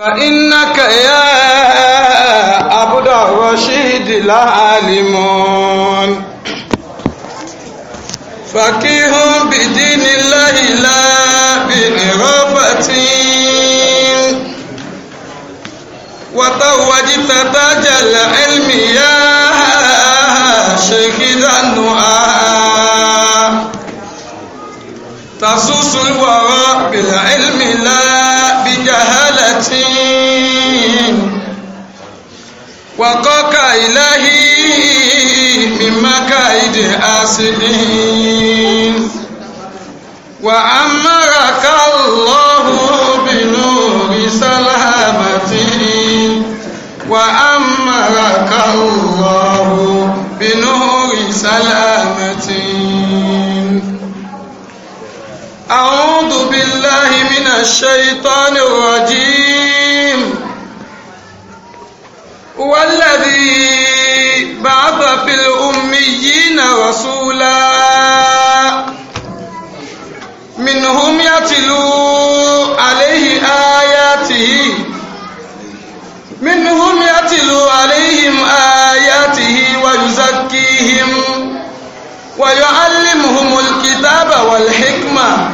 فإنك يا عبد الرشيد لعالم فقيه بدين الله لا بغرفة وتوجت تاج العلم يا شيخ النعاء تصوص الوراء بالعلم لا wàkọ́kà ìlàhí mímákà ìdè àṣìlín wà á mára ká lọ́hùn bínú rìsálàmàtì wà á mára ká lọ́hùn bínú rìsálàmàtì. أعوذ بالله من الشيطان الرجيم والذي بعث في الأميين رسولا منهم يتلو عليه آياته منهم يتلو عليهم آياته ويزكيهم ويعلمهم الكتاب والحكمة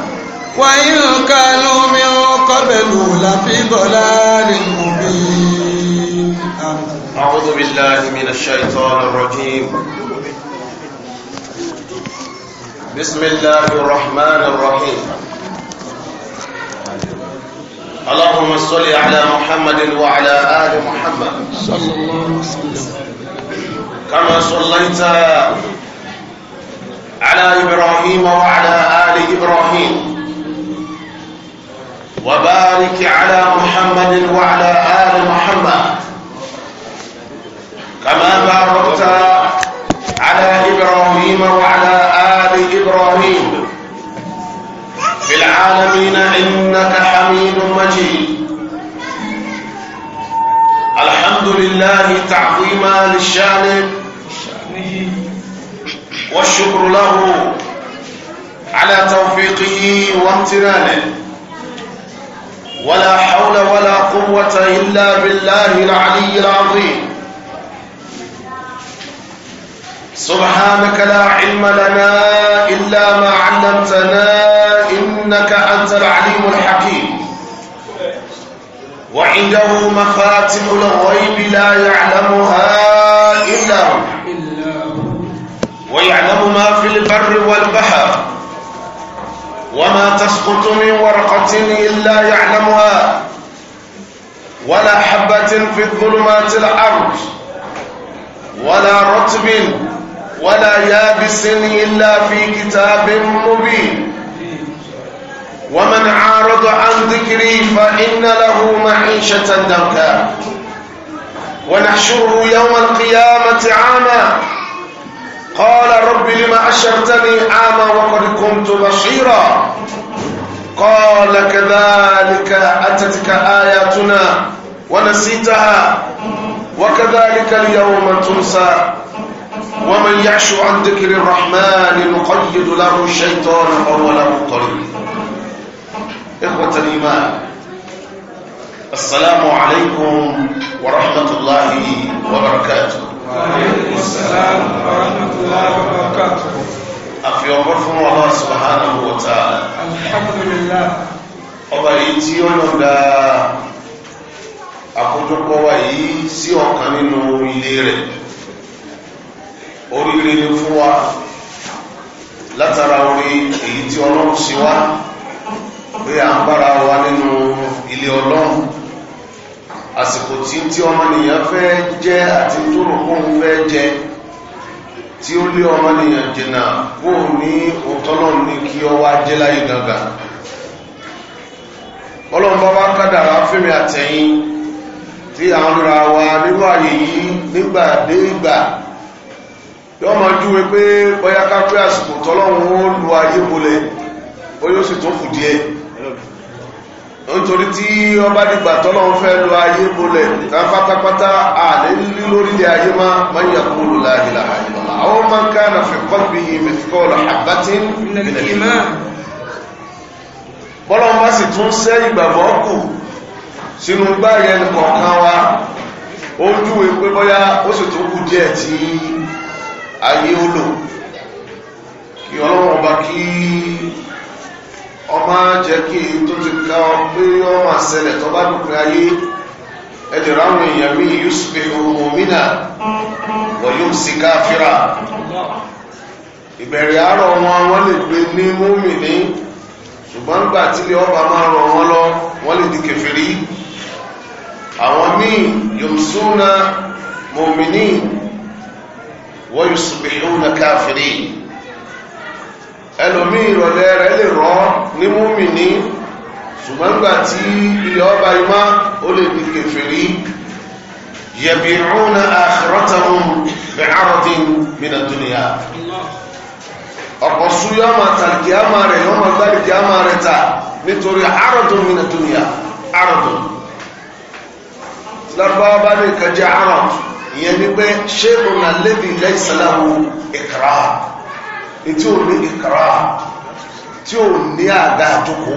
وإن كانوا من قبل لفي ضلال مبين أعوذ بالله من الشيطان الرجيم بسم الله الرحمن الرحيم اللهم صل على محمد وعلى آل محمد صلى الله عليه وسلم كما صليت على إبراهيم وعلى آل إبراهيم وبارك على محمد وعلى آل محمد كما باركت على إبراهيم وعلى آل إبراهيم في العالمين إنك حميد مجيد الحمد لله تعظيما للشان والشكر له على توفيقه وامتنانه ولا حول ولا قوة إلا بالله العلي العظيم سبحانك لا علم لنا إلا ما علمتنا إنك أنت العليم الحكيم وعنده مفاتح الغيب لا يعلمها إلا هو ويعلم ما في البر والبحر وما تسقط من ورقة إلا يعلمها ولا حبة في الظلمات الأرض ولا رطب ولا يابس إلا في كتاب مبين ومن عارض عن ذكري فإن له معيشة ضنكا ونحشره يوم القيامة عاما قال رب لما أشرتني عاما وقد كنت بشيرا قال كذلك أتتك آياتنا ونسيتها وكذلك اليوم تنسى ومن يعش عن ذكر الرحمن نقيد له الشيطان فهو له قريب إخوة الإيمان السلام عليكم ورحمة الله وبركاته وعليكم السلام ورحمة الله وبركاته أفي أمركم الله سبحانه وتعالى الحمد لله ọba yìí tí ó lọ da àkójọpọ̀ wa sí ọ̀kan nínú ilé rẹ̀ oríire ni fún wa látara orí èyí tí ọlọ́run ṣe wá pé à ń bára wa nínú ilé ọlọ́run àsìkò tí tí ọmọnìyàn fẹ́ jẹ́ àti tó rò kóun fẹ́ jẹ tí ó lé ọmọnìyàn jìnnà kó ní òtọ́lọ́run ní kí ọ wá jẹ́ láyé gangan ọlọ́run bá wá kádàrá fẹ́mi àtẹ̀yìn tí à ń ra wa nínú àyè yìí nígbà dé ìgbà yọ́ mọ̀ júwe pé bọ́yá ká pé àsìkò tọ́lọ́run ó lu ayé bolẹ̀ ó yóò sì tó fù díẹ̀ nítorí tí ọba dìgbà tọ́lọ́run fẹ́ lu ayé bolẹ̀ ká pátápátá àlè lílí lórílẹ̀ ayé má máa ń yàgò lò láàyè láàyè lọ́la àwọn máa ń ká àná fi kọ́ bí àbátí bọ́lọ́run bá sì tún sẹ́ ìgbàgbọ́ kù sínú gbáyẹn kọ̀ọ̀kan wa ó júwe pé bọ́yá ó sì tó kù díẹ̀ tí ayé ó lò kí ọlọ́run ọba kí ọmọ jẹ́ kí tó ti ká ọ pé ọmọ àṣẹlẹ̀ tó bá dùn pé ayé ẹ̀dẹ̀rọ àwọn èèyàn mi yusuf mu'mina wọ̀ yóò sí káfíra ìbẹ̀rẹ̀ àárọ̀ wọn wọ́n lè gbé ní múmìnì ṣùgbọ́n nígbà tí ilé ọba máa rọ̀ wọn lọ wọ́n lè di kèfèrí àwọn míì yomsuna mu'minin wọ́n yóò sùgbé ìhóhùnà káfìrí ẹlòmí ìrọ̀lẹ́ rẹ̀ lè rán ní múmìní ṣùgbọ́n gbà tí ilẹ̀ ọba imá ó lè di kèfèrí yẹ̀bì ìhóhùnà àṣírọ́tàmù bẹ̀rọ̀dín mìíràn dúnìyà ọ̀pọ̀ súyọ́ máa tàlìkì àmà ìyẹn ní pé ṣé o nà lébi ilẹ̀ ìkàrà tí o ní ìkàrà tí o ní àga àjòkó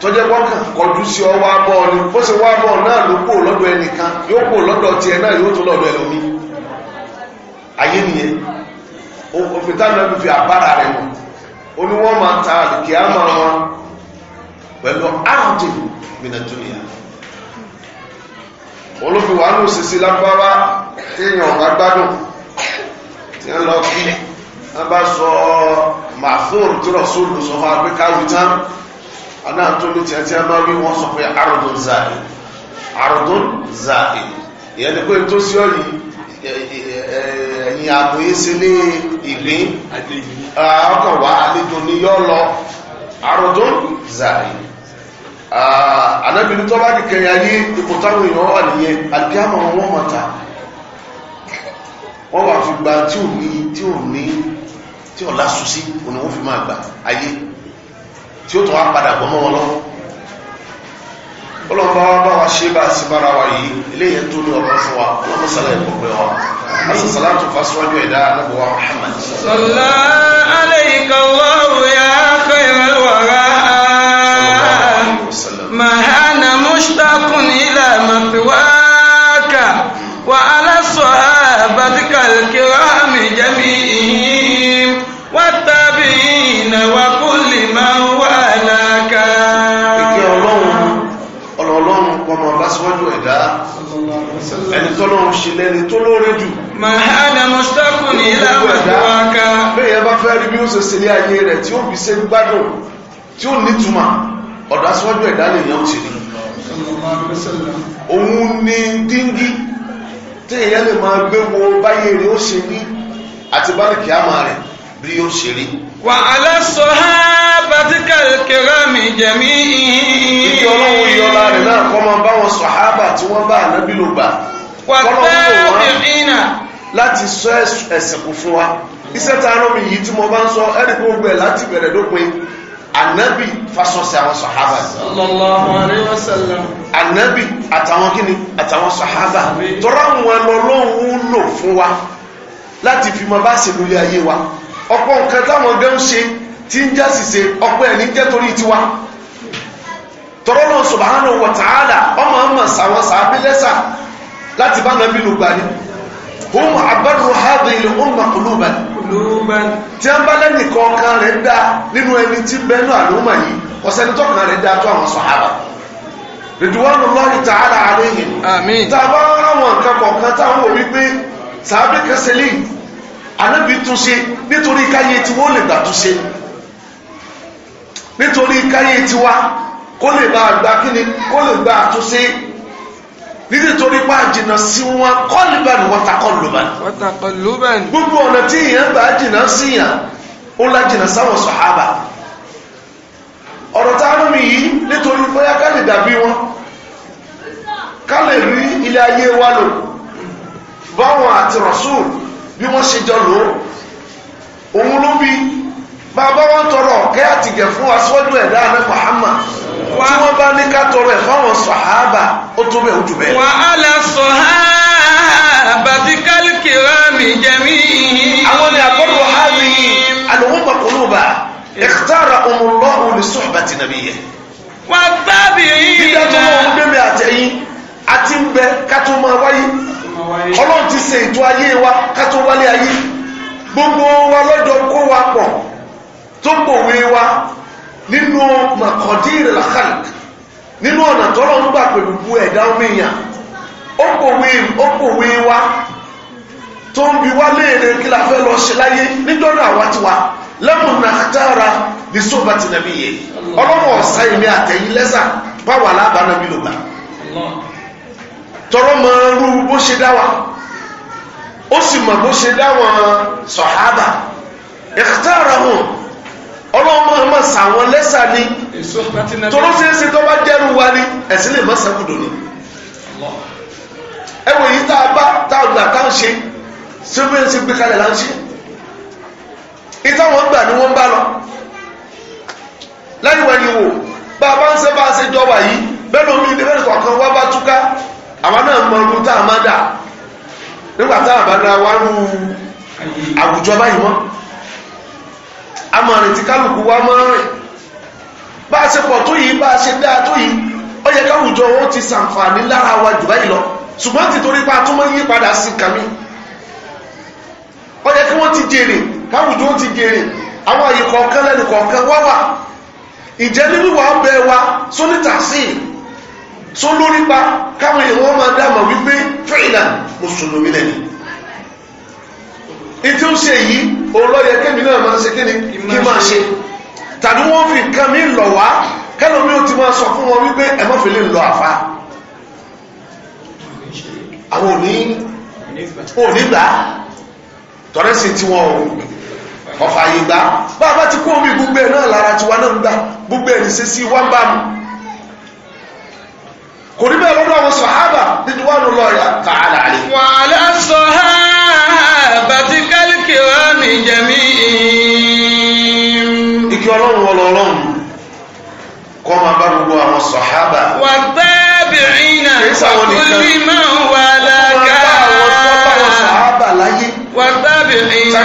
tó kọjú sí ọwọ́ abọ́ ni bó ṣe wá náà ló kúrò lọ́dọ̀ ẹnìkan yóò kúrò lọ́dọ̀ ẹ náà yóò tó lọ́dọ̀ ẹlòmí ayé nìyẹn fi àbára ó olófiwà ní òṣìṣẹ́ lágbára téèyàn bá gbádùn tí ń lọ kí wọ́n bá sọ màfóòrù tí rọ̀súlù sọ fún agbékáwì tán anáà tó ní tiẹ̀ tí a máa wí wọ́n sọ pé àrùdùn zàì zàì ìyẹn ni pé tó sí ọ̀yìn ẹ̀yìn àbò ìsílé ìgbín ọkọ̀ wá àlejò ni yọ́ lọ zàì anábìnrin ah, tó bá kìkẹ̀yà yí ipò táwọn èèyàn wà nìyẹn àdíàmọ̀ wọn mọ̀ ta wọ́n wà fi gba tí ò ní tí ò ní tí ò lásù sí òní wọ́n fi máa gbà ayé tí ó tó wá padà bọ́ mọ́ wọn lọ́wọ́ ọlọ́pàá wa bá wa ṣe bá a sì bára wa yìí eléyìí tó ní ọ̀rọ̀ fún wa ọlọ́pàá sálẹ̀ ẹ̀kọ́ pé wa asàsàlátù fásitì wájú ẹ̀dá anábọ̀wá Muhammad. sọlá alẹ́ ìkàwọ́ مثواك وعلى صحابتك الكرام جميعهم والتابعين وكل من والاك ẹni tọ́lọ́run ṣe lẹ́ni tó lóore jù. mahana mustapha ní ìlànà ìwáka. bá fẹ́ rí bí ó ṣe ní ayé rẹ̀ tí ó bí ṣe tí ó nítumọ̀ ọ̀dọ̀ ẹ̀dá lè yàn ó ní òun ni díngí tí èyàn lè máa gbé wo báyé rẹ̀ ó ṣe rí àti báríkì àmà rẹ̀ bí ó ṣe rí. wà á lọ́sọ̀ ha bàtíkà kẹrẹ mi jẹ̀mí. ìjọ ọlọ́run yọra rẹ̀ náà kọ́ máa bá wọn sàhábà tí wọ́n bá ànábì ló gbà. wà á tẹ́ láti sọ ẹ̀sìn fún wa iṣẹ́ tá a rán mi yìí tí mo bá ń sọ ẹ̀rí gbogbo láti bẹ̀rẹ̀ dópin anabi fasọsẹ àwọn sọhábà sallallahu alaihi wasallam anabi àtàwọn kíni àtàwọn sọhábà tọrọ àwọn ẹlọlọ́hún lò fún wa láti fi máa bá ṣèlú ilé ayé wa ọ̀pọ̀ nǹkan táwọn gan ṣe tí ń jásìse ọ̀pọ̀ ẹ̀ ní jẹ́ torí tiwa tọrọ lọ subhanahu wa ta'ala ọmọ ọmọ sàwọn sàábí lẹ́sà láti bá nàbí lùgbà ni hum abadu hadhihi al-umma quluban quluban. tí wọ́n bá lẹ́nu kọ̀ọ̀kan rẹ̀ dá nínú ẹni tí bẹ́ẹ̀ náà ló mọ̀ yìí ọ̀sẹ̀ni tọ́kàn dá tó àwọn sàhábà. ridwanullahi ta'ala alayhim. àmín. tá a bá wọn nǹkan kọ̀ọ̀kan táwọn wò wípé sàábì kẹsẹ̀lì anábì túnṣe nítorí káyé tí wọ́n lè gbà túnṣe nítorí káyé tiwa kó lè bá gbà kíni kó lè gbà túnṣe nítorí pa jìnnà sí wọn kọ́lùbẹ̀n wọ́takọ́lùbẹ̀n. wọ́takọ́lùbẹ̀n. gbogbo ọ̀nà tí èèyàn bá jìnnà sí yàn ó la jìnnà sáwọn sọ̀hábà. ọ̀rọ̀ tá a rún mi yìí nítorí bóyá ká lè dàbí wọn ká lè rí ilé ayé wa lò báwọn àti Rasul bí wọ́n ṣe jọ lò ó òun ló bí bàbá wọn tọrọ ọ̀kẹ́ àtìgẹ̀ fún aṣọ́jú ẹ̀dá àná Muhammad tí wọ́n bá ní ká tọrọ ẹ̀ fáwọn sọ̀háàbà ó tó bẹ̀ ojú bẹ́ẹ̀. wà á la sọ̀háàbà bí kálíkì rámì àwọn ni àkọ́kọ́ ha ní àdéhùn pàkólóba ẹ̀kítàrà ọmọlọ́ òní sọ̀hábàtì nàbí yẹ. wà á bábì yìí. dídá tó lọ́wọ́ ń gbẹ́mí àtẹ̀yìn àti ń bẹ ká máa wáyé ọlọ́run ti se ètò ayé wa ká tó wálé ayé gbogbo wa lọ́jọ́ kó wa pọ̀ to ń bọ̀ wí wá nínú mọ̀kàndí ìrìlàkàlì nínú ọ̀nà tọ́lọ́ ń gbà pẹ̀lú bu ẹ̀dá omi yàn ó pòwe ó pòwe wá tó ń bi wá léèrè kí la fẹ́ lọ ṣe láyé nítorí àwa ti wá lẹ́mùn nàkàtàrà ní sóbà ti nàbí yẹ ọlọ́mọ ọ̀sá ìmí àtẹ̀yìn lẹ́sà báwa lábàá nàbí ló gbà tọrọ mọ rú bó ṣe ó sì mọ bó ṣe sọ̀hábà ọlọ́run máa ma sà wọn lẹ́sà ni tọ́lọ́ ṣe é ṣe tó bá jẹ́rù wa ni ẹ̀sìn lè má sàkódò ni ẹ wò yí tá a bá tá a gbà tá a ṣe ṣé bí wọ́n ṣe gbé kalẹ̀ là ń ṣe ìtàwọn gbà ni wọ́n bá lọ lẹ́yìn wẹ̀yìn wò bá a bá ń ṣe bá a ṣe jọba yìí bẹ́ẹ̀ lómi ilé bẹ́ẹ̀ kọ̀ọ̀kan wá bá túká àwa náà mọ ọdún tá a má dà nígbà tá a bá wá rú a máa rìn tí kálukú wa máa rìn bá a ṣe pọ̀ tó yìí bá ṣe dáa tó yìí ó yẹ káwùjọ ó ti ṣàǹfààní lára wa jù báyìí lọ ṣùgbọ́n ti torí pa tó máa yí padà sí kàmí ó yẹ kí wọ́n ti jèrè káwùjọ ó ti jèrè àwọn àyè kọ̀ọ̀kan lẹ́nu kọ̀ọ̀kan wá wà ìjẹ́ nínú wa ń bẹ wa sónítà sí i sólórípa káwọn èèyàn wọn máa dá mọ̀ wípé fẹ́ìlà mùsùlùmí lẹ́nu ìtí ó ṣe yìí òun lọ́yẹ kémi náà máa ń ṣe kíni kí máa ṣe tàbí wọ́n fi nǹkan mi lọ̀ wá kẹ́lọ́ mi ò ti máa sọ fún wọn wípé ẹ má fi lè lọ àfa àwọn òní òní gbà tọ́lẹ́sìn tí wọ́n ò ọ̀fà yìí gbà bá a bá ti kó omi gbogbo ẹ̀ náà lára tiwa náà ń gbà gbogbo ẹ̀ nìṣe sí wá ń bá mu kò rí bẹ́ẹ̀ lọ́dọ̀ àwọn sọ̀hábà nínú wà lọ́yà tààlà rẹ̀. wàhálà sọ̀hábà ti ká. جميع ìkẹ́ ọlọ́run wọlọ ọlọ́run kọ́ máa bá gbogbo àwọn sọ̀hábà. wà á tabi'ina kulli man walaka. wà á tabi'ina.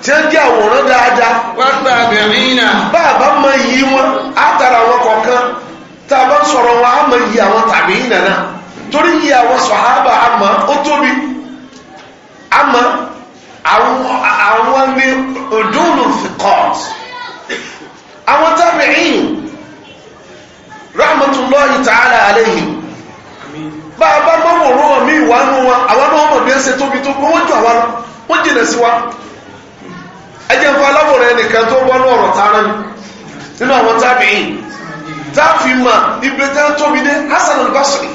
tí wọ́n jẹ́ àwòrán dáadáa. wà á tabi'ina. bàbá máa yí wọn átara àwọn kọ̀ọ̀kan tá a bá ń sọ̀rọ̀ wọn á máa yí àwọn tabi'ina náà torí àwọn ní òdúnlù fìkọ́t àwọn tábìín rahmatullahi ta'ala alayhim bá a bá mọ́mọ̀ rọ́wọ̀ mí ìwánú wọn àwọn náà mọ̀ bí ẹ́ ṣe tóbi tó wọ́n jù àwọn wọ́n jìnà sí wa ẹjẹ́ fún aláwọ̀rẹ́ ẹnìkan tó wọ́n ọ̀rọ̀ tààrà nínú àwọn tábìín táàfin mà ibi tá tóbi dé Hasan al-Basri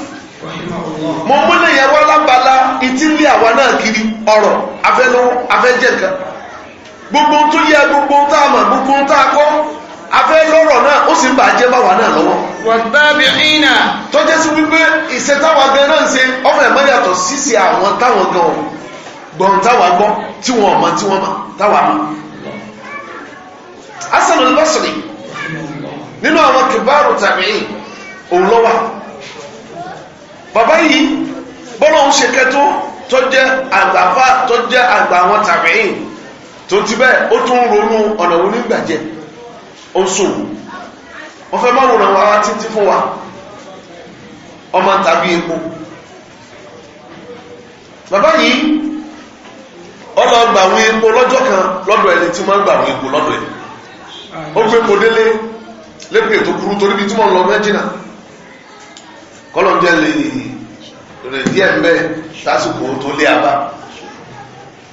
mo múlẹ̀ yẹn wá lábala ìtìlẹ̀ àwa náà kiri ọ̀rọ̀ afẹ́lọ́wọ́ afẹ́jẹ̀kan gbogbo tó yẹ gbogbo tá a mọ̀ gbogbo tá a kọ́ afẹ́lọ́rọ̀ náà ó sì ń bàjẹ́ báwa náà lọ́wọ́. wàtábìrínà. tọ́jú sí wípé ìṣe táwa gan náà ń ṣe ọmọ ẹ̀mọ́ yàtọ̀ síse àwọn táwọn gan gbọ̀n táwa gbọ́ tí wọn mọ̀ tí wọn mọ̀ táwa mọ̀. Hasan al nínú àwọn kìbáàrù tàbí òun lọ́wọ́ bàbá yìí bọ́lá ń ṣe kẹtó tó jẹ́ àgbàfà tó jẹ́ àgbà àwọn tàbíìn tó ti bẹ́ẹ̀ ó tún ronú ọ̀nà onígbàjẹ́ ó ń sòwò wọ́n fẹ́ máa wòrán wa títí fún wa ọmọ tàbí epo bàbá yìí ọlọ gbà epo lọ́jọ́ kan lọ́dọ̀ ẹni tí wọ́n gbà àwọn epo lọ́dọ̀ ẹ̀ ó gbé epo délé lépè tó burú torí bí tí wọ́n lọ mẹ́jìnà kọlọ́njẹ́ lè rẹ̀ díẹ̀ mbẹ́ sásìkò tó lé abá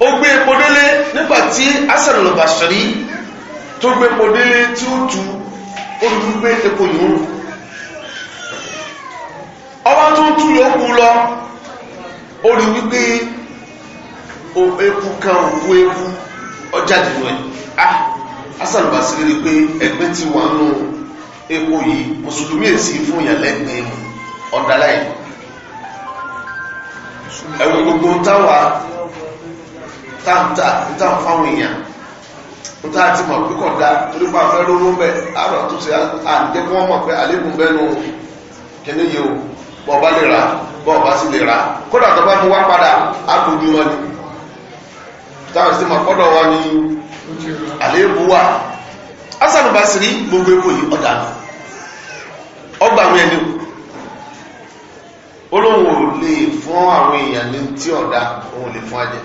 ó gbé epo délé nígbà tí asan ló bá sọrí tó gbé epo délé tí ó tu olùgbé epo yòó ọba tó ń tú yòókù lọ ó rí wípé eku kan òkú eku ọjà dìbò ẹ̀ ah asan ló bá sí rí pé ẹgbẹ́ ti wà nù epo yìí mùsùlùmí èsì fún ìyàlẹ́gbẹ̀ẹ́ ọ̀dàláyìn ẹ̀wọ̀n gbogbo táwa táǹtà táwọn fáwọn èèyàn tó tá a ti mọ̀ pípọ̀ dá torí pa fẹ́ lówó ń bẹ̀ àrò tó ṣe àǹdẹ́ kí wọ́n mọ̀ pé àlékún bẹ́nu kíní yìí o bọ́ ọba lè rà bọ́ ọba sì lè rà kódà tó bá mú wá padà á gbójú wọn ni táwọn sì mọ̀ kọ́dọ̀ wọn ni àléébù wà Hasan Basiri gbogbo epo yìí ọ̀dà ọgbà wọn ẹni o. ó lóun ò lè fún àwọn èèyàn ní tí ọ̀dà òun lè fún ajẹ́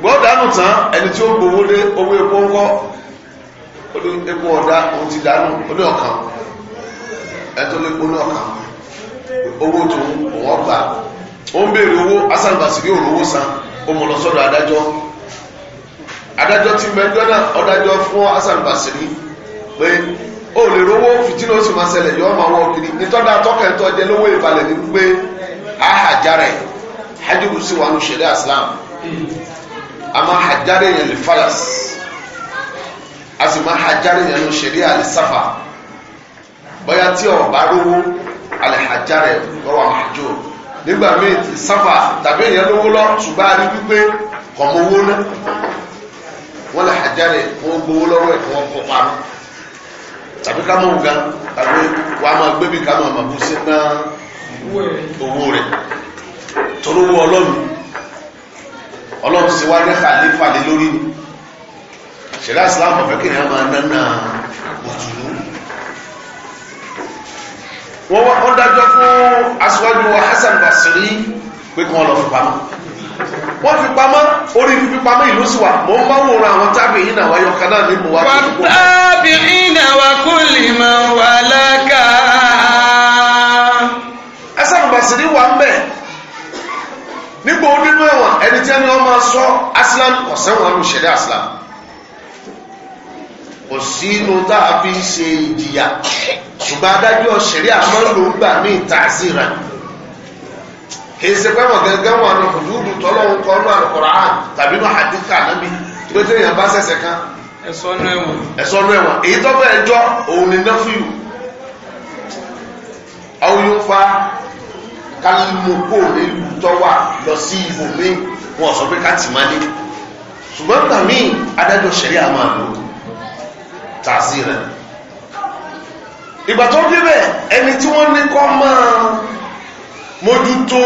gbọ́ dánù tán ẹni tí ó gbowó lé owó epo ńkọ́ ó epo ọ̀dà òun ti dánù ó ọ̀kan ẹni tó lé epo ọ̀kan owó tó òun ọgbà ó ń béèrè owó asàǹgbàsírí òrówó san ó mọ̀ lọ sọ́dọ̀ adájọ́ adájọ́ mẹ́jọ́ náà ọ̀dájọ́ fún asàǹgbàsírí pé o lè rówó fìtínà oṣù máa ṣẹlẹ̀ yọ ọmọ àwọn ògiri nítọ́dá tọkẹ́ntọ́ jẹ lówó ìbalẹ̀ ní wípé ahàjárẹ̀ hajjubu sí wàánu ṣẹlẹ̀ islam a máa hajjárẹ̀ yẹn lè falas a sì máa hajjárẹ̀ yẹn lè ṣẹlẹ̀ àlìsáfà bóyá tí ọ̀rọ̀ bá rówó àlìhajjárẹ̀ lọ́wọ́ àjò nígbà míì sáfà tàbí èèyàn lówó lọ ṣùgbọ́n a rí wípé kọ̀mọ́wó náà wọ́n lè hajjárẹ̀ wọ́n gbowó lọ́wọ́ ẹ̀ fún ọkọ̀ parọ́ tàbí ká mọ̀ nǹkan tàbí wàá máa gbébì ká máa bù sí ná owó rẹ̀ torí owó ọlọ́run ọlọ́run sì wá ní khalifa lé lórí ni ṣẹlẹ asilamu fẹ́ kéèyàn máa nánà òtúnú wọ́n dájọ́ fún aṣíwájú wa Hasan Basiri pé kí wọ́n lọ fipamọ́ wọ́n fi pamọ́ orí fífi pamọ́ ìlú sì wà mò ń bá wò ra àwọn tábì yìí náà wáyọ kan náà ní mò wá tó kó. tábì yìí náà wà kó lè mọ wà lága. ẹsẹ̀ àgbàsírí wà ń bẹ̀ nígbà onínú ẹ̀wọ̀n ẹni tí ẹni máa sọ asilam ọ̀sẹ̀ wọn ló ṣẹlẹ̀ asilam kò sí inú ṣe ìjìyà ṣùgbọ́n adájọ́ ṣẹlẹ̀ àmọ́ ló gbà ní ìta sí kì í ṣe pé wọn gẹ́gẹ́ wọn àrùn kùdúùdù tọ́lọ́hún kọ́ ọ́nà àlùkùránì tàbí náà àdìkà nábì pé tí èèyàn bá ṣẹ̀ṣẹ̀ kan. ẹ̀sọ́ nú ẹ̀wọ̀n. ẹ̀sọ́ nú ẹ̀wọ̀n èyí tó fẹ́ẹ́ jọ òun ni fa nílùú tó wà lọ sí wọn sọ pé ká mójútó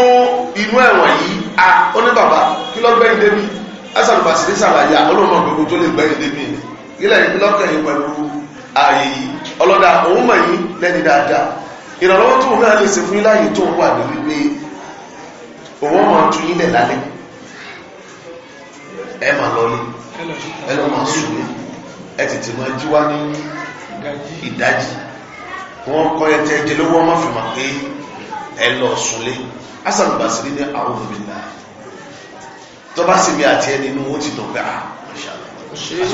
inú ẹ̀wọ̀n yìí a ó ní bàbá kí ló gbẹ̀yìn débi asàlùbàsì ní sàlàyé àlọ́mọ gbogbo tó lè gbẹ̀yìn débi ni ilẹ̀ yìí lọ́kàn yìí pẹ̀lú ààyè yìí ọlọ́dà òun mọ̀ yìí lẹ́ni dáadáa ìrànlọ́wọ́ tó náà lè ṣe fún iláyè tó wà ní wípé òun máa tún ilẹ̀ lálẹ́ ẹ máa lọlé ẹ lọ́ máa sùn ní ẹ tètè máa jí wá ní ìdájí wọn kọ́ ẹ tẹ́ jẹ lówó ọmọ fìmọ̀ pé ẹ lọ sùnlé asanu basiri ní àwọn obìnrin náà tọ́ba sì bí àti ẹni inú ó ti dùn pé à ah,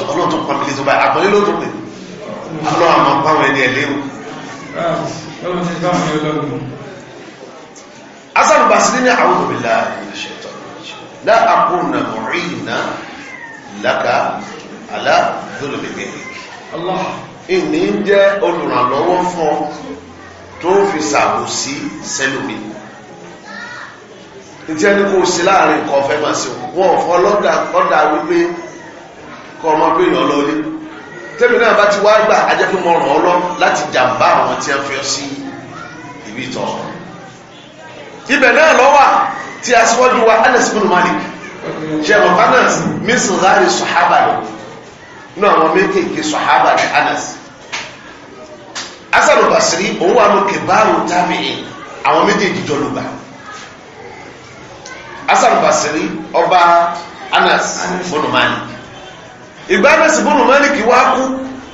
ọlọ́run tó pa mi lé tó báyìí àpọ́nlé ló tó pè ọlọ́run àmọ́ pàwọn ẹni ẹ̀ léwu. asanu basiri ní àwọn obìnrin náà la akuna mu'ina laka ala ìní jẹ́ olùrànlọ́wọ́ fún ọ tó fi sàbòsí sẹ́lómi ìtí ẹni kò sí láàrin kan fẹ́ máa sí wọn fọ́ lọ́dà lọ́dà wípé kọ́ ọmọ pé èèyàn lọ́lé tẹ́mi náà bá ti wá gbà ajẹ́ pé mo ràn ọ́ lọ láti jàǹbá àwọn tí wọ́n fi ọ́ sí ibi tọ́ ibẹ̀ náà lọ wà tí aṣíwájú wa Anas bin Malik ṣẹ̀mọ̀ Anas mísìn láàrin sọ̀hábà lọ náà wọn méjèèjì sọ̀hábà ní Anas asanu basiri òun wà lókè báàrù tábìlì àwọn méjèèjì jọ lùgbà asanu basiri ọba anas bùnùmánì ìgbà anas bùnùmánì kì wá kú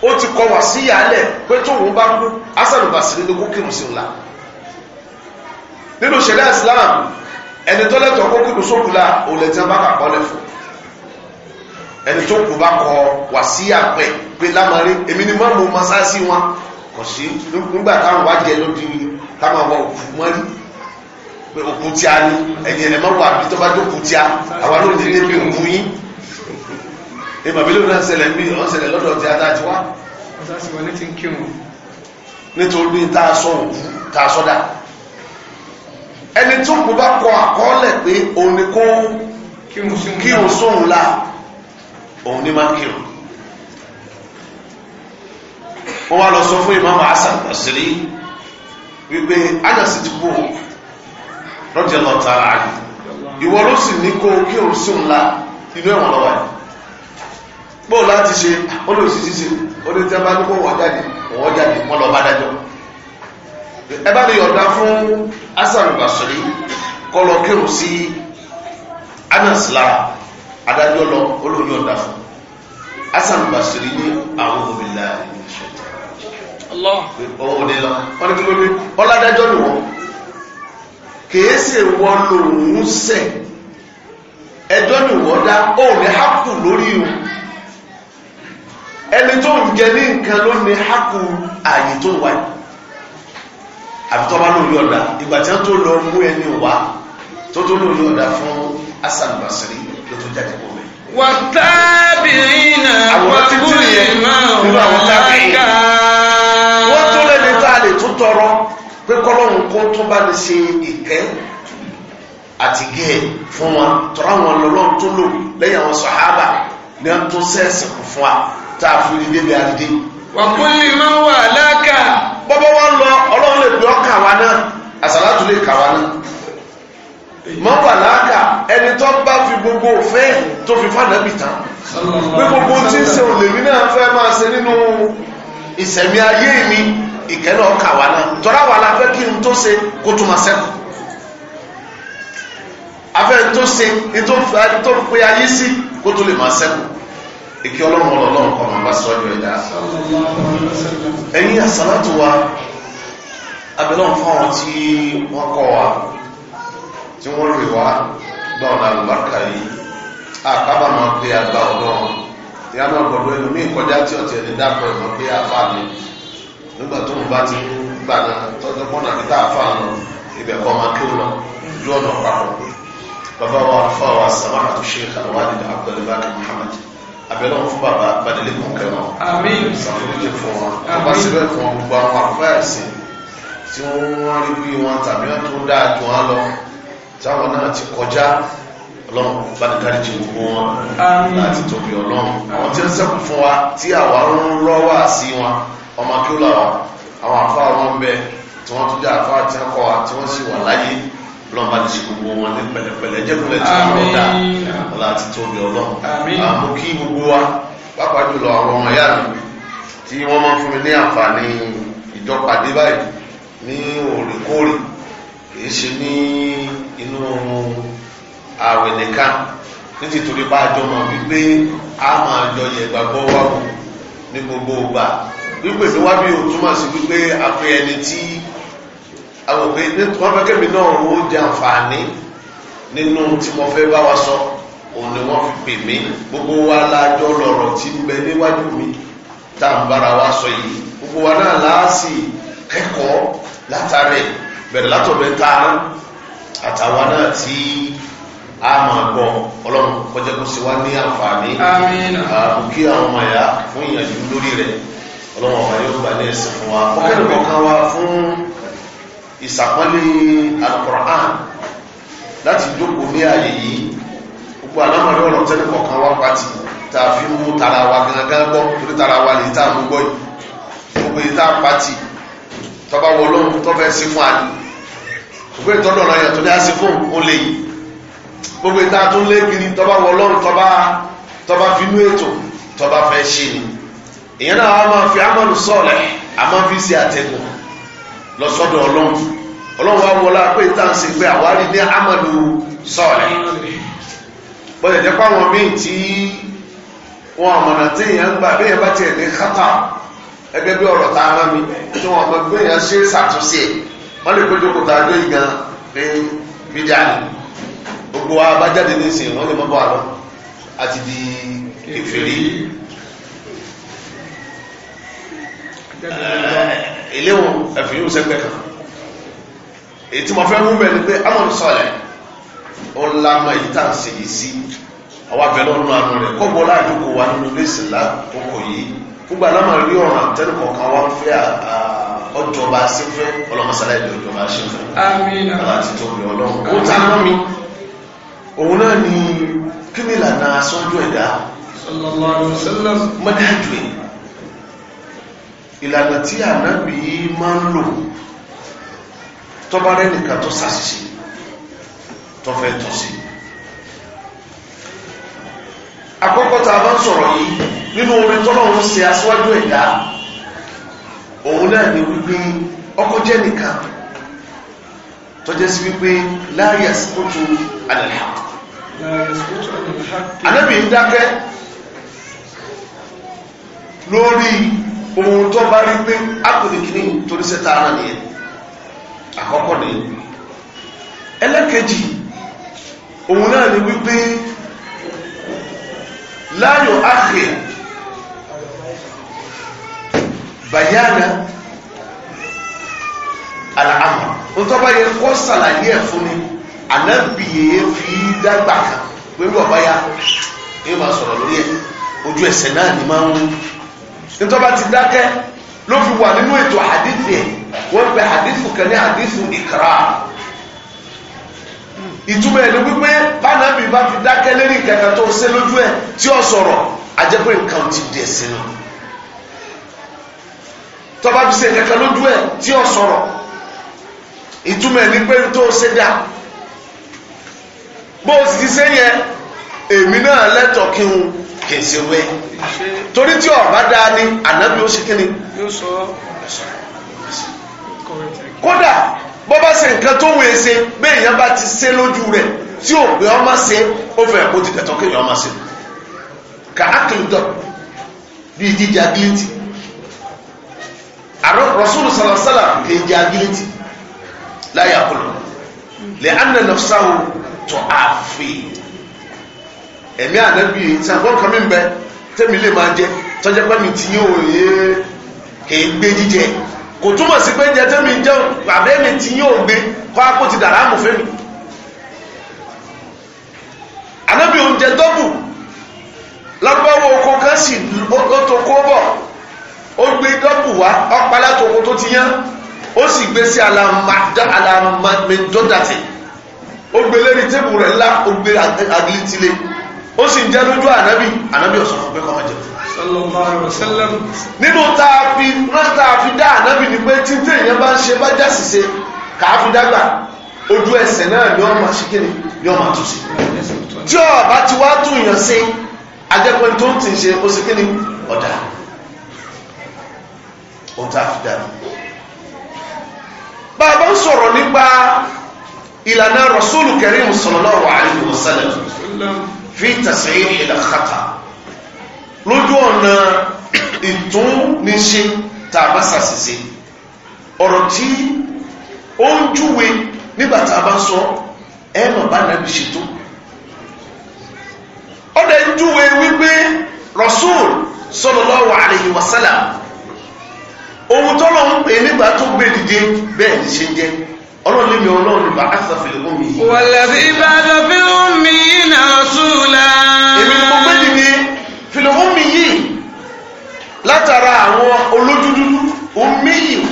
ó ti kọ wá sí yàlẹ pé tóun bá kú asanu basiri ló kó kírun sí ńlá nínú ṣẹlẹ̀ islam ẹni tó lẹ́tọ̀ọ́ kó kírun sókùlà òun lẹtí wọn bá kà kọ lẹfọ ẹni tó kù bá kọ wá sí àpẹ pé lámarí èmi ni mọ́mú mọ́sáàsì wọn kò sí nígbà táwọn wá jẹ lójú táwọn wọ òkú mọ́rí pé òkú tí a ní ẹ̀yìn ẹ̀lẹ́mọ́ wà bí tó bá tó òkú tí a àwọn ló ní débi òkú yín ìmọ̀ bí lóun náà ṣẹlẹ̀ bí wọ́n ṣẹlẹ̀ lọ́dọ̀ tí a dá ti wá. nítorí tá a sọ òkú tá a sọ́dà ẹni tó kò bá kọ àkọọ́lẹ̀ pé òun ni kó kírun sóhun la òun ni máa kírun wọ́n wá lọ sọ fún Imam Hasan Basri wípé Anas ti kú lọ́jọ́ lọ tààrà àlè ìwọ ló sì ní kó kí o sùn ńlá inú ẹ̀wọ̀n lọ́wọ́ ẹ̀ pọ̀ láti ṣe ó lè sì ṣiṣẹ́ ó lè tẹ́ bá ní kó wọ́n jáde wọ́n jáde wọ́n lọ bá dájọ́ ẹ bá yọ̀dá fún Hasan Basri kọ́ lọ kí o sí Anas lára adájọ́ lọ olóyún ọ̀dà fún Hasan Basri ní àwọn obìnrin láàrin òní lọ wọn ni kí ló dé ọládájọ́ wọ́n kìí ṣe wọn lòún sẹ̀ ẹjọ́ ni wọ́n dá òní hákù lórí o ẹni tó ń jẹ ní nǹkan ló ní hákù ààyè tó wà yìí àbí tọ́ba ló ọ̀dà ìgbà tí wọ́n tó lọ mú ẹni wá tó tó ló ọ̀dà fún Hasan Basri ló tó jáde kó mẹ́. wà náà wà kúrì máa wà ká tọrọ pé kọ́lọ́hún kó tún bá lè ṣe ìkẹ́ àtìgẹ́ ẹ̀ fún wọn tọrọ àwọn ọlọ́run tó lò lẹ́yìn àwọn sàhábà ni wọ́n tún sẹ́ẹ̀sì kù fún wa tá a fi rí débi àdídé. wàkúlì máa ń wà láàkà. bọ́bọ́ wọn lọ ọlọ́run lè gbé ọkà wa náà àsàlátù lè kà wa náà mọ́bàláàkà ẹni tó bá fi gbogbo òfẹ́ tó fi fànàbì tán pé gbogbo tí ń ṣe òlèrí náà fẹ́ máa ṣe nínú ìsẹ̀mí ayé mi ìkẹ́lẹ̀ ọkà wà náà tọ́lá wà la fẹ́ kí n tó ṣe kó tó máa sẹ́kù afẹ́ n tó ṣe n tó pe ayé sí kó tó lè máa sẹ́kù èkí ọlọ́run ọlọ́run kọ́ máa bá sọ́jọ́ ẹ̀dá ẹ̀yìn àsálàtù wa abẹ́lọ́run fáwọn tí wọ́n kọ́ wa tí wọ́n rè wá gbọ́n àlùbáríkà yìí àkábàmọ́ pé agbá ọlọ́run ìyá máa gbọ̀dọ̀ ẹlòmíì kọjá tí ọ̀tí ẹni dákọ̀ ẹ̀mọ́ pé àfa mi nígbà tó ń bá ti ń gbà náà tọ́jú pọ́nà kí tá a fa lọ ibẹ̀ kọ́ máa kéwòn lọ ju ọ̀nà papọ̀ bàbá wa fa wa sàmáhà tó ṣe àwọn àdìdà abdulbaki muhammad abẹ́lẹ́ wọn fún bàbá badẹ́lẹ́ kún kẹ́lọ́ sàmúlẹ́jẹ fún wọn bàbá síbẹ̀ fún wọn gbogbo àwọn àfẹ́ẹ̀sì tí wọ́n rí bí wọn tàbí wọn tó dáa jù wọn lọ táwọn náà ti kọjá ọlọ́run bánikárì jẹ gbogbo wọn láti tóbi ọlọ́run àwọn tí ó sẹ́kù fún wa tí àwa ń rọ́wà sí wọn ọmọ kí ó là wá àwọn àfa wọn bẹ tí wọ́n tún jẹ́ àfa tí wọ́n kọ́ wa tí wọ́n sì wà láyé ọlọ́run bá ti ṣe gbogbo wọn ní pẹ̀lẹ́pẹ̀lẹ́ jẹ́kulẹ̀ tí wọ́n dá láti tóbi ọlọ́run àmú kí gbogbo wa pápá jùlọ àwọn ọmọ ìyá mi tí wọ́n máa ń fún mi ní àǹfààní ìjọpàdé báyìí ní òrèkóòrè kì í ṣe ní inú àwẹ̀ nìkan títí torí bá a jọ mọ̀ wípé a máa jọ yẹ gbàgbọ́ wa wò ní gbogbo ìgbà wípé tí wábí o túmọ̀ sí wípé àpè ẹni tí àwọn òpè wọ́n fẹ́ kẹ́mi náà ó jẹ àǹfààní nínú tí mo fẹ́ bá wa sọ òun ni wọ́n fi pè mí gbogbo wa lájọ lọ̀rọ̀ tí ń bẹ níwájú mi tá à ń bára wa sọ yìí gbogbo wa náà láàsì kẹ́kọ̀ọ́ látàrí bẹ̀rẹ̀ látọ̀bẹ̀ tá a àtàwa náà tí a máa gbọ́ ọlọ́run kọjá kó ṣe wá ní àǹfààní àbùkí àwọn ọmọ ẹ̀yà fún ìyànjú lórí rẹ̀ ọlọ́run ọba yóò gbà ní ẹ̀sìn fún wa ọkẹ́ni kọ̀ọ̀kan wa fún ìsàpọ́nlé Al-Qur'an láti jókòó ní ààyè yìí gbogbo alámọ̀lẹ́ ọ̀rọ̀ tẹ́lẹ̀ kọ̀ọ̀kan wá pàtì tá a fi mú tara wa gangan gbọ́ torí tara wa lè tá a mú gbọ́ yìí gbogbo yìí tá a pàtì tọ́ba wọ lóhun tó fẹ́ sí fún àlè ògbé ìtọ́lọ́rọ̀ yẹn tó ní á sí fún òun lè yìí gbogbo ìta tó lé kiri tọba wọ lọ́rùn tọba tọba finú ètò tọba fẹ́ ṣe ni èèyàn náà a máa fi amọ̀nù sọ̀lẹ̀ a máa fi ṣe àtẹ̀gùn lọ́sọ́dọ̀ ọlọ́run ọlọ́run wa wọlé apé ìta ń ṣe pé àwárí ní amọ̀nù sọ̀lẹ̀ bọ́dẹ̀ jẹ́ pàwọn míì tí wọn àmọ̀nà tí èèyàn ń gbà bí èèyàn bá tiẹ̀ ní kátà ẹgbẹ́ bí ọ̀rọ̀ tá a rán mi tí wọn àmọ̀ gbé èèyàn ṣe ṣàtúnṣe wọn lè péjọ kò tá a gbé yìí gan pé bíjà ni gbogbo wa bá jáde ní ìsìn wọ́n lè mọ́ bọ́ àlọ́ àti di kèfèrí eléwọ̀n eh, ẹ̀fìn yóò sẹ́gbẹ̀ẹ́ kan èyí tí mo fẹ́ mú bẹ́ẹ̀ ni pé amọ̀n sọ̀lẹ̀ òun la mọ èyí tá à ń ṣe yìí sí àwọn abẹ́lẹ́ ọ̀nà àánú rẹ̀ kọ́ bọ́ láàdúgbò wa nínú ilé ìsìn lákòókò yìí gbogbo àlámà rí ọ̀ràn àtẹnukọ̀ọ̀kan wa ń fẹ́ àà ọjọba sífẹ́ ọlọ́mọsálá ìlú ọjọba sífẹ́ àmín àti tóbi ọlọ́run ó ta mọ́ mi òun náà ni kí ni ìlànà aṣojú ẹ̀dá mọ́dájú ẹ̀ ìlànà tí ànábì máa ń lò tọ́bá rẹ̀ nìkan tó sàṣìṣe tó tọ́ sí àkọ́kọ́ tá bá ń sọ̀rọ̀ yìí nínú orin tọ́lọ́run ṣe aṣáájú ẹ̀dá òun náà ni wípé ọkọ̀ jẹ́ nìkan tọ́jẹ́ sí wípé láàrín àsìkò tó alẹ́lẹ́ ànábì ń dákẹ́ lórí ohun tó bá rí pé ápùlìkìní torí sẹ́ta ara nìyẹn àkọ́kọ́ ni ẹlẹ́kẹ̀jì òun náà ni wípé láyọ̀ áàkè bàyánà àlàámà ń tọ́ bá yẹ kó sàlàyé ẹ̀ fún ni ànábì yìí fi dágbà kan pẹ̀lú ọ̀báyà yóò máa sọ̀rọ̀ lórí ẹ̀ ojú ẹsẹ̀ náà ni máa ń wú nítorí bá ti dákẹ́ ló fi wà nínú ètò àdífì ẹ̀ wọ́n pe àdífù kan ní àdífù ìkàrà ìtumọ̀ ẹ̀ ni wípé bánábì bá ti dákẹ́ lérí kankan tó ṣe lójú ẹ̀ tí ó sọ̀rọ̀ àjẹpẹ́ nǹkan ti di ẹ̀sìn nù tọ́ba fi ṣe kankan lójú ẹ̀ tí ó sọ̀rọ̀ ìtumọ̀ ẹ̀ ni pé tó ṣe dáa bó o sì ti ṣe yẹn èmi náà lẹ́tọ̀ọ́ kí n kì í ṣe wé torí tí ọ̀bá dáa ni ànábì ó ṣe kí ni. kódà bó bá ṣe nǹkan tó wọ́n ṣe bẹ́ẹ̀ yẹn bá ti ṣe lójú rẹ̀ tí ò pé ọmọ ṣe ó fẹ́ kó ti dẹ̀tọ́ kéèyàn ọmọ ṣe kàákìlì dọ̀ bíi jíjà gílétì rasulu salasala kì í jà gílétì láyà kùlù lè ànà nàfṣàwò to have faith ẹ̀mí ànábì sàgbọ́n kan mi ń bẹ tẹ́mi lè máa jẹ tọ́jà pé mi ti yín òye kèé gbé jíjẹ kò túmọ̀ sí pé jẹ tẹ́mi jẹun àbẹ́ mi ti yín ògbé kọ́ apò ti dàrá mọ̀ fẹ́mi ànábì oúnjẹ dọ́bù lọ́gbọ́wọ́ oko kan sì ó tó kó bọ̀ ó gbé dọ́bù wá ọ̀pá látòkó tó ti yán ó sì gbé sí alàmàdọ́dàtì ó gbé lérí tébù rẹ̀ ńlá ó gbé agilitile ó sì ń jẹ́ lójú ànábì ànábì ọ̀sán fún pé kọ́ máa jẹ nínú tá a fi rán tá a fi dá ànábì ni pé títí èèyàn bá ń ṣe bá já ṣìṣe kàá fi dágbà ojú ẹsẹ̀ náà ni ọmọ ṣíkìrì ni ọmọ àtúnṣe tí ọba ti wá tún yàn sí ajẹ́pẹ́ tó ń tì ṣe ó sì kíni ọ̀dà ohun tá a fi dá bá a bá ń sọ̀rọ̀ nípa ìlànà rọ̀súlù kẹrìmù sallallahu alaihi wasallam fi tas'ih al-khata lójú ọ̀nà ìtúnníṣe tàbá sàṣìṣe ọ̀rọ̀ tí ó ń júwe nígbà tá a bá sọ ẹ̀mọ̀ bá nàbí ṣètò ọ̀dẹ̀ ń júwe wípé rọ̀súlù sallallahu alaihi wasallam ohun tọ́lọ́ ń pè nígbà tó gbé bẹ́ẹ̀ ṣe jẹ́ ọlọ́run lè mi ọlọ́run lè bá àṣàfihàn omi yìí. wọ̀lẹ̀bí bá lọ bí omi yìí náà súnlá. èmi ni mo gbé dìde fìlẹ̀ omi yìí látara àwọn olójúdúdú omi yìí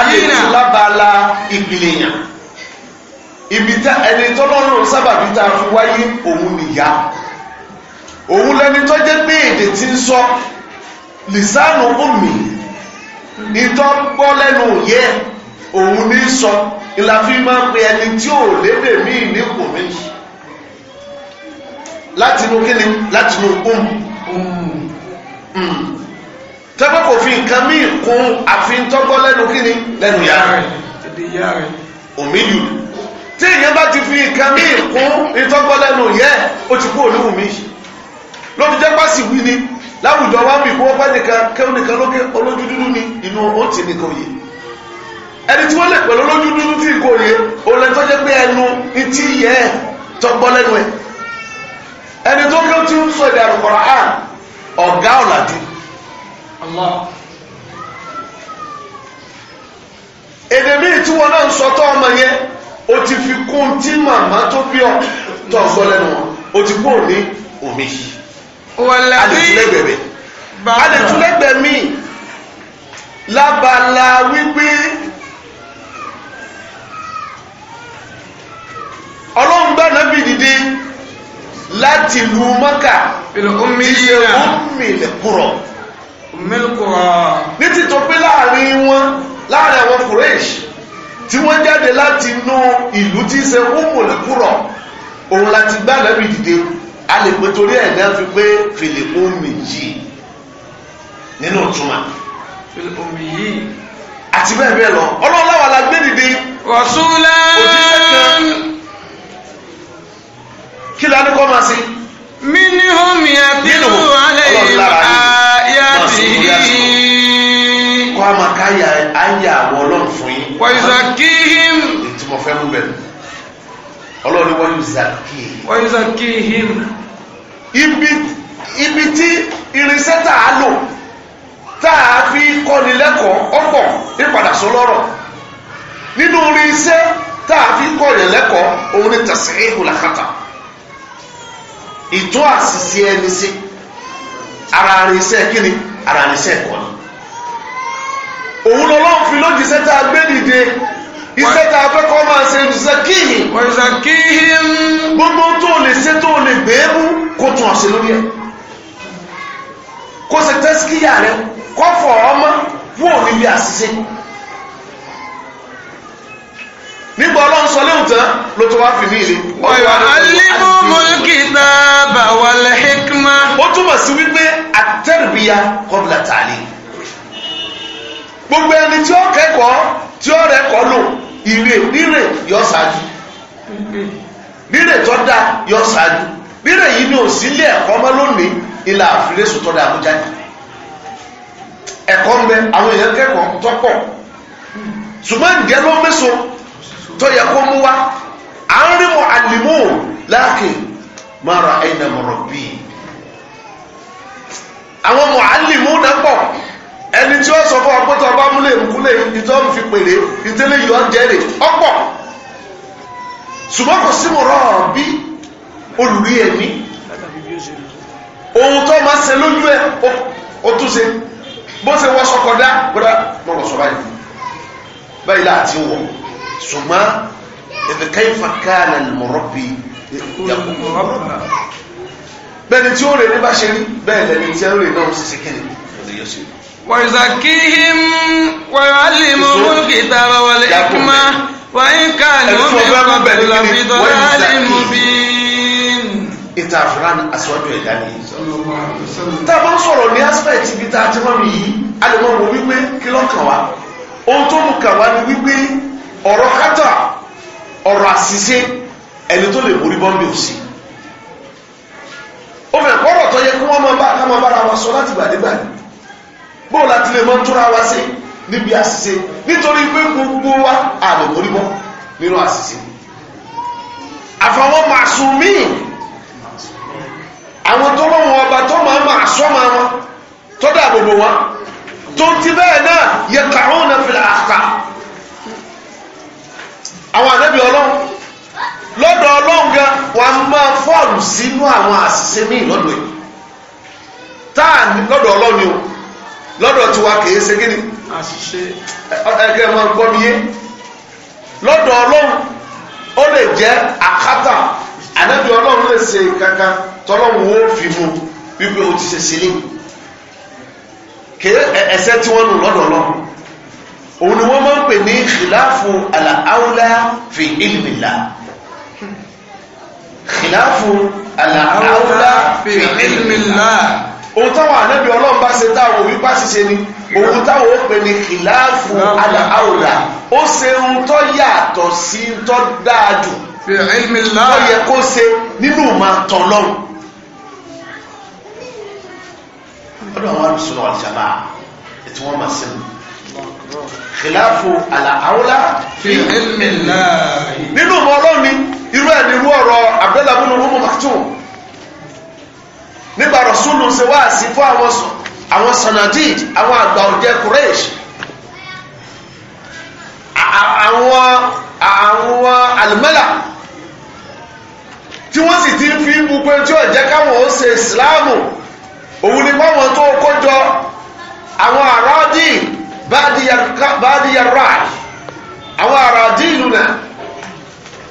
alẹ́tù lábala ìpìlẹ̀ yàn ibi tá ẹni tọ́lọ́run sábàbí tá a fi wáyé òun nìyá òun lẹni tó jẹ́ pé èdè tí ń sọ lìsánù omi ìtọ́ gbọ́ lẹ́nu yẹn òun ní sọ ìlàfi máa ń pe ẹni tí ò lédè míì ní kò méjì láti inú kíni láti inú kún hmm. tẹ́gbẹ́ kò fi nǹkan míì kún àfintọ́gbọ́ lẹ́nu kíni lẹ́nu yá rẹ̀ òmíyù tí èèyàn bá ti fi nǹkan míì kún ìtọ́gbọ́ lẹ́nu yẹ ó ti kú òníwù mi ló fi jẹ́ pàṣẹ wí ni láwùjọ wa ń kó pẹ́ nìkan kéwù nìkan lókè olójú dúdú ni inú ó ti nìkan yìí ẹni tí wọ́n lè pẹ̀lú lójú dúdú tí kò yé òun lẹ́ni tó jẹ́ pé ẹnu etí yẹ ẹ̀ tó gbọ́ lẹ́nu ẹ̀ ẹni tó kí ó ti ń sọ èdè àrùkọ̀rọ̀ àn ọ̀gá ọ̀làjú. èdè míì tí wọn náà ń sọ tó ọmọ yẹn o ti fi kún tí màmá tó bí ọ tó sọ lẹ́nu wọn o ti kún òní omi yìí. àdètúlẹ̀gbẹ̀mí àdètúlẹ̀gbẹ̀mí lábala wípé. ọlọ́run gbá nábì dìde láti lu mọ́kà ìṣe ọmọlẹ̀ kúrọ̀ ní ti tó pé láàrin wọn láàrin àwọn kùrẹ́ṣ tí wọ́n jáde láti inú ìlú tí ṣe ọmọlẹ̀ kúrọ̀ òun láti gbá nábì dìde a lè pé torí ẹ̀ náà fi pé fìlìpù méjì nínú ìtumọ̀ àti bẹ́ẹ̀ bẹ́ẹ̀ lọ ọlọ́run láwa la gbé dìde. rọ̀ṣúlẹ̀ òjíṣẹ́ kí la ní kọ́ máa ṣe. minhum yaqiru alayhim ayatihi. kọ́ a máa ká yà á yà àwọ̀ ọlọ́run fún yín. wa yuzakihim. ètò fẹ́ mú bẹ̀rẹ̀ ọlọ́run ni wa yuzakihim. wa yuzakihim. ibi ibi tí irinṣẹ́ tá a lò tá a fi kọ́ni lẹ́kọ̀ọ́ ọ̀pọ̀ nípadà sọ lọ́rọ̀ nínú irinṣẹ́ tá a fi kọ́ lẹ́kọ̀ọ́ òun ni tasirihul khata ìtún àṣìṣe ẹni sí ara irinṣẹ́ kíni ara irinṣẹ́ ẹ̀kọ́ ni òun lọ́lọ́run fi lójíṣẹ́ tá a gbé dìde iṣẹ́ tá a fẹ́ kọ́ máa ṣe ìṣàkíyìn ìṣàkíyìn gbogbo tó lè ṣe tó lè gbé mú kó tún ọ̀ṣẹ́ lórí ẹ̀ kó ṣe tẹ́síkíyà rẹ kọ́ fọ̀ ọmọ wọ́n níbi àṣìṣe nígbà ọlọ́run sọ léwu tán ló tún wá fi mí ilé. ọ̀yọ̀ alimu mulkita bawale hikma. ó túmọ̀ sí wípé àtẹ̀rìbíya kọ́bùlà tààlé. gbogbo ẹni tí ó kẹ́kọ̀ọ́ tí ó rẹ́kọ̀ọ́ lò ìrè nírè yọ ṣáájú nírè tó dáa yọ ṣáájú nírè yìí ni ò sílé ẹ̀kọ́ mọ́ lónìí ilà àfilẹ́sùn tó àbújá yìí ẹ̀kọ́ ń bẹ àwọn èèyàn kẹ́kọ̀ọ́ tọ́pọ̀ ṣùgbọ́n ìdí ló mẹ́sàn-án tó yẹ kó mú wa à ń rí mu àlìmú láàkì mara ẹ̀yìnà mọ̀rọ̀ bí àwọn mọ̀ àlìmú náà pọ̀ ẹni tí ó sọ fún ọpẹ́tọ̀ ọba múlẹ̀ ìmúkúlẹ̀ ìtọ́ fi pèrè ìtẹ́lẹ̀ yọ jẹ́rè ọ̀pọ̀ ṣùgbọ́n kò sí mu rọ̀ bí olùrí ẹ̀mí ohun tó máa ṣe lójú ẹ̀ ó tún ṣe bó ṣe wọ́ṣọ kọjá gbọ́dá mọ̀rọ̀ sọ báyìí báyìí láti wọ̀ ṣùgbọ́n ìdíkẹ́ ìfàkàlẹ̀ mọ̀rọ́bì bẹ́ẹ̀ni tí ó rè ní bá ṣe rí bẹ́ẹ̀ lẹ́ni tí ó rè náà sì sí kíni wàzàkíhìm wàhálìmọ̀mọ́ kìtàbà wàlẹ̀ ìkùnmá wàyíká ni tá a bá ń sọ̀rọ̀ ní aspect ibi tá a ti mọ́ mi yìí a lè mọ́ wípé kí lọ́kàn wa ohun tó mú kàn wá ni ọ̀rọ̀ kátà ọ̀rọ̀ àṣìṣe ẹni tó lè borí bọ́m̀bì òsì ó fẹ́ kọ́rọ̀ tó yẹ kí wọ́n máa bá ká máa bára wa sọ láti gbàdégbà bóun láti lè máa túra wa sí níbi àṣìṣe nítorí pé gbogbo wa àlè borí bọ́ nínú àṣìṣe àfàwọn màṣúmí àwọn tó lọ́wọ́ ọba tó máa máa sọ́mọ wọn tó dàbòbò wọn tó ti bẹ́ẹ̀ náà yẹ kàrún náà fi àkà àwọn ànábì ọlọ́run lọ́dọ̀ ọlọ́run gan wà máa fọ́ọ̀lù sínú àwọn àṣìṣe míì lọ́dọ̀ yìí táà lọ́dọ̀ ọlọ́run o lọ́dọ̀ tiwa kìí ṣe kí ni àṣìṣe ẹgbẹ́ máa ń gbọ́ mi yé lọ́dọ̀ ọlọ́run ó lè jẹ́ àkátà ànábì ọlọ́run lè ṣe kankan tọ́lọ́run ó fi mu wípé o ti ṣe sílẹ̀ kìí ẹ̀ṣẹ̀ tí wọ́n nù lọ́dọ̀ ọlọ́run òun ni wọ́n máa ń pè ní khilafu al-awla fi ilmillah khilafu al-awla fi ilmillah òun táwọn ànábì ọlọ́run bá ṣe táwọn òbí bá ṣiṣẹ́ ni òun táwọn ó pè ní khilafu al-awla ó ṣe ohun tó yàtọ̀ sí tó dáa jù tó yẹ kó ṣe nínú ìmọ̀ àtọ̀lọ́run ọdún àwọn àdùsùn náà wà ní sábà ètò wọn máa ṣe nù khilafu àlàáwùlà fi ilmi Allah nínú ọmọ ọlọ́run ni irú ẹ̀ ní irú ọ̀rọ̀ abdullahi bin umu maktum nígbà rasulu ṣe wá sí fún àwọn àwọn sanadid àwọn àgbà ọ̀jẹ̀ kureish àwọn àwọn alimẹ́là tí wọ́n sì ti fi mú pé tí ó jẹ́ káwọn ó ṣe ìsìláàmù òun ni báwọn tó kójọ àwọn àràádìí báàdìyà ráì àwọn ará díìlù náà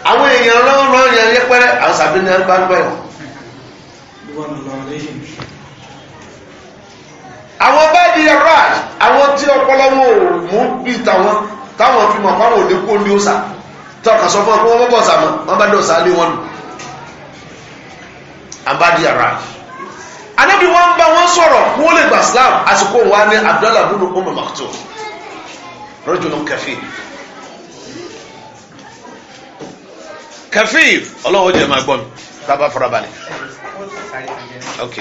àwọn èèyàn lọ́wọ́ lọ́wọ́ yẹn yẹpẹrẹ àwọn sàbí ní agbáńgbẹ́ wọn. àwọn báàdìyà ráì àwọn tí ọpọlọ wọn ò mú bí tàwọn táwọn fi mọ̀ fáwọn òde kó ní òsà tọ́ka sọ fún ọ pé wọ́n sàmọ́ wọ́n bá dọ̀ sálé wọn nù àbádìyà anábì wọn bá wọn sọ̀rọ̀ wọn lè gba islam àsìkò wa ní abdullah bulu umu maktoum rajulun kafir kafir ọlọ́wọ́ jẹ́ máa gbọ́ mi tábà farabalẹ̀ ok.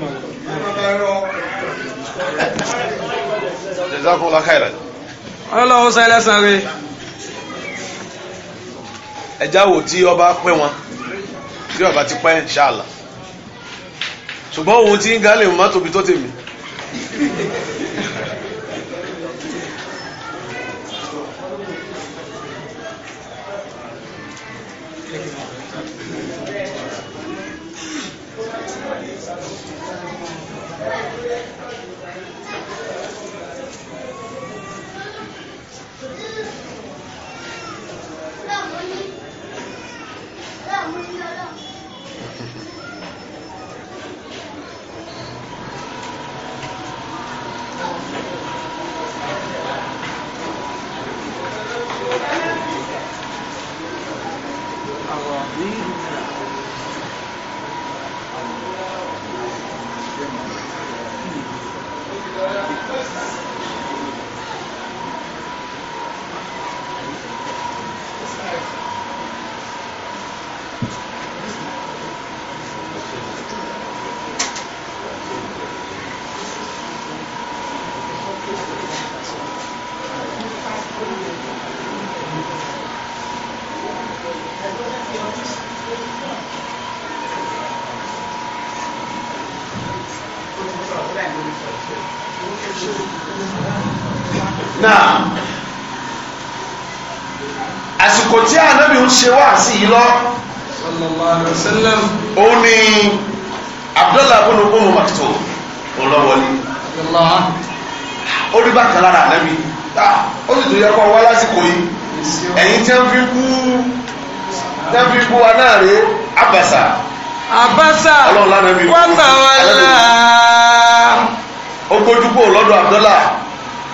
Thank you jazakumullah khairan. ọlọ́wọ́ sọ ẹlẹ́sàn ẹja wo tí ọba pẹ́ wọn tí ọba ti pẹ́ inshallah ṣùgbọ́n òun ti ń galè mọ́tò bí tó tèmi. ṣe wáàsí yìí lọ ó ní abdullahi abúlùkúnmù màtó ọlọ́wọ́lé ó rí bàtà lára ànábi ah, ó sì tó yẹ kó wá lásìkò yìí ẹ̀yìn tí fi kú tí fi kú wa náà rèé abasa abasa wàtà wàlá ó gbójú kúrò lọ́dọ̀ abdullahi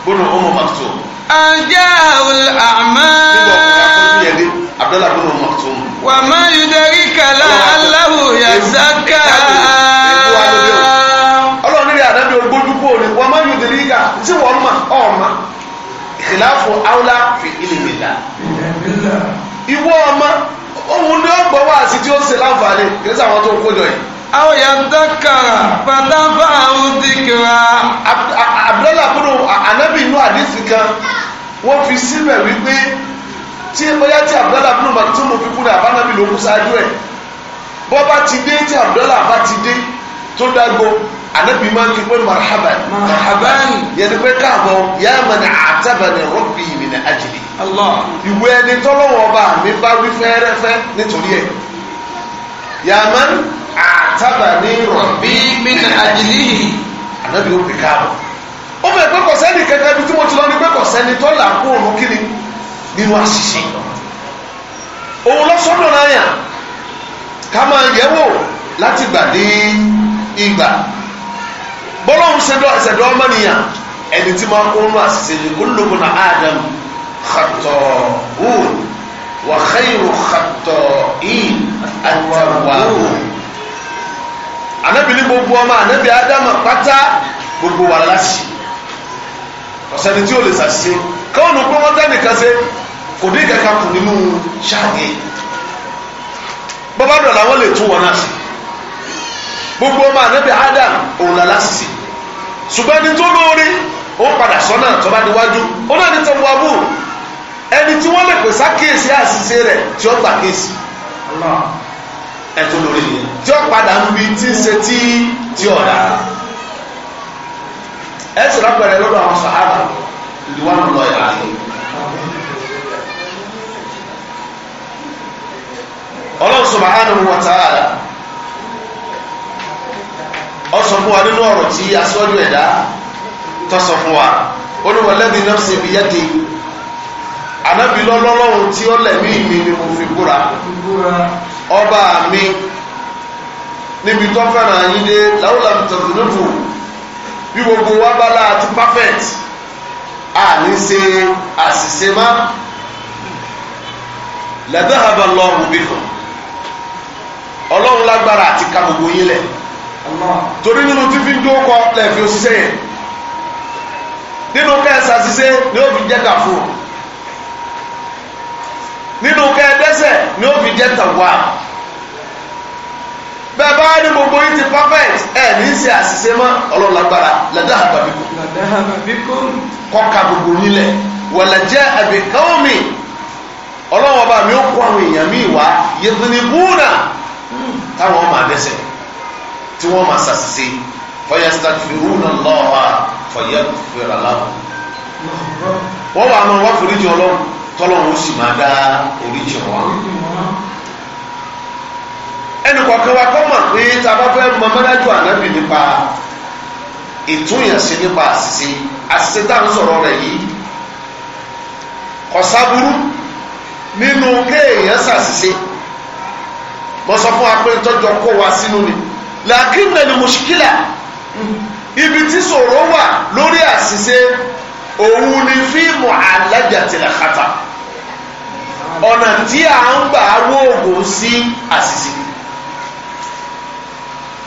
gbóná ọmọ màtó. ajá àmà abdullahi bin maktum. wà á máa yí darí kàlá aláwò yazaka. ọlọ́run nílẹ̀ àdájọ́ gbójú kúrò ní wà á máa yí darí kà tí wọ́n mọ̀ ọ́ mọ̀ ìkìláfù áwùlá fi ilmi la. ìwọ ọmọ òun ni ó gbọ́ wá àti tí ó ṣe láǹfààní kìí sáwọn tó ń kó jọ yìí. àwọn yàtọ̀ kàrà pátápá àwọn dìkìrà. abdullahi bin anabi inú àdìsí kan wọ́n fi síbẹ̀ wípé tí bóyá tí abdallah abdul malik tí mo fi kú ní abánábì ló kú ṣáájú ẹ bọ́ bá ti dé tí abdallah bá ti dé tó dágbo anabi máa ń kí pé marhaban marhaban yẹn pé káàbọ̀ yá mani àtàbàní rọ́bì mi ní àjèlè ìwé ẹni tọ́lọ́wọ́ ọba mi bá wí fẹ́ẹ́rẹ́fẹ́ nítorí ẹ̀ yá mani àtàbàní rọ́bì mi ní àjèlè anabi ó pè káàbọ̀ ó fẹ́ pé kọ̀sẹ́ni kẹ́kẹ́ bí tí mo ti lọ ní pé kọ̀sẹ́ni tọ́lá kó òun kí ni nínú àṣìṣe òun lọ́sọ́dọ̀ náà yàn ká máa yẹ̀wò láti gbà dé ìgbà bọ́lọ́hún ṣẹ̀dọ̀ ṣẹ̀dọ̀ ọmọnìyàn ẹni tí máa kún nínú àṣìṣe ni kó lóko na Adam xatọ̀ òun wà khayru xatọ̀ ìyìn àtàwà òun anabi ní gbogbo ọmọ anabi Adam pátá gbogbo wà láṣì ọ̀sẹ̀ ni tí ó lè ṣàṣìṣe káwọn pé wọ́n tẹ́nìkan ṣe kò ní kankan kù nínú ṣáàgì bọ́bá dọ̀là wọ́n lè tún wọn náà sí gbogbo ọmọ ànábì Adam òun là lásìsì ṣùgbọ́n ẹni tó lóore ó padà sọ́nà tó bá níwájú ó náà ní tọ́wọ́ abúrò ẹni tí wọ́n lè pè sákèésí àṣìṣe rẹ̀ tí ó gbà kéésì ẹ̀tọ́ lórí yẹn tí ó padà ń bi tí ń ṣe tí ọ̀dà ẹ̀ sì lọ́dọ̀ àwọn sàhábà ديوان الله العظيم ọlọ́run wa ta'ala sọ fún wa nínú ọ̀rọ̀ tí aṣọ́jú ẹ̀dá tó sọ fún wa olúwọ̀lẹ́bí nafsi biyadi anábì lọ́lọ́lọ́run tí ó lẹ̀mí mi ni mo fi búra ọba mi níbi tó fẹ́ràn yín dé láwùlà tẹ̀sílùfù bí bá láti àní ṣe àṣìṣe má lẹ́dọ̀hàbà lọ́rùn bí kan ọlọ́run lágbára àti ka gbogbo yín lẹ̀ torí nínú tí fi ń dókọ lẹ́ẹ̀fi òṣìṣẹ́ yẹn nínú kẹ́ẹ̀sà ṣiṣẹ́ ni ó fi jẹ́ gàfúrò nínú kẹ́ẹ̀dẹ́sẹ̀ ni ó fi jẹ́ tàwa bẹ́ẹ̀ bá ní gbogbo yìí ti perfect ẹ̀ ní í ṣe àṣìṣe mọ́ ọlọ́run lágbára làdá àbàbíkó. làdá àbàbíkó. kọ́ka gbogbo nílẹ̀ wọ̀lẹ̀ jẹ́ àbí káwọn mi ọlọ́run ọba mi ó kó àwọn èèyàn mi wá yẹtùnìbúnà táwọn máa dẹ́sẹ̀ tí wọ́n máa ṣàṣìṣe fọyẹ́sítàfìrúnà lọ́wọ́ fọyẹ́fìrà láwọn. wọ́n wà á máa wá foríjì ọlọ́run tọ́lọ́run ó sì máa dá oríjì wọn ẹnì kọ̀ọ̀kan wa kọ́ mọ̀ pé tá a bá fẹ́ mọ mọ́dájú ànábì nípa ìtúnyẹ̀sí nípa àṣìṣe àṣìṣe tá à ń sọ̀rọ̀ rẹ̀ yìí kọ̀sáburú nínú kéèyàn ṣàṣìṣe mo sọ fún wa pé tọ́jọ kó wa sínú ni làákìnnà ni mùṣkílà ibi tí sọ̀rọ̀ wà lórí àṣìṣe òun ni fíìmù alájàtìlẹ̀ kàtà ọ̀nà tí à ń gbà wọ́ọ̀gùn sí àṣìṣe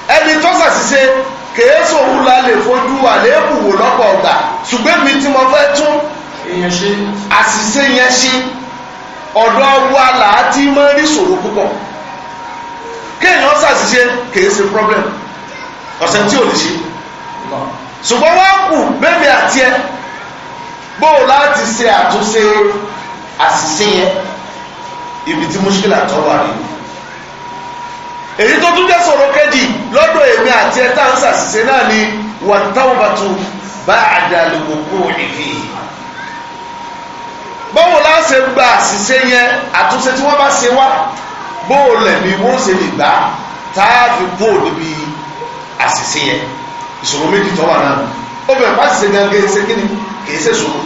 ẹni tó ṣàṣìṣe kèésò òun la lè fojú àléébù wò lọ́pọ̀ ọ̀gbà ṣùgbọ́n mi tí mo fẹ́ tún àṣìṣe yẹn ṣe ọ̀dọ̀ wa là á ti máa rí ṣòro púpọ̀ kéèyàn ṣàṣìṣe kèése problem ọ̀sẹ̀ tí ò lè ṣe ṣùgbọ́n wá kù bẹ́ẹ̀mí àti ẹ bó o láti ṣe àtúnṣe àṣìṣe yẹn ibi tí mọ́ṣíkìlà tọ́wà rèé èyí tó tún jẹ́ sọ̀rọ̀ kejì lọ́dọ̀ èmi àti ẹ tá à ń ṣàṣìṣe náà ni wà táwùbàtú bá àdàlùkòkò ìfì báwo la ṣe gba àṣìṣe yẹn àtúnṣe tí wọ́n bá ṣe wá bóò lẹ̀mí wọ́n ṣe lè gbà tá a fi kó níbi àṣìṣe yẹn ìṣòro méjì tó wà náà ó bẹ̀rẹ̀ bá ṣiṣẹ́ gangan ṣe kí ni kì í ṣe ṣòro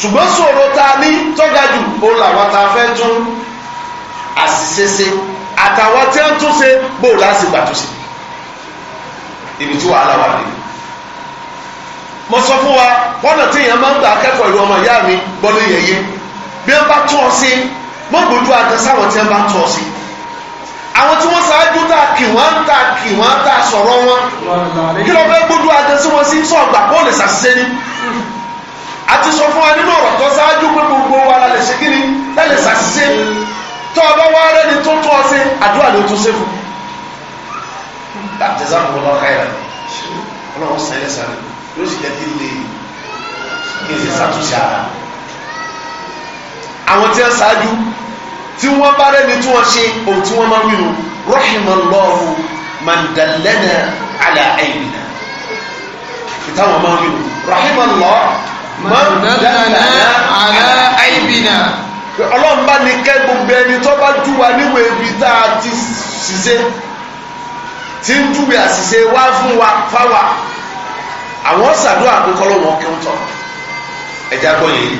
ṣùgbọ́n ṣòro ta ní tọ́gajù ó làwọn ta fẹ́ tún àṣìṣe ṣe àtàwọn tí wọ́n tún ṣe bó láti gbàtúnṣe ibi tí wàhálà wà nínú mo sọ fún wa wọ́n tí èèyàn máa ń gbà akẹ́kọ̀ọ́ ìlú ọmọ ìyá mi gbọ́dọ̀ yẹ̀yẹ bí wọ́n bá tún ọ sí mọ́ gbójú agan sáwọn tí wọ́n bá tún ọ sí àwọn tí wọ́n ṣáájú tá a kì wọ́n tá a kì wọ́n tá a sọ̀rọ̀ wọn kí ló fẹ́ gbójú agan sí wọn sí sọ ọgbà kó lè ṣàṣiṣẹ́ ni a ti sọ fún wa nínú ọ̀rọ̀ tó ṣáájú pé gbogbo wa la lè ṣe kí ni la tọ́ ọ bá wá rẹ́ni tó tọ́ ọ sí àdúrà ló tún ṣe fún àtẹ̀sáàmù lọ káyà ọlọ́run sẹ́lẹ̀ sáré ló sì jẹ́ kí lè kí lè ṣàtúnṣe ara àwọn tí wọ́n ṣáájú tí wọ́n bá rẹ́ni tí wọ́n ṣe ohun tí wọ́n máa ń wí nu rahimallahu man dallana ala aibina ìtàwọn máa ń wí nu rahimallahu man dallana ala aibina ọlọ́run bá ní kẹ́ gbogbo ẹni tó bá jú wa níwèé ibi tá a ti ṣiṣẹ́ tí ń júwe àṣìṣe wá fún wa fáwa àwọn ṣàdúrà pé kọ́lọ́wọ́n kí ń tọ́ ẹja gbọ́ yìí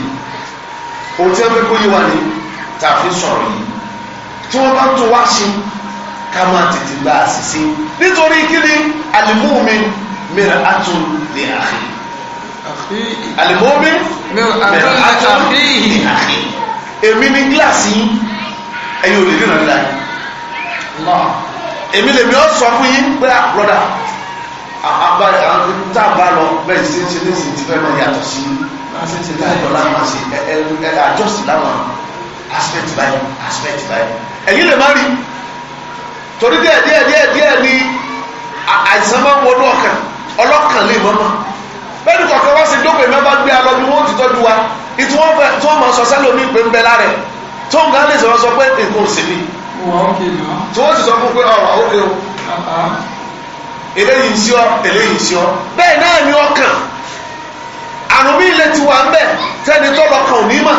òun tí wọ́n fẹ́ kó yé wa ni tá a fi sọ̀rọ̀ yìí tí wọ́n bá tún wá ṣe ká máa tètè gba àṣìṣe nítorí kí ni àlìmúmi mìíràn àtún ní àhìn àlìmúmi mìíràn àtún ní àhìn èmi ní gíláàsì yín ẹ̀yin ò lè ríran nílá yín èmi lèmi ọ sọ fún yín pé àbúrọ̀dà ah, àbára tá a bá lọ bẹ́ẹ̀ ṣe ń ṣe ní ìsìn tí fẹ́ máa yàtọ̀ sí ṣe láìpẹ́ láwọn ṣe ẹ ẹ àjọsìn láwọn aspect báyìí aspect báyìí ẹ̀yin lè má rí torí díẹ̀ díẹ̀ díẹ̀ díẹ̀ ni àìsàn máa ń wọnú ọkàn ọlọ́kàn lè mọ́mọ́ bẹ́ẹ̀ni kọ̀ọ̀kan wá sí dókè mẹ́fà gbé alọ́ bí wọ́n ti tọ́jú wa ìtú wọn fẹ́ tí wọ́n sọ sẹ́lẹ̀ omi pé ń bẹ lára ẹ̀ tó ń ga lè sọ̀rọ̀ sọ pé nǹkan ò sí ni tí wọ́n ti sọ fún pé ọ̀rọ̀ òkè o eléyìí sí ọ eléyìí sí ọ bẹ́ẹ̀ náà ni ọkàn àrùn mi ilẹ̀ ti wà ń bẹ̀ tẹ́ni tó lọ kàn ní mà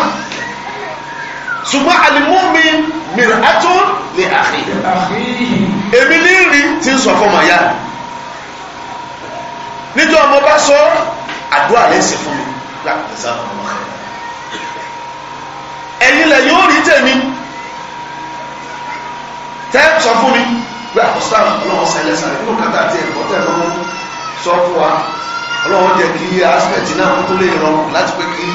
ṣùgbọ́n àlìmú mi mìíràn ẹ̀tún lè àfi èmi ní rí ti ń sọ fún màyà níjọ́ ọmọ bá sọ ọ́ àdúrà lè ṣe fún mi lápẹ̀sán ọmọ rẹ̀ ẹ̀yin lẹ̀ yóò rí tèmi tẹ́ sọ fún mi gbé àkọsílẹ̀ ọlọ́wọ́ sẹlẹ̀ sàrẹ̀ nínú kàtà àti ẹ̀kọ́ tẹ̀ lọ́wọ́ sọ fún wa ọlọ́wọ́ jẹ́ kí aspect náà kó tó lè rọrùn láti pé kí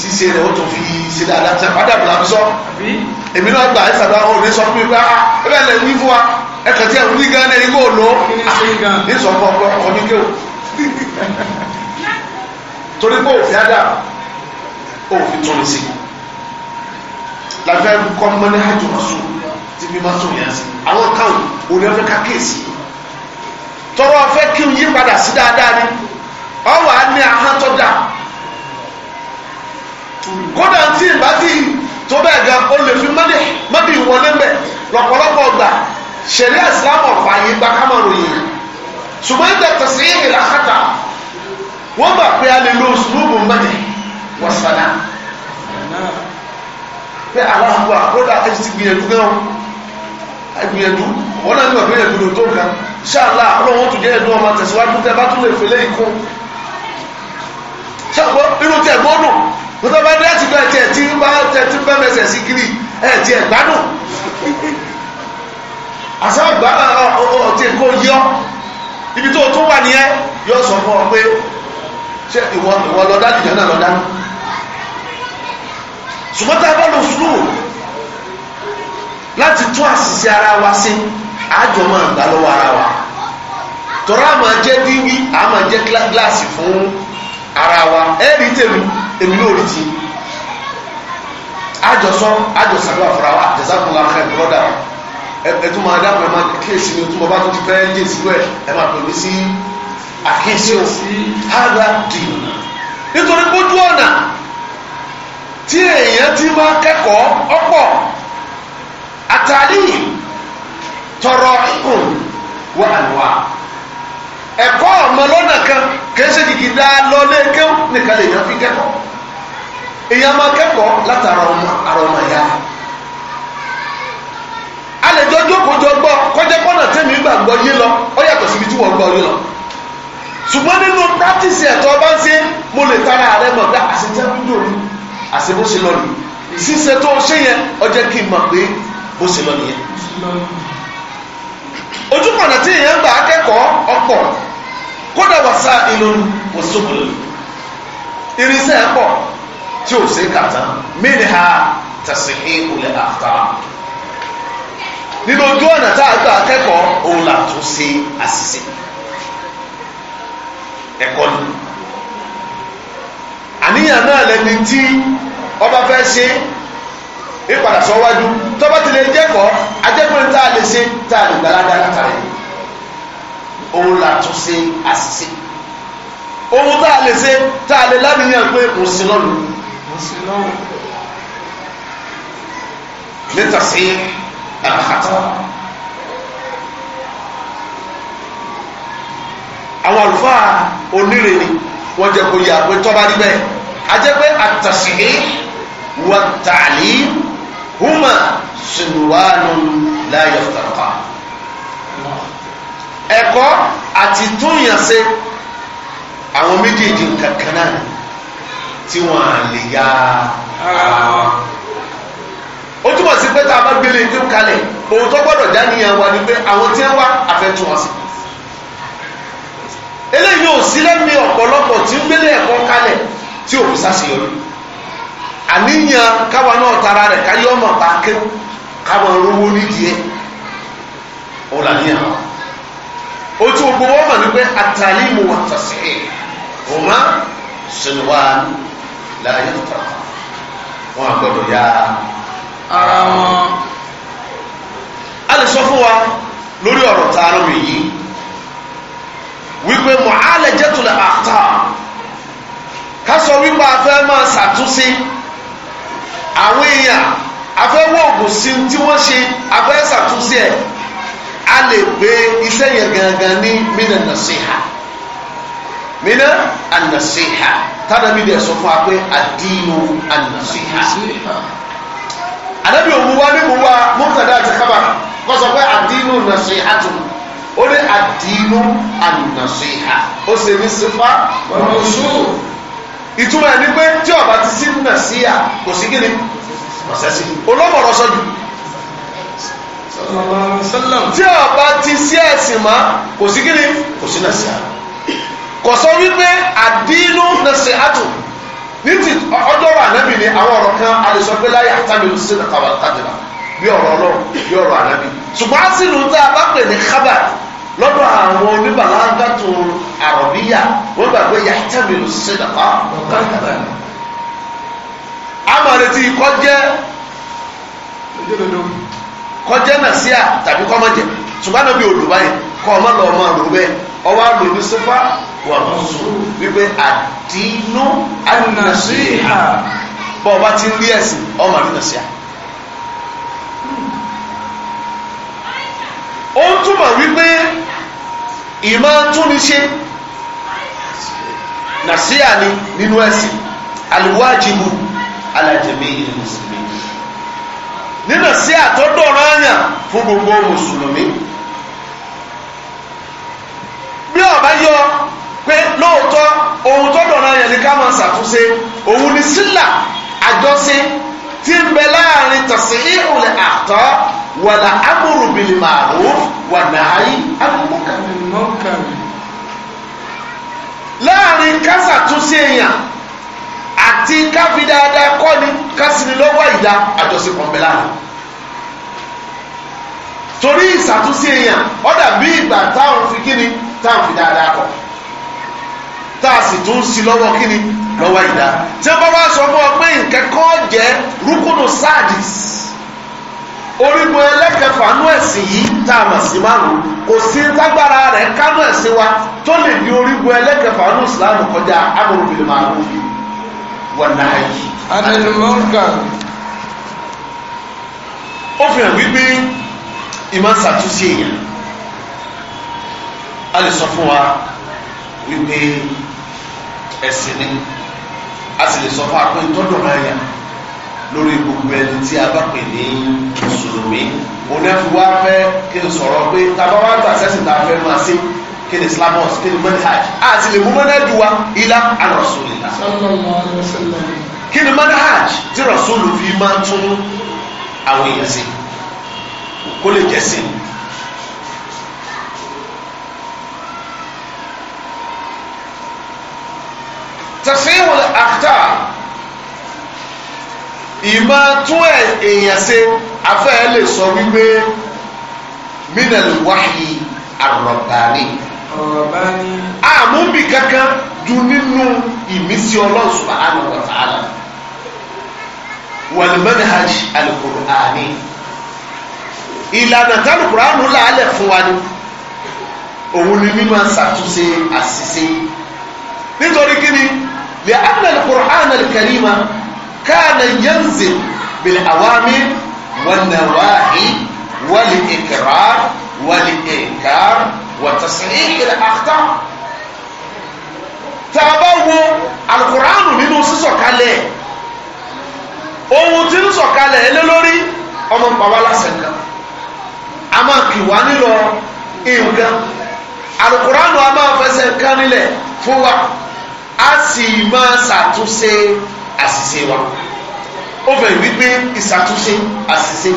ṣíṣe rẹ̀ ó tún fi ṣe dáadáa ṣe padà bùrọ̀ àbúsọ. èmi náà gbà ẹ́ sàdá ọ̀hún ní sọ fún mi pé ah, ẹ bẹ́ẹ̀ lẹ́ wí fún wa ẹ kàn tí ẹ̀ wí gan-an ní kò lò ah, ní sọ fún ọkọ ní kéwòn torí pé òfin ádà òfin tó lè ṣe lábẹ́ kọ́ mọ́lẹ́ àjò mọ́sùn tí bí mọ́sùn yẹn sí àwọn káwọn òní ọ̀fẹ́ ká kéèsì tọrọ ọ̀fẹ́ kí n yí padà sí dáadáa ni ọwọ́ á ní ahọ́n tó dà kódà tí ìbá ti tó bẹ́ẹ̀ gan o lè fi mọ́dì mọ́dì wọlé bẹ́ẹ̀ lọ́pọ̀lọpọ̀ gbà ṣẹ̀rí àsìlámù ọ̀fà yìí gbà ká máa ṣùgbọ́n ìgbà tẹ̀sí ìrìnlá kàtà wọ́n gbà pé a lè lo sùúrù mẹ́jẹ̀ wọ̀sánà pé aláàbò àkódà ẹ̀ ti gbìyànjú gan gbìyànjú wọ́n náà ní ọ̀gbìn ẹ̀dùn tó ga ṣáàlá ọlọ́wọ́n tó jẹ́ ẹ̀dùn ọmọ tẹ̀síwájú tẹ́ bá tún lè fẹ́lẹ́ ikú ṣàpọ̀ inú tẹ̀ gbọ́dùn mo tọ́ bá dé láti gbọ́ ẹ̀tí ẹ̀tí bá ẹ̀tí bá mẹsẹ̀ sí kiri ẹ̀tí ẹ̀gbádùn àṣà àgbà ọ̀tí ẹ̀kọ́ yọ ibi tó tún wà nìyẹn yóò sọ fún ọ pé ṣé ìwọ ìwọ lọ dá ìjọ náà lọ dá ṣùgbọ́n tá a bá lọ sùúrù láti tún àṣìṣe ara wa sí àjọ máa gbà lọ́wọ́ ara wa tọ́ra àmọ́ jẹ́ díwí àmọ́ jẹ́ gíláàsì fún ara wa ẹ̀rí tèmi èmi náà rí ti àjọsọ àjọsàdúrà fúnra wa àjọsàdúrà fúnra wa ẹtú máa dáhùn ẹ máa kíyèsí ni tó bá tó ti fẹ́ yé sílú ẹ ẹ máa pè mí sí àkíyèsí o ara dì nítorí gbójú ọ̀nà tí èèyàn ti máa kẹ́kọ̀ọ́ ọ̀pọ̀ àtàlí tọrọ ikùn wà lọ́wọ́ ẹ̀kọ́ ọmọ lọ́nà kan kìí ṣe kìkìdá lọ́lé kéwù nìkan lèèyàn fi kẹ́kọ̀ọ́ èèyàn máa kẹ́kọ̀ọ́ látara ọmọ ara ọmọ ìyá rẹ̀ a lè jọ jókòó jọ gbọ́ kọjá kọ́nà tẹ́mi gbàgbọ́ yé lọ ó yàtọ̀ síbi tí wọ́n gbọ́ yé lọ ṣùgbọ́n nínú pátìsì ẹ̀tọ́ bá ń ṣe mo lè tara rẹ mọ̀ pé àṣetẹ́ wíńdò ni àṣẹ bó ṣe lọ nìyí ṣíṣe tó ṣe yẹn ó kí n mọ̀ pé bó ṣe lọ nìyẹn ojúkọ̀nà tí èèyàn gbà akẹ́kọ̀ọ́ ọ̀pọ̀ kódà wàsá ìlú wòsókòlò irinṣẹ́ ẹ̀pọ̀ tí ò ṣe kàtà mí nínú ojú ọ̀nà tá a gbà akẹ́kọ̀ọ́ òun là tún ṣe àṣìṣe ẹ̀kọ́ ni àníyàn náà lẹni tí ọba fẹ́ ṣe ìpadà sọ́wájú tọ́ba ti lè jẹ́kọ̀ọ́ ajẹ́pẹ́rin tá a lè ṣe tá a lè gbà ládàá látàrí òun là tún ṣe àṣìṣe ohun tá a lè ṣe tá a lè lábìyàn pé mo sin lọ́nu mo sin lọ́nu létà àlàkàtọ́. àwọn àlùfáà onírè ni wọ́n jẹ́ kó yà pé tọ́ba rí bẹ́ẹ̀ a jẹ́ pé àtàṣìhí wà tààlí húmà sinuwánu láyé fúnra ẹ̀kọ́ àti túnyànṣe àwọn méjèèjì kankan náà tí wọ́n lè ya ara ah. wọn ó túmọ̀ sí pé tá a bá gbélé tí ó kalẹ̀ ohun tó gbọ́dọ̀ já níyàn wa ni pé àwọn tí ń wá àfẹ́tù wọn sí eléyìí ò sí lẹ́mìí ọ̀pọ̀lọpọ̀ tí ń gbélé ẹ̀kọ́ kalẹ̀ tí òkú sàṣeyọrí àníyàn káwa náà tara rẹ̀ káyọ́ ọmọ bá kéwù káwa rówó nídìí ẹ̀ ó là níyàn wa tún gbogbo wọn mọ̀ ní pé àtàlímù wà tàṣe ọ̀mà sinuwa láyé ara wọn a lè sọ fún wa lórí ọ̀rọ̀ tààrà rẹ̀ yìí wípé mu'alajatul akhta ká sọ wípé a fẹ́ máa ṣàtúnṣe àwọn èèyàn a fẹ́ sí tí wọ́n ṣe a ṣàtúnṣe ẹ̀ a lè gbé iṣẹ́ yẹn gangan ní mina nasiha mina an-nasiha tádàbí dẹ̀ sọ fún wa pé ad-dinu ànábì òwúwa ní gbogbo mọ́tàdá àti kábà kọ́ sọ pé àdínú nasihatu ó ní àdínú ànàṣíhà ó ṣe ní sífà ọ̀nàṣù ìtumọ̀ ẹni pé tí ọba ti sí nàṣíhà kò sí kí ni ọ̀sẹ̀sì olómọ̀rọ̀ sọ́jú tí ọba ti sí ẹ̀sìn mọ́ kò sí kí ni kò sí nàṣíhà kò sọ wípé àdínú nàṣíhàtù ní ti ọjọ́ rà ànábì ni àwọn ọ̀rọ̀ kan alẹ́sọ̀gbẹ́láyà tábìlì sílẹ̀ kàwá tábìlà bí ọ̀rọ̀ ọlọ́run bí ọ̀rọ̀ ànábì ṣùgbọ́n àṣìlù tá a bá pè ní kábà lọ́dọ̀ àwọn oníbàlágà tó àrọ̀bíyà wọ́n gbà pé yàtàbìlì sílẹ̀ kàwá amọ̀rẹ́tì kọjẹ́ kọjẹ́ nàṣíà tàbí kọ́mọ́jẹ́ ṣùgbọ́n ànábì olùbáyìí kọ́ ọmọ lọ́ọ́ máa lò bẹ́ẹ̀ ọwọ́ àgbè ní sífà wà mú sùúrù wípé àdínú ànàṣíhà bọ́ ọba ti ń rí ẹ̀sìn ọmọ àdínà sí à. ó túmọ̀ wípé ìmọ̀ túnni ṣe nàṣíhà ni nínú ẹ̀sìn alùwájibù alàjẹmí ìlú mùsùlùmí nínú sí àtọ́dọ̀ ọ̀rọ̀ àyàn fún gbogbo mùsùlùmí bí ọba yọ pé lóòótọ́ ohun tó dọ̀nà yẹn ni ká máa ṣàtúnṣe òun ni sílà àjọṣe tí ń bẹ láàrin tàṣí ìhùlẹ̀ àtọ́ wàlà amúrù bìlì màrún wàlà ayé amúkàmì. láàrin kásàtúnṣe èèyàn àti káfí dáadáa kọ́ni kásìlélọ́wọ́ ìdá àjọṣepọ̀ ń bẹ láàrin torí ìṣàtúnṣe èèyàn ó dàbí ìgbà táwọn fi kíni táwọn fi dáadáa kọ tá a sì tún sí lọ́wọ́ kíni lọ́wọ́ ìdá tí wọ́n bá sọ fún ọ pé nǹkan kan jẹ́ rúkúnù sáàdìs orígun ẹlẹ́kẹfà nú ẹ̀sìn yìí tá a mọ̀ sí márùn kò sí tágbára rẹ̀ kánú ẹ̀sìn wa tó lè di orígun ẹlẹ́kẹfà nú ìsìlámù kọjá amúrúbìlì màrún yìí wọ́n náà yìí. anilmọ́ǹkà. ó fi hàn wípé ìmọ̀ ṣàtúnṣe èèyàn a lè sọ fún wa wípé ẹ̀sìn ni a sì lè sọ fún apẹ́ tọ́dọ̀ máa yà lórí gbogbo ẹni tí a bá pè ní mùsùlùmí onífowó afẹ́ kí n sọ̀rọ̀ pé tàbá wá ń tà sẹ́sìn tá a fẹ́ máa sí kí ni slamus kí ni manhaj a sì lè mú manhaj wa ilá àná kí ni manhaj tí rasulu fi máa tún àwọn èèyàn sí i kó lè jẹ́ sí i. tẹ̀síwò àkútà ìmọ̀ tún èèyàn ṣe afẹ́ lè sọ wípé minal wahyi ar-rabbani àmúbi kankan ju nínú ìmísí Ọlọ́hun subhanahu wa ta'ala wal manhaj al-Qur'ani ìlànà tálùkùránù làálẹ̀ fún wa ni òun ni mímọ ṣàtúnṣe àṣìṣe nítorí kí ni lè ánàlì kùránù alkarima káàna yẹnzì bil awami wan nawahi wal ikrar wal inkar wa tasrih al akhta tá a bá wo alukuraanu nínú sísọ̀kalẹ̀ ohun tí ń sọ̀kalẹ̀ ẹ lé lórí ọmọ pàwọ́ aláṣẹ kan ìwà nílò nǹkan alukuraanu a máa fẹsẹ̀ nǹkan nílẹ̀ fún wa a sì máa ṣàtúnṣe àṣìṣe wa ó fẹ́ wípé ìṣàtúnṣe àṣìṣe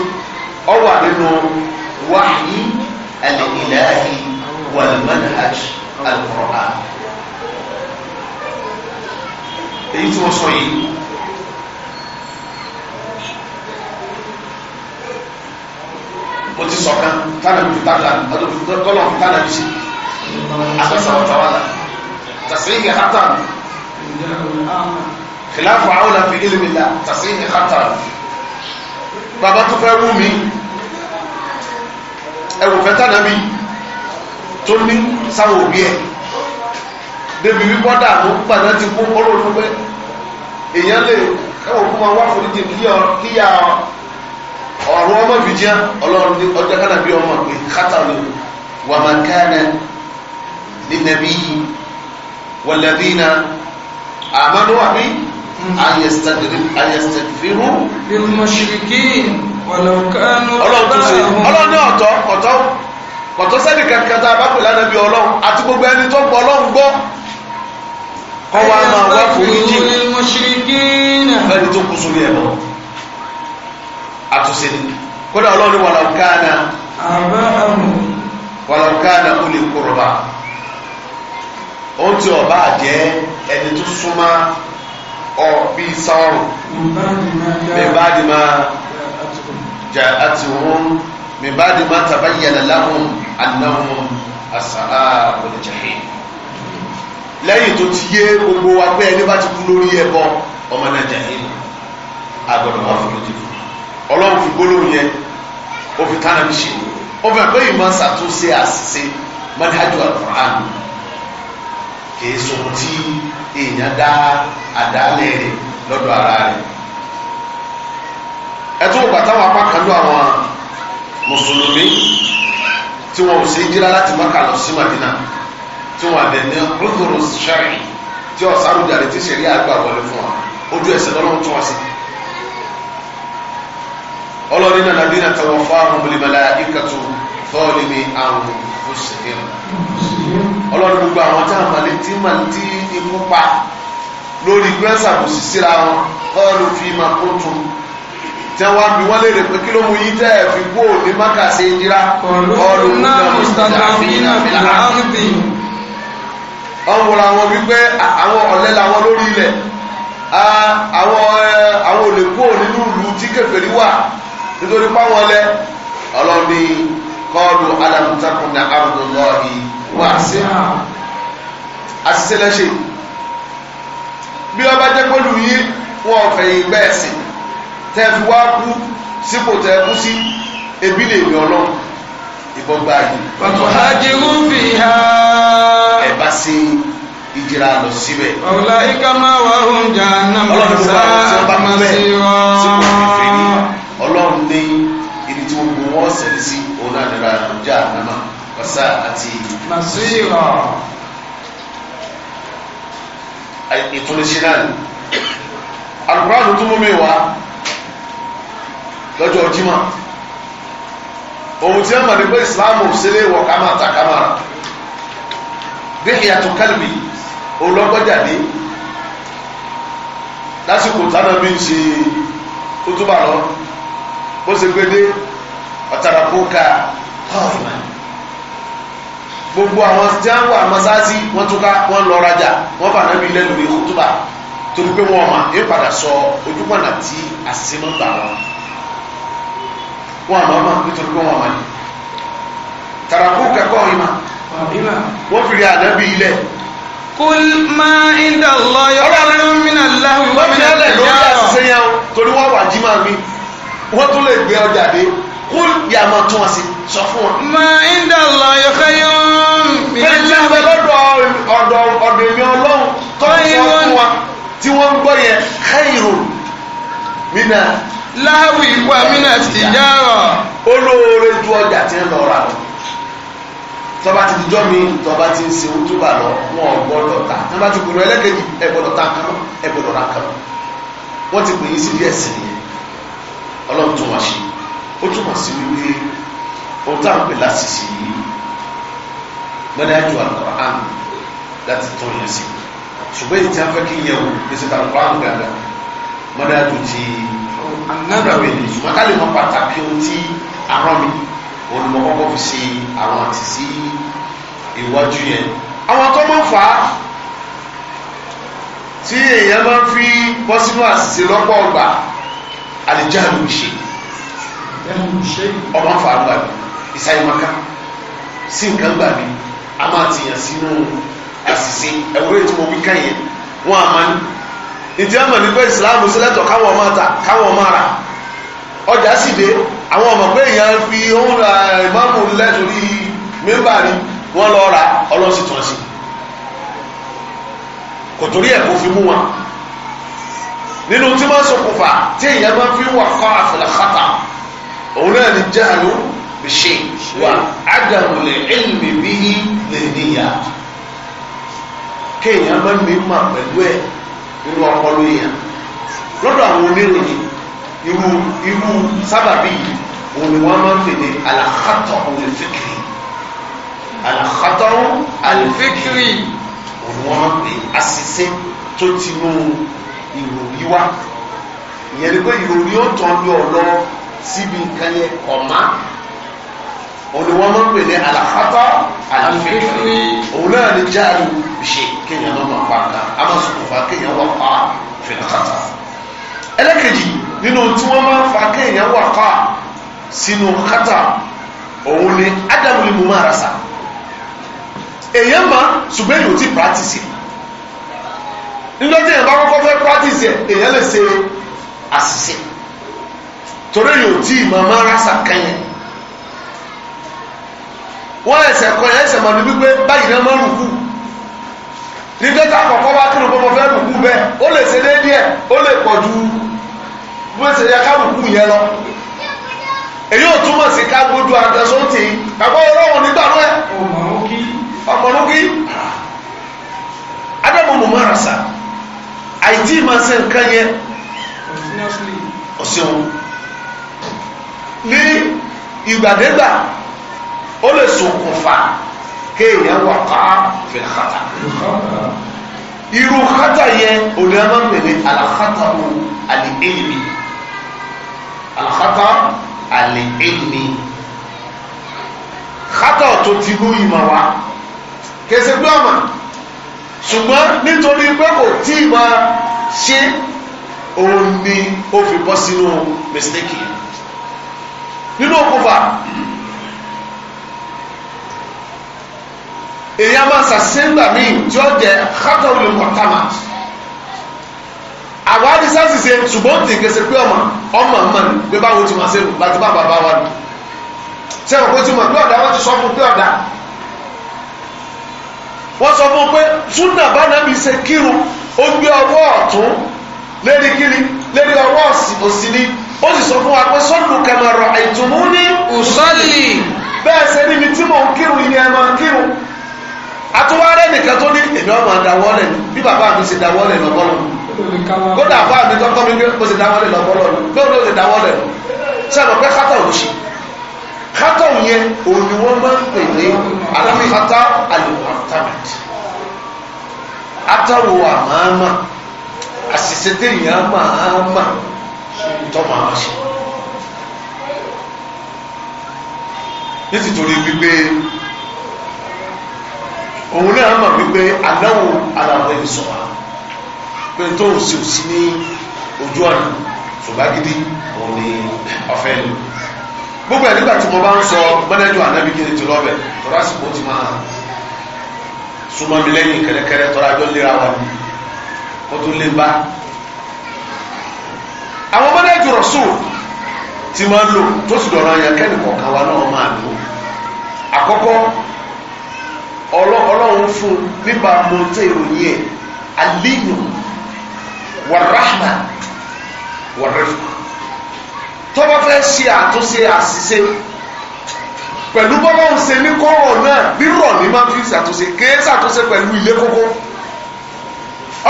ó wà nínú wahyi al-ilahi wal èyí tí wọ́n sọ yìí. o ti sọ̀kan tánà bí tánà ọdún tọ́lọ̀ tánà bí sí àtọ́sọ̀ ọ̀tọ̀wálà tàṣírí hátà kìláàfù àwọn àfi ìlúmìlà tàṣírí hátà bàbá tó fẹ́ wú mi ẹwù fẹ́ tánà bí tó ní sáwọn òbí ẹ̀ débi wípọ́dà tó gbàdá ti kú ọlọ́run pẹ́ èèyàn lè ẹwọ̀ kó máa wá foríjì kíyà ọ́ ọ̀rọ̀ ọmọ fìdíà ọlọ́run ní ọjọ́ kánà bí ọmọ pé kátàlù wà máa kánà nínàbí yìí wàlẹ́bínà àmọ́nú àbí àyẹ̀sẹ̀fìrú. bímọ̀ṣìkì wàlọ́kánú ọlọ́run ní ọ̀tọ̀ ọ̀tọ̀ ọ̀tọ̀ sẹ́ni kankan tá a bá pè lánàbí ọlọ́run àti gbogbo ẹni tó gbọ́ ọlọ́run gbọ́ ọwọ́ àmọ́ àwọn àforíjì fẹ́ni tó kú sórí ẹ̀ náà àtúnṣe ni kódà ọlọ́run wà lọ́kàánà wà lọ́kàánà olè kúrọ̀bà ohun tí ọba jẹ́ ẹni tó súnmọ́ ọ bíi sọ́ọ̀rù mẹ́bàdì máa jà àti wọn mẹ́bàdì máa tabayyana lahum annahum ashabul jahim lẹ́yìn tó ti yé gbogbo wa pé ẹni bá ti kú lórí ẹbọ ọmọ náà agbọ̀dọ̀ wà fún lójú fún ọlọ́run fi gbólóhùn yẹn ó fi tánà bí ṣe ó fẹ́ pé ìmọ̀ ṣàtúnṣe àṣìṣe manhajú alukur'an kì í sọ̀rọ̀ tí èèyàn dá àdálẹ̀ rẹ̀ lọ́dọ̀ ara rẹ̀ ẹtú wò pàtàwọn apá kan ló àwọn mùsùlùmí tí wọn ò sí jíra láti Mákà lọ sí Mádínà tí wọn àdẹ ní rúdùrù sẹ́rìn tí ọ̀sán àrùjáde ti sẹ́rí àgbà wọlé fún wa ojú ẹsẹ̀ lọ́lọ́run tún wá sí i ọlọ́rin náà nàbí náà tọwọ́ fáwọn mọ̀lẹ́mọ̀lá ìkàtò fọ́ọ̀lìmí àwọn fòsìkìrì ọlọ́rin gbogbo àwọn tí àwọn màlẹ́ tí màlẹ́ tí ikú pa lórí gbẹ́nsà kò sì síra wọn kọ́ọ̀lù fi máa kó tún tí wọ́n bí wọ́n lè rè pé kí ló mú yí tẹ́ ẹ̀ fi kú òní máka ṣe é jíra kọ́ọ̀lù náà mùsùlùmí wọ́n wọ́n àwọn wípé àwọn ọ̀lẹ́ làwọn lórí ilẹ̀ àwọn olè kú òní lùlù tí kèfèrí wà nítorí páwọn lẹ ọlọ́ọ̀ni kọ́ọ̀lù alamtakùnà ardullahi wà sí àṣìṣe lẹ́ṣẹ̀ bí ọba jẹ́ pẹ̀lú yìí wọn ò fẹ̀yìn bẹ́ẹ̀ sí tẹ́ fi wá kú sípò tẹ́ kú sí ebi lè mi ọlọ́run ìbọn gba yìí. ọ̀tọ̀ hajiru fi ha. ẹ bá ṣe ìjìra lọ síbẹ̀. ọ̀la ìka wà oúnjẹ àná sáà máa ṣe rọ̀. ọlọ́run ló wà lọ́sẹ̀ bá mi bẹ́ẹ̀ sípò ìfẹ́ yìí ọlọ́run ní ibi tí gbogbo wọn sẹ̀lẹ̀ sí òun náà nira ìjà àmàmà wàsá àti. màsíìrà. ìtúnisí náà ni alukuraanu tó mú mi wá lọ́jọ́ jimá òun tí a mọ̀ ní pé islam sílẹ̀ wọ̀ ká ta ká máa rà bí ìyàtọ̀ kálíbi olọ́gbọ́jáde lásìkò tánà bí ń ṣe tó túbà lọ bó ṣe gbédé ọ̀tàràkókà kọ́ọ̀fìmà gbogbo àwọn tí wọ́n wà mọ́sáàsì wọ́n tún ká wọ́n lọ rajà wọ́n fà náà lẹ́nu ìwé kútùbà torí pé wọ́n mà ń padà sọ ojúmọ̀nà tí àṣìṣe máa ń bà wọ́n wọ́n àmọ́ mà nítorí pé wọ́n mà ní tàràkókà kọ́ọ̀fìmà wọ́n fi rí ànábì ilẹ̀ kul ma inda Allah yọrọ lómìnà láwùjọ. wọ́n fi lẹ́lẹ̀ lórí àṣìṣe yẹn torí wọ́n wà jí máa mi wọ́n tún lè gbé ọjà dé kó yà máa tún wọn sí sọ fún wọn. mà ń lọ yọkẹ yọm. bẹ́ẹ̀ ni àwọn ọ̀dọ̀ ọ̀dọ̀ èmi ọlọ́run tó fún wa tí wọ́n ń gbọ́ yẹn káyìrò mina. láwì wà mina ti yára. olóore ju ọjà tí ń lọ ra lọ tọba ti dijọ́ mi tọba ti ń ṣe ojú bà lọ wọn ò gbọ́dọ̀ ta tọba ti gbọ́dọ̀ ẹlẹ́kẹ̀jì ẹ ta kan ẹ ra kan wọ́n ti pè é sí díẹ̀ sí i ọlọ́run tún wá ṣe ó túmọ̀ sí wípé ohun tá à ń pè lásìsì yìí gbọ́dọ̀ àjò Al-Qur'an láti tún yẹn sí ṣùgbọ́n èyí tí a fẹ́ kí yẹn wò pèsè tá Al-Qur'an gàgà gbọ́dọ̀ àjò ti anábàwẹ̀ ni ṣùgbọ́n ká lè mọ pàtàkì ohun tí arán mi òun ni mo kọ́kọ́ fi ṣe àwọn àti sí iwájú yẹn àwọn tó máa ń fà á tí èèyàn máa ń fi bọ́ sínú àṣìṣe lọ́pọ̀ ọgbà alijahalu ṣe ọmọ afa àgbà mi ìsáyémaka sí nǹkan gbà mí a máa ti yàn sínú àṣìṣe ẹ̀wúrẹ́ tí mo wí ká yẹn wọ́n a máa ní ìdí àmà nípa ìsìláàmù sílẹ̀tọ̀ káwọn máa tà káwọn máa rà ọjà sì dé àwọn ọmọ pé èèyàn fi òun ra ìmáàmù lẹ́tọ̀rí mẹ́mbà ni wọ́n lọ ra ọlọ́sìn tún ṣe ẹ̀ kò fi mú wọn nínú tí wọ́n ṣokùnfà tí èèyàn máa fi wà kọ́ àfẹlẹ́kọ́tà òun náà ní jáàlú bìṣe wà ágàmù lè ẹ̀lùmí bí lè níyà kéèyàn máa ń mi mà pẹ̀lú ẹ̀ nínú ọpọlọ èèyàn lọ́dọ̀ àwọn oníròyìn irú irú sábàbí yìí òun ni wọ́n máa ń fèdè àlàkàtọ̀ olùfikiri àlàkàtọ̀ olùfikiri òun ni wọ́n máa ń pè àṣìṣe tó ti nù ìrò yíwá ìyẹn ni pé ìrò yóò tán ní ọ̀nà síbi nǹkan yẹn ọ̀má òun ni wọ́n máa ń pè ní àlàfáà àlàfíìfì òun náà ni jáàrú ṣe kéèyàn náà máa pa nǹkan a máa ṣokùnfà kéèyàn wà pa fìlàkàtà ẹlẹ́kejì nínú tí wọ́n máa ń fa kéèyàn wà pa sínú kátà òun ni ádámù ni mo máa rà sá èèyàn máa ṣùgbọ́n èèyàn ò tí practice níjọ́ tí èèyàn bá kọ́kọ́ fẹ́ practice ẹ̀ èèyàn lè ṣe àṣìṣe torí yóò tí ìmọ̀ máa rásà kẹ́yìn wọ́n ẹsẹ̀ kan yẹn ẹsẹ̀ mọ̀lú wípé báyìí náà máa rùkú ní dọ́tà kọ̀ọ̀kan wá kí ló bọ́ fẹ́ rùkú bẹ́ẹ̀ ó lè ṣe déédéé ẹ̀ ó lè pọ̀ ju bó ṣe yẹ ká rùkú yẹn lọ èyí ò túmọ̀ sí ká gbójú àtẹ̀sóńtì àbọ̀ ọlọ́run nígbà náà ọmọlúkí ọmọlúkí adébọ̀mọ̀ márasa àìtí máa ṣe nǹkan yẹn ọ̀sìn ní ìgbàdégbà ó lè ṣokùnfà kéèyàn wà ká fìlàkàtà irú kátà yẹn òní a máa ń pè ní àlàkátà wo àlè èlìmí àlàkátà àlè èlìmí kátà tó ti lóyún ma wá kẹsẹ̀ gbọ́mà ṣùgbọ́n nítorí pé kò tí ì máa ṣe òun ni ó fi bọ́ sínú mistake yìí nínú òkúfà èyí a máa ṣàṣẹ́gbà míì tí ó jẹ́ hátọ́rùlù mọ̀tàmà àwọn àdìsá sì ṣe ṣùgbọ́n tí kèsè pé ọmọ ọmọ ọmọ ní pé báwo ti máa ṣe láti bá bàbá wa ní ṣé òkú ti mọ̀ pé ọ̀dà wọ́n ti sọ fún pé ọ̀dà wọ́n sọ fún un pé súnà bánàbí ṣe kírun ó gbé ọwọ́ ọ̀tún lérí kíni lérí ọwọ́ òsì ni ó sì sọ fún wa pé sọ́dù kẹmẹ̀rọ̀ ìtùnú ní ùsọ́lì bẹ́ẹ̀ ṣe níbi tí mò ń kírun ilé ẹ̀ máa kírun atúwárẹ́ nìkan tó ní èmi ọmọ àdáwọ́lẹ̀ bí bàbá mi ṣe dáwọ́lẹ̀ lọ́bọ́lọ́ kódà bá mi tọ́kọ́ mi gbé ó ṣe dáwọ́lẹ̀ lọ́bọ́lọ́ kátó yẹn òun ni wọ́n máa ń pè ní alákatá alùpàtàmì atáwo àmàmà àṣìṣe téèyàn àmàmà tó máa ṣe. nítorí wípé òun náà mọ̀ wípé aláwo aláwọ̀ ẹ̀ sọ̀rọ̀ pé tó ń ṣe òsì ní ojú ọ̀nà ṣùgbọ́n gidi òun ni ọ̀fẹ́ lò gbogbo ẹ̀ nígbà tí mo bá ń sọ mọ́nẹ́jọ́ ànábi kí n ti lọ́bẹ̀ tọ́lá sì kó ti máa súnmọ́ mi lẹ́yìn kẹ́lẹ́kẹ́lẹ́ tọ́lá jọ léra wa ni kó tó lé bá. àwọn mọ́nẹ́jọ́ rọ̀sùn ti máa ń lò tó sì dọ̀rọ̀ àyàn kẹ́ni kọ̀ọ̀kan wa náà máa lò. àkọ́kọ́ ọlọ́run fún nípa mọ́tẹ́ ìròyìn ẹ̀ alíyùn wàràhmà wàrẹ́fù tọ́wọ́ fẹ́ ṣe àtúnṣe àṣìṣe pẹ̀lú bọ́lá ń ṣe ní kọ́rọ̀ náà rírọ̀ ní máa fi ṣàtúnṣe kéé ṣàtúnṣe pẹ̀lú ilé kókó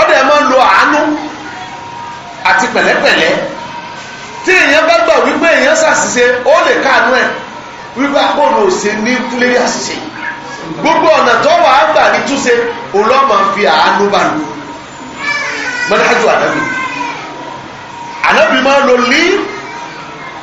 ọ̀dọ̀ ẹ̀ máa ń lo àánú àti pẹ̀lẹ́pẹ̀lẹ́ tí èèyàn bá gbà wípé èèyàn ṣàṣìṣe ó lè káàánú ẹ̀ wípé àpòlù òṣè ní pílé àṣìṣe gbogbo ọ̀nà tó wà á gbà ní túnṣe òun ló máa fi àánú bá lu mọ́nájú ànábì ànábì máa lo líì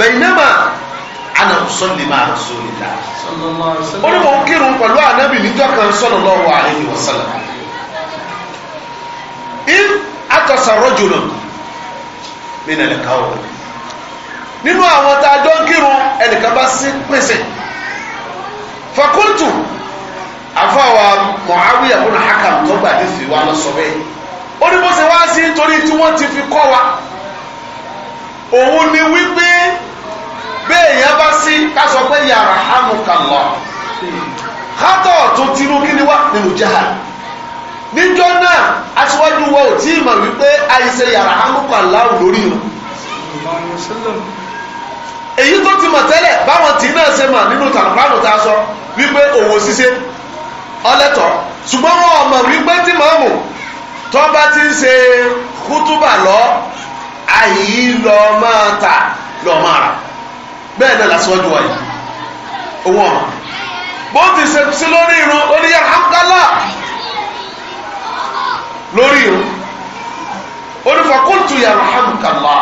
bainama ana usalli ma rasulillah ó ní mo ń kírun pẹ̀lú ànábì níjọ́ kan sallallahu alaihi wasallam in atasa rajulun min al-qawm nínú àwọn tá a jọ ń kírun ẹnìkan bá sí pèsè fakultu àfàwà Muawiya ibn Hakam tó gbà ní fi wá lọ sọ bẹ́ẹ̀ ó ní bó ṣe wá sí nítorí tí wọ́n ti fi kọ́ wa òun ni wípé bẹ́ẹ̀ yẹn bá sí ká sọ pé yarhamukallah kátọ̀ tó tinú kí ni wá nínú jihad níjọ́ náà aṣíwájú wa ò tí ì mọ̀ wípé àìsè yarhamukallah lórí wọn èyí tó ti mọ̀ tẹ́lẹ̀ báwọn tí náà ṣe mọ̀ nínú tàbí ta sọ wípé òwò ṣíṣe ọlẹ́tọ̀ ṣùgbọ́n wọn ò mọ̀ wípé tí màmù tó bá ti ń ṣe kútúbà lọ àyí lọ́ọ́ máa tà lọ́ọ́ máa rà bẹ́ẹ̀ náà lásìwájú wa yìí òun ọ̀rọ̀ bó ti ṣe sí lórí irun ó ní yàhánkálà lórí irun ó ní fàkúntù yàhánkálà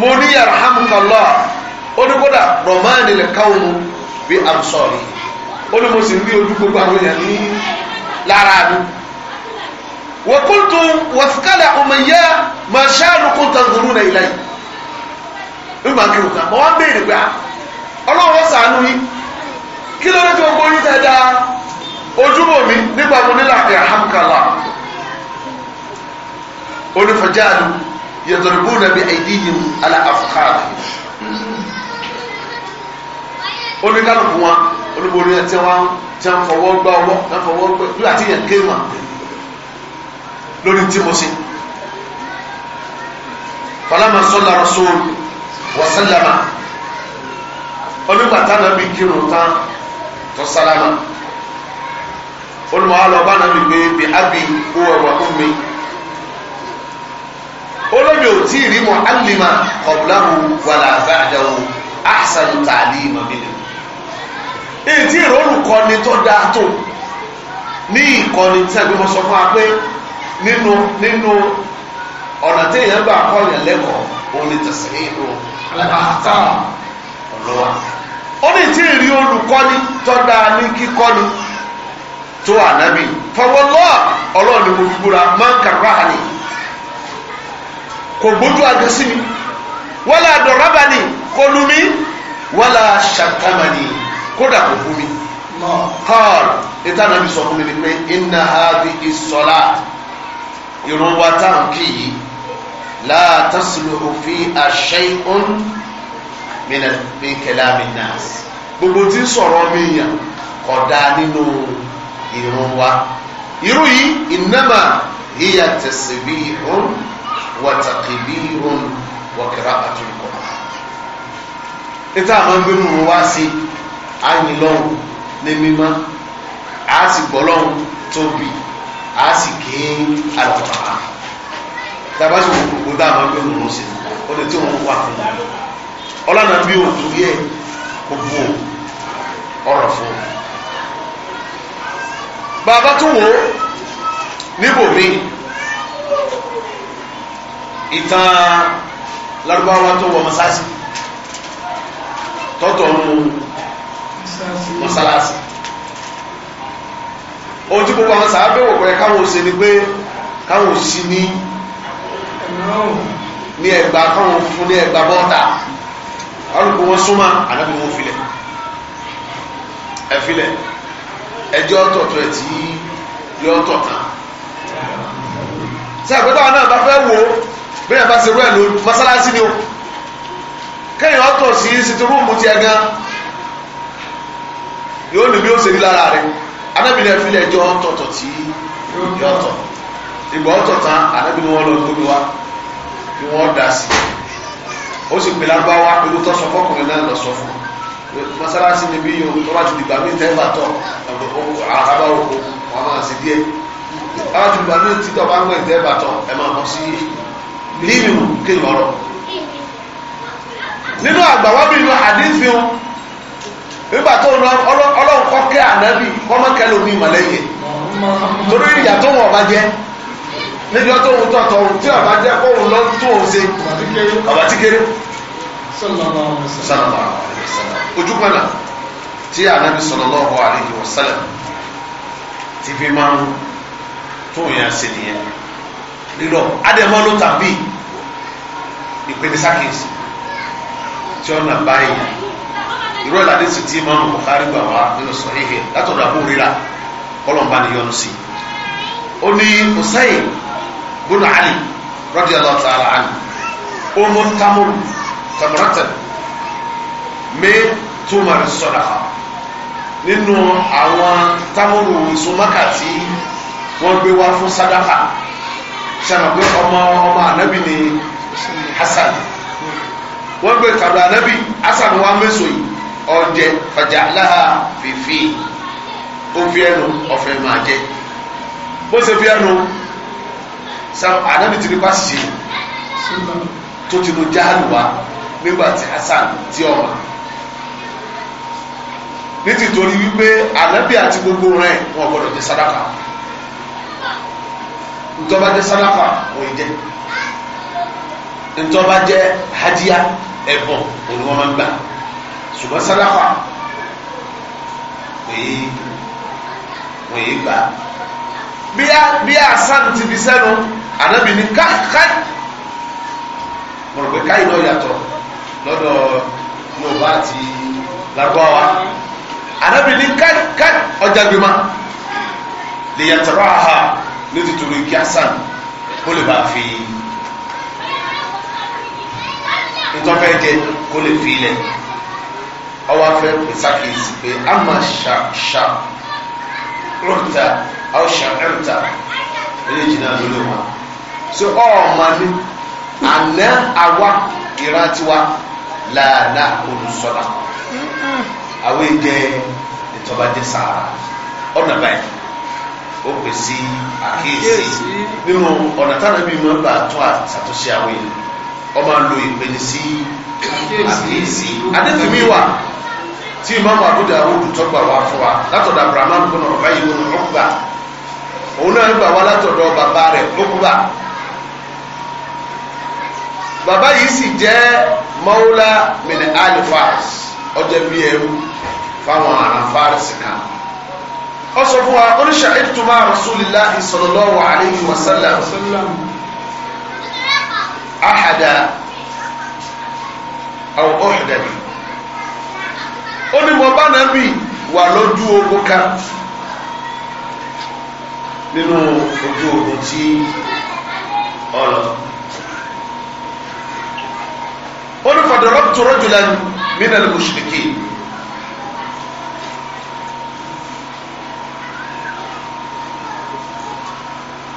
mo ní yàhánkálà ó ní kódà rọ̀mánì lè káwọn bí àmsọ̀rì ó ní mo sì rí ojú gbogbo àwọn èèyàn ní lára mi wàkúntù wàsíkálà ọmọ ìyá màṣáàlù kúntà ń dúró náà lórí máa kí òkà mọ́ wá ń béèrè pé ọlọ́run sàánú yín kí ló dé tí gbogbo yín tẹ́ da ojúbọ mi nígbà mo nílà ìhàmkàlà onífọ̀jáàlú yẹtọ̀rọ̀bù nàbí àìdíyìn aláàfáàlì oníkálùkù wọn olúborí ẹ tí wọn tí wọn fọwọ́ gbá ọwọ́ tí wọn fọwọ́ gbé lórí àti yẹn kéwà lórí tí mo ṣe. falama sọlá rasúlù. wọ́sálàmà onígbà táwọn bí kírun tán tó sálámà olùmọ̀ àlọ́ náà bí abi kó ẹ̀rọ fún mi ò tí ì rí alima qablahu wala ba'dahu ahsanu ta'lima minhu èyí tí ni tó dáa tó ní ìkọ́ni tí ẹgbẹ́ sọ fún wa pé nínú nínú ọ̀nà gbà kọ́ yẹn lẹ́kọ̀ọ́ òun ni tẹ̀sán lẹ́bàtàn olúwa ó ní tí ìrí olùkọ́ni tọ́da ní kíkọ́ni tó ànábì fọwọ́lọ́ ọlọ́run ni mo fi búra máa ń kàrọ́ àní kò gbójú àjọ sí mi wọ́lá dọ̀rọ́bà ni kò lu mi wọ́lá ṣàtàmà ni kódà kò bú mi paul ìtànà sọ fún mi ni pé iná ha bí ìsọlá ìrànwá táǹkì yìí la tasluhu fiha shay'un min kalami nnas gbogbo tí ń sọ̀rọ̀ mi yàn kódà nínú ìrun wa irú yìí innama hiya tasbihun wa taqbirun wa qira'atul Qur'an níta àwọn gbẹmú wá sí ayin lọ́hùn ní mímọ́ a sì gbọ́ lọ́hùn tóbi a sì ké àlùfáà. tàbá sì wù gbogbo dáàmà pé òun ló ṣe ó lè tí òun wà fún un ọlọ́nà bí òun torí ẹ̀ kò bu ọ̀rọ̀ fún ohun gbogbo àwọn sàábẹ̀wò pẹ̀lú káwọn ò ní ẹgbà káwọn fún ní ẹgbà bọ́ta ọlùkù wọn súnmọ́ ànábì wọn filẹ̀ ẹ filẹ̀ ẹjọ́ tọ̀tọ̀ ẹ̀ tí yọ tọ̀tàn tí àgbẹ̀tọ̀ àwọn náà bá fẹ́ wò bí ẹ̀ bá ṣe rú ẹ̀ ló mọ́sálásí ni o kẹ́yìn ọ̀tọ̀ sí sitirúùmù ti ẹ̀ gan yóò ní bí ó ṣe rí lára rẹ̀ anábìlẹ̀ filẹ̀ ẹjọ́ tọ̀tọ̀ tí yọ tọ̀ ìgbà ọ̀tọ̀ tán anábìlẹ̀ wọn lọ gbogbo wa kí wọ́n dá sí ó sì pè lágbáwá pẹ̀lú tó sọ fọkùnrin náà lọ sọ fún mọ́sálásí ni bí yòó tó bá ti dìgbà mí tẹ́ bàtọ̀ àbá òkú wọn máa sì díẹ̀ bá ti dìgbà mí títọ̀ bá ń gbẹ̀ tẹ́ bàtọ̀ ẹ máa mọ̀ sí I kí n lọ́rọ̀ nínú àgbàwá mi lọ àdínfin nígbà tó ń lọ ọlọ́nkọ́kẹ́ ànábì kọ́mọ́kẹ́ lómi ìmọ̀lẹ́yìn torí ìyà tó wọ̀ ọ̀bá jẹ́ níbi ọtọ òun tọtọ òun tí ọba jẹ kó òun lọ tó òun ṣe ọba tí kéré sọlọmọ ojúkọlà tí anabi sallallahu alaihi wasallam ti fi máa ń tó yẹn ṣe nìyẹn lílọ adẹmọ ló tàbí ìpele sákèsì tí ọ̀nà báyìí irú ìlànà sì ti máa ń Bukhari gbà wá nínú sọ̀rọ̀ ìhẹ látọ̀dọ̀ àbúrò rírà kọlọ̀ ń bá ní yọnu sí i ó ní Usayn bùnà ali radiyallahu ta'ala anhu ọmọ tamuru tamuratan mi túmọ̀rì sadaqa nínú àwọn tamuru sọmọkà tí wọ́n gbé wá fún sadaqa sẹ́nà pé ọmọ ọmọ ànábì ni hasan wọ́n gbé tàbí ànábì hasan wa mẹ́sọ yìí ọjẹ fàjà láha fìfì ó fi ẹnu ọ̀fẹ́ máa jẹ bó ṣe fi ẹnu sanu anabi ti ní kó àṣìṣe tó ti lo jáàlù wa nígbà tí hasan ti ọmọ ní ti torí wípé anabi àti gbogbo rẹ̀ wọn gbọ́dọ̀ jẹ sadaka ntọ́ba jẹ sadaka òye jẹ ntọ́ba jẹ hadiya ẹ̀bùn òní wọn máa ń gbà ṣùgbọ́n sadaka òye òye gbà bí àṣàn ti fi sẹ́nu ànábì ní káìkáì mo rò pé káì náà yàtọ̀ lọ́dọ̀ yorùbá àti lárúbáwá ànábì ní káìkáì ọjà gbémà lè yàtọ̀ ráhà ní títorí kí àṣàn kó lè bá fi ntọ́fẹ́ jẹ kó lè fi ilẹ̀ ọwọ́ afẹ́ pèsàkèsì pé a máa ṣàṣà rúta ọ̀ṣà rúta eléyìí náà ló lè wá so ọ̀ọ́mà ni àná àwa ìran tiwa làálà olùsọ̀dà àwọn èdè ìtọ́bajẹ́ sàrà ọ̀nà báyìí ó pè sí àkíyèsí nínú ọ̀nà táwọn ẹbí máa ń gbà tún àtúnṣe àwọn èèyàn ọmọ àlò ìpènisí àkíyèsí adébìmí wà tí ìmáàmù Abu Dawud tọ́gbà wá fún wa látọ̀dọ̀ abrahamu gbọ́nà ọ̀bá yìí wọn ọ̀gbà òun náà gbà wá látọ̀dọ̀ bàbá rẹ̀ ọ̀gbà bàbá yìí sì jẹ́ mọ́wúlá mìlẹ̀ alifas ọjọ́ bíi ẹrú fáwọn àràfáàrẹ̀sì kan ó sọ fún wa oníṣà ìtumá rasulillahi sallallahu alayhi wa sallam ahada aw ó ní mo bá nàbì wà lójú ogun kan nínú ojú ogun tí ọlọ ó ní fàdọ̀rọ̀tù rajulan mina al-mushrikin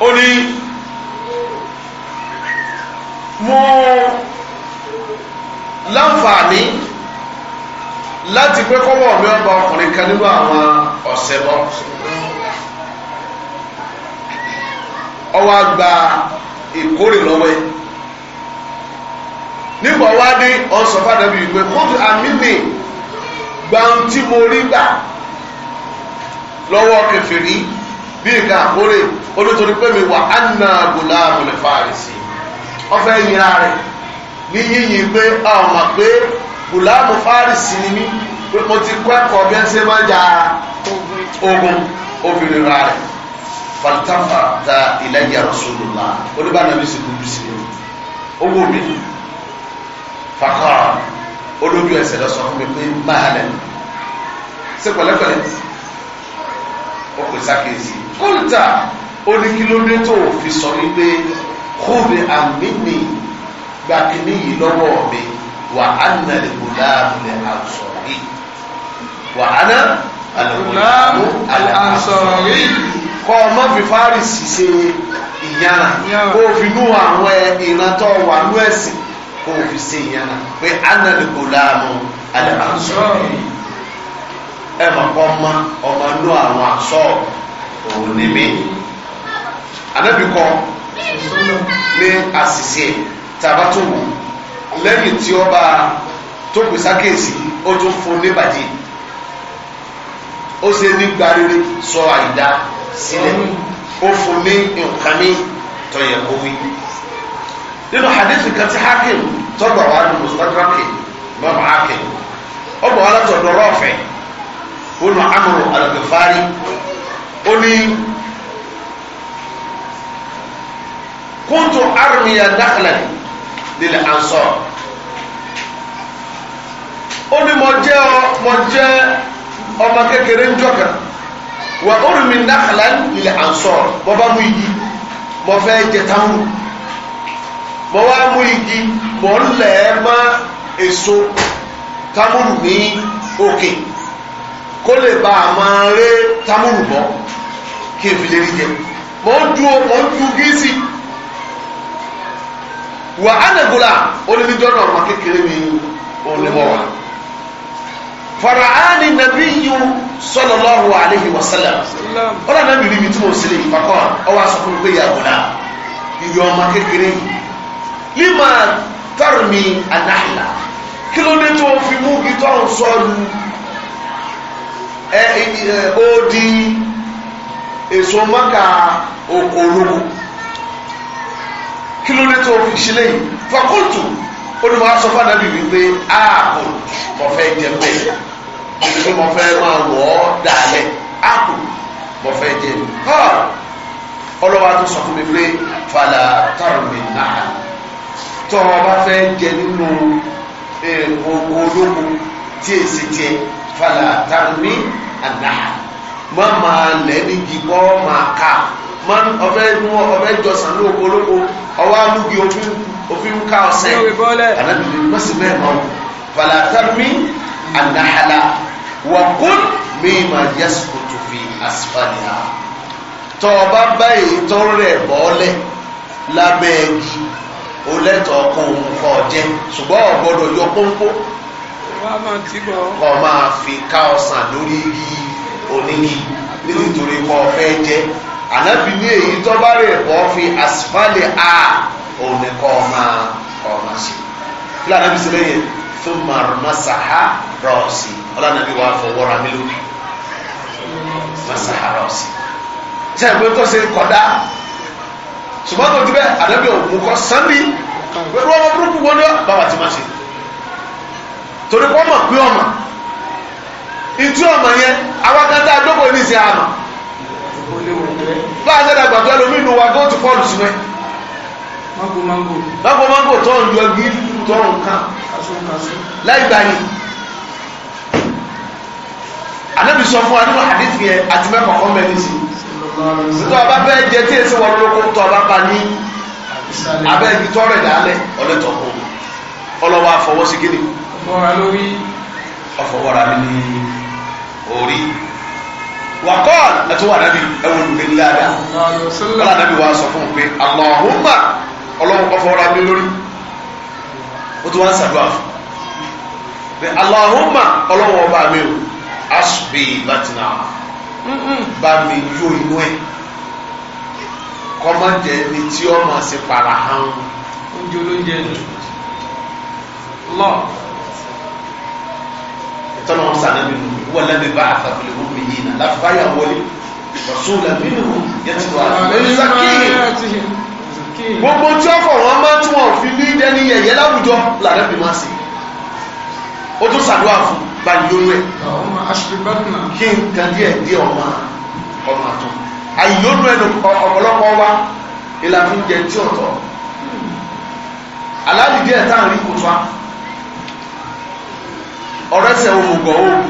ó ní mo láǹfààní láti pé kọ́wọ́ mi ọba ọkùnrin kan nínú àwọn ọ̀sẹ̀ bọ́ ọwọ́ àgbà ìkórè lọ́wọ́ ẹ̀ nígbà wá dé ọ̀sán fàdàbí ìgbẹ́ kóòtù àmìnì gbàǹtí mo rí gbà lọ́wọ́ kẹfìrí bí ìka àkórè onítorí pé mi wà ánà gòlà àmìlẹ̀ fàárẹ̀ sí ọ̀fẹ́ yìnyín rẹ̀ ní yíyí pé ọmọ pé gùlámù fáàrìsì ni mí pé mo ti kọ́ ẹ̀kọ́ bí ẹ ṣe máa ja ogun obìnrin ra rẹ̀ fàlítàfà ta ìlẹ́yìn Rasulullah oníbànàbí sì dúdú sí mi owó mi fàkọ́ olójú ẹsẹ̀ lọ sọ fún mi pé máa lẹ̀ ṣe pẹ̀lẹ́pẹ̀lẹ́ ó pè sákèsì kóńtà ó ní kí ló dé tó fi sọ wípé kóbi àmì nì gbàkínní yìí lọ́wọ́ mi wà á nà lè kó láàmúlẹ̀ àǹsọ̀rí wà á nà àlùkùnláàmú àǹsọ̀rí kọ́ ọmọ fi fárìsì ṣe ìyára kó o fi nú àwọn ìran tó wà nú ẹ̀sìn kó o fi ṣe ìyára pé á nà lè kó láàmú àǹsọ̀rí ẹ mọ̀ kọ́ ọmọ ọmọ nú àwọn àṣọ òun ni mí anábìkọ ní àṣìṣe tàbátò wò lẹ́yìn tí ó bá tó pè sákèsì ó tún fún níbàjẹ́ ó ṣe ní gbarere sọ àìdá sílẹ̀ ó fún ní nǹkan ní tọ̀yẹ̀ owó nínú hadithi kan tí hakim tọ́gbà wà ní mustadraki mọ́mọ́ hakim ọgbà wà látọ̀dọ̀ rọ́ọ̀fẹ́ wọnú amúrò alùpùpárí ó ní kúntù armiya dákàlẹ̀ lílẹ̀ ansọ́ ó ní mo jẹ́ mo jẹ́ ọmọ kékeré ń jọ̀kà wà orùmí náxàlá lílẹ̀ ansọ́ mo bá mú igi mo fẹ́ jẹ táwọn mo wá mú igi mo ń lẹ̀ ẹ́ má èso támúrù ní òkè kó lè ba àmọ́ ré támúrù bọ́ kí n jẹ mo ń ju gíìsì wà á nàgòlà onídìjọ́ náà ọmọ kékeré mi onímọ̀ wa. farahani nabi yu sallallahu alayhi wa sallam ọlọ́run náà bìrì mi tí mo sílẹ̀ ìfakọ́ ọwọ́ aṣọ fún mi pé yàgòlà ìyọ ọmọ kékeré yìí lima tarmi anahla kí ló dé fi mú kí tó ń sọ ẹ ẹ ó di èso mọ́ka okòólógún kí ló lè tó fi ṣe lẹ́yìn fakultu olùmọ̀ aṣọ fún anabi wípé aapò mo fẹ́ jẹ bẹ́ẹ̀ ìdílé mo fẹ́ máa wọ̀ ọ́ dàlẹ́ aapò mo fẹ́ jẹ ọlọ́wà tó sọ fún mi pé fàlà tàrùmí náà tọ́ ọ bá fẹ́ jẹ nínú gbogbo ológun tí èsì tiẹ̀ fàlà tàrùmí náà má máa lẹ́ ní gígbọ́ máa ká man ọbẹ̀ mú ọbẹ̀ jọsàn ní oko olóko ọwọ́ alúgi òfin ká ọ̀sẹ̀ anábìlì mọ́sí bẹ́ẹ̀ mọ́ falatami anahala wà kún mi máa yẹ sùkùtù fi asfaliha tọ́ ọ bá báyìí tọ́ rẹ̀ bọ́ọ̀lẹ̀ lábẹ́ ẹ̀gì ó lẹ́tọ̀ ọkọ̀ òun kọ́ jẹ́ ṣùgbọ́n ò gbọ́dọ̀ yọ pọ́npó kọ́ máa fi ká ọ̀sán lórí igi onígi nítorí kọ́ fẹ́ jẹ́ ànábì ní èyí tó bá a òun kọ́ ọmọ ọmọ ṣe kí lóò ànábì sí lẹ́yìn fún màrúmásáhá rọ̀ọ̀sì ọlọ́nàbí wàá fọwọ́ ra mi lónìí masáhá rọ̀ọ̀sì pé tó ṣe kọ̀dá ṣùgbọ́n ànábì kọ́ pẹ̀lú ọmọ burúkú bàbá ṣe torí kọ́ pé ọmọ bá a ṣe dàgbà tó ẹlòmíì wa gó ti pọ́ọ̀lù sí mẹ́ mango mango tó ń yọ gbí tó ń kan láì gbà sọ fún wa nínú àdìsí àti mẹ́kọ̀ọ́ kan bẹ́ẹ̀ nísì nígbà wọn bá jẹ tí èsì wọn lóko tó ọba pa ní abẹ́ ibi tọ́rẹ̀ dálẹ̀ ọlẹ́tọ̀ kù ọlọ́wọ́ àfọwọ́sí gíní ọfọwọ́ra lórí ní orí wakọ́ọ̀l ẹ̀tọ́ wà nábì ẹ̀wọ̀n lùmí ńláda wọn nábì wà sọ fún un pé Allahumma ọlọ́run kọ́ fọ́ra mi lórí ó tún wá ń sàdúrà fún un pé mi o asùpè bàtìnà bá mi yó inú ẹ̀ kọ́mọ̀jẹ́ ni tí ó máa ṣe para hàn. oúnjẹ olóúnjẹ lọ tọ́lọ́ wọn sàn níbi wọ́n lẹ́bi bá àfàfilẹ̀ wọn mi yìí nà láfáyà wọlé rọ̀ṣúlẹ̀ nínú yẹtù wà lẹ́yìn gbogbo tí wọ́n fọ̀ wọ́n máa tún wọn fi ní dẹ́ni yẹ̀yẹ́ láwùjọ làrẹ́ bí wọ́n sì ó tún sàdúrà fún balùwẹ̀ kí nǹkan díẹ̀ díẹ̀ ọmọ ọmọ àtọ́ àyọ̀nù ẹnu ọ̀pọ̀lọpọ̀ wa ìlànà jẹ tí ọ̀tọ̀ aláàlì díẹ̀ táà rí kò fa ọ̀rọ̀ ẹsẹ̀ òmùgọ̀ òògùn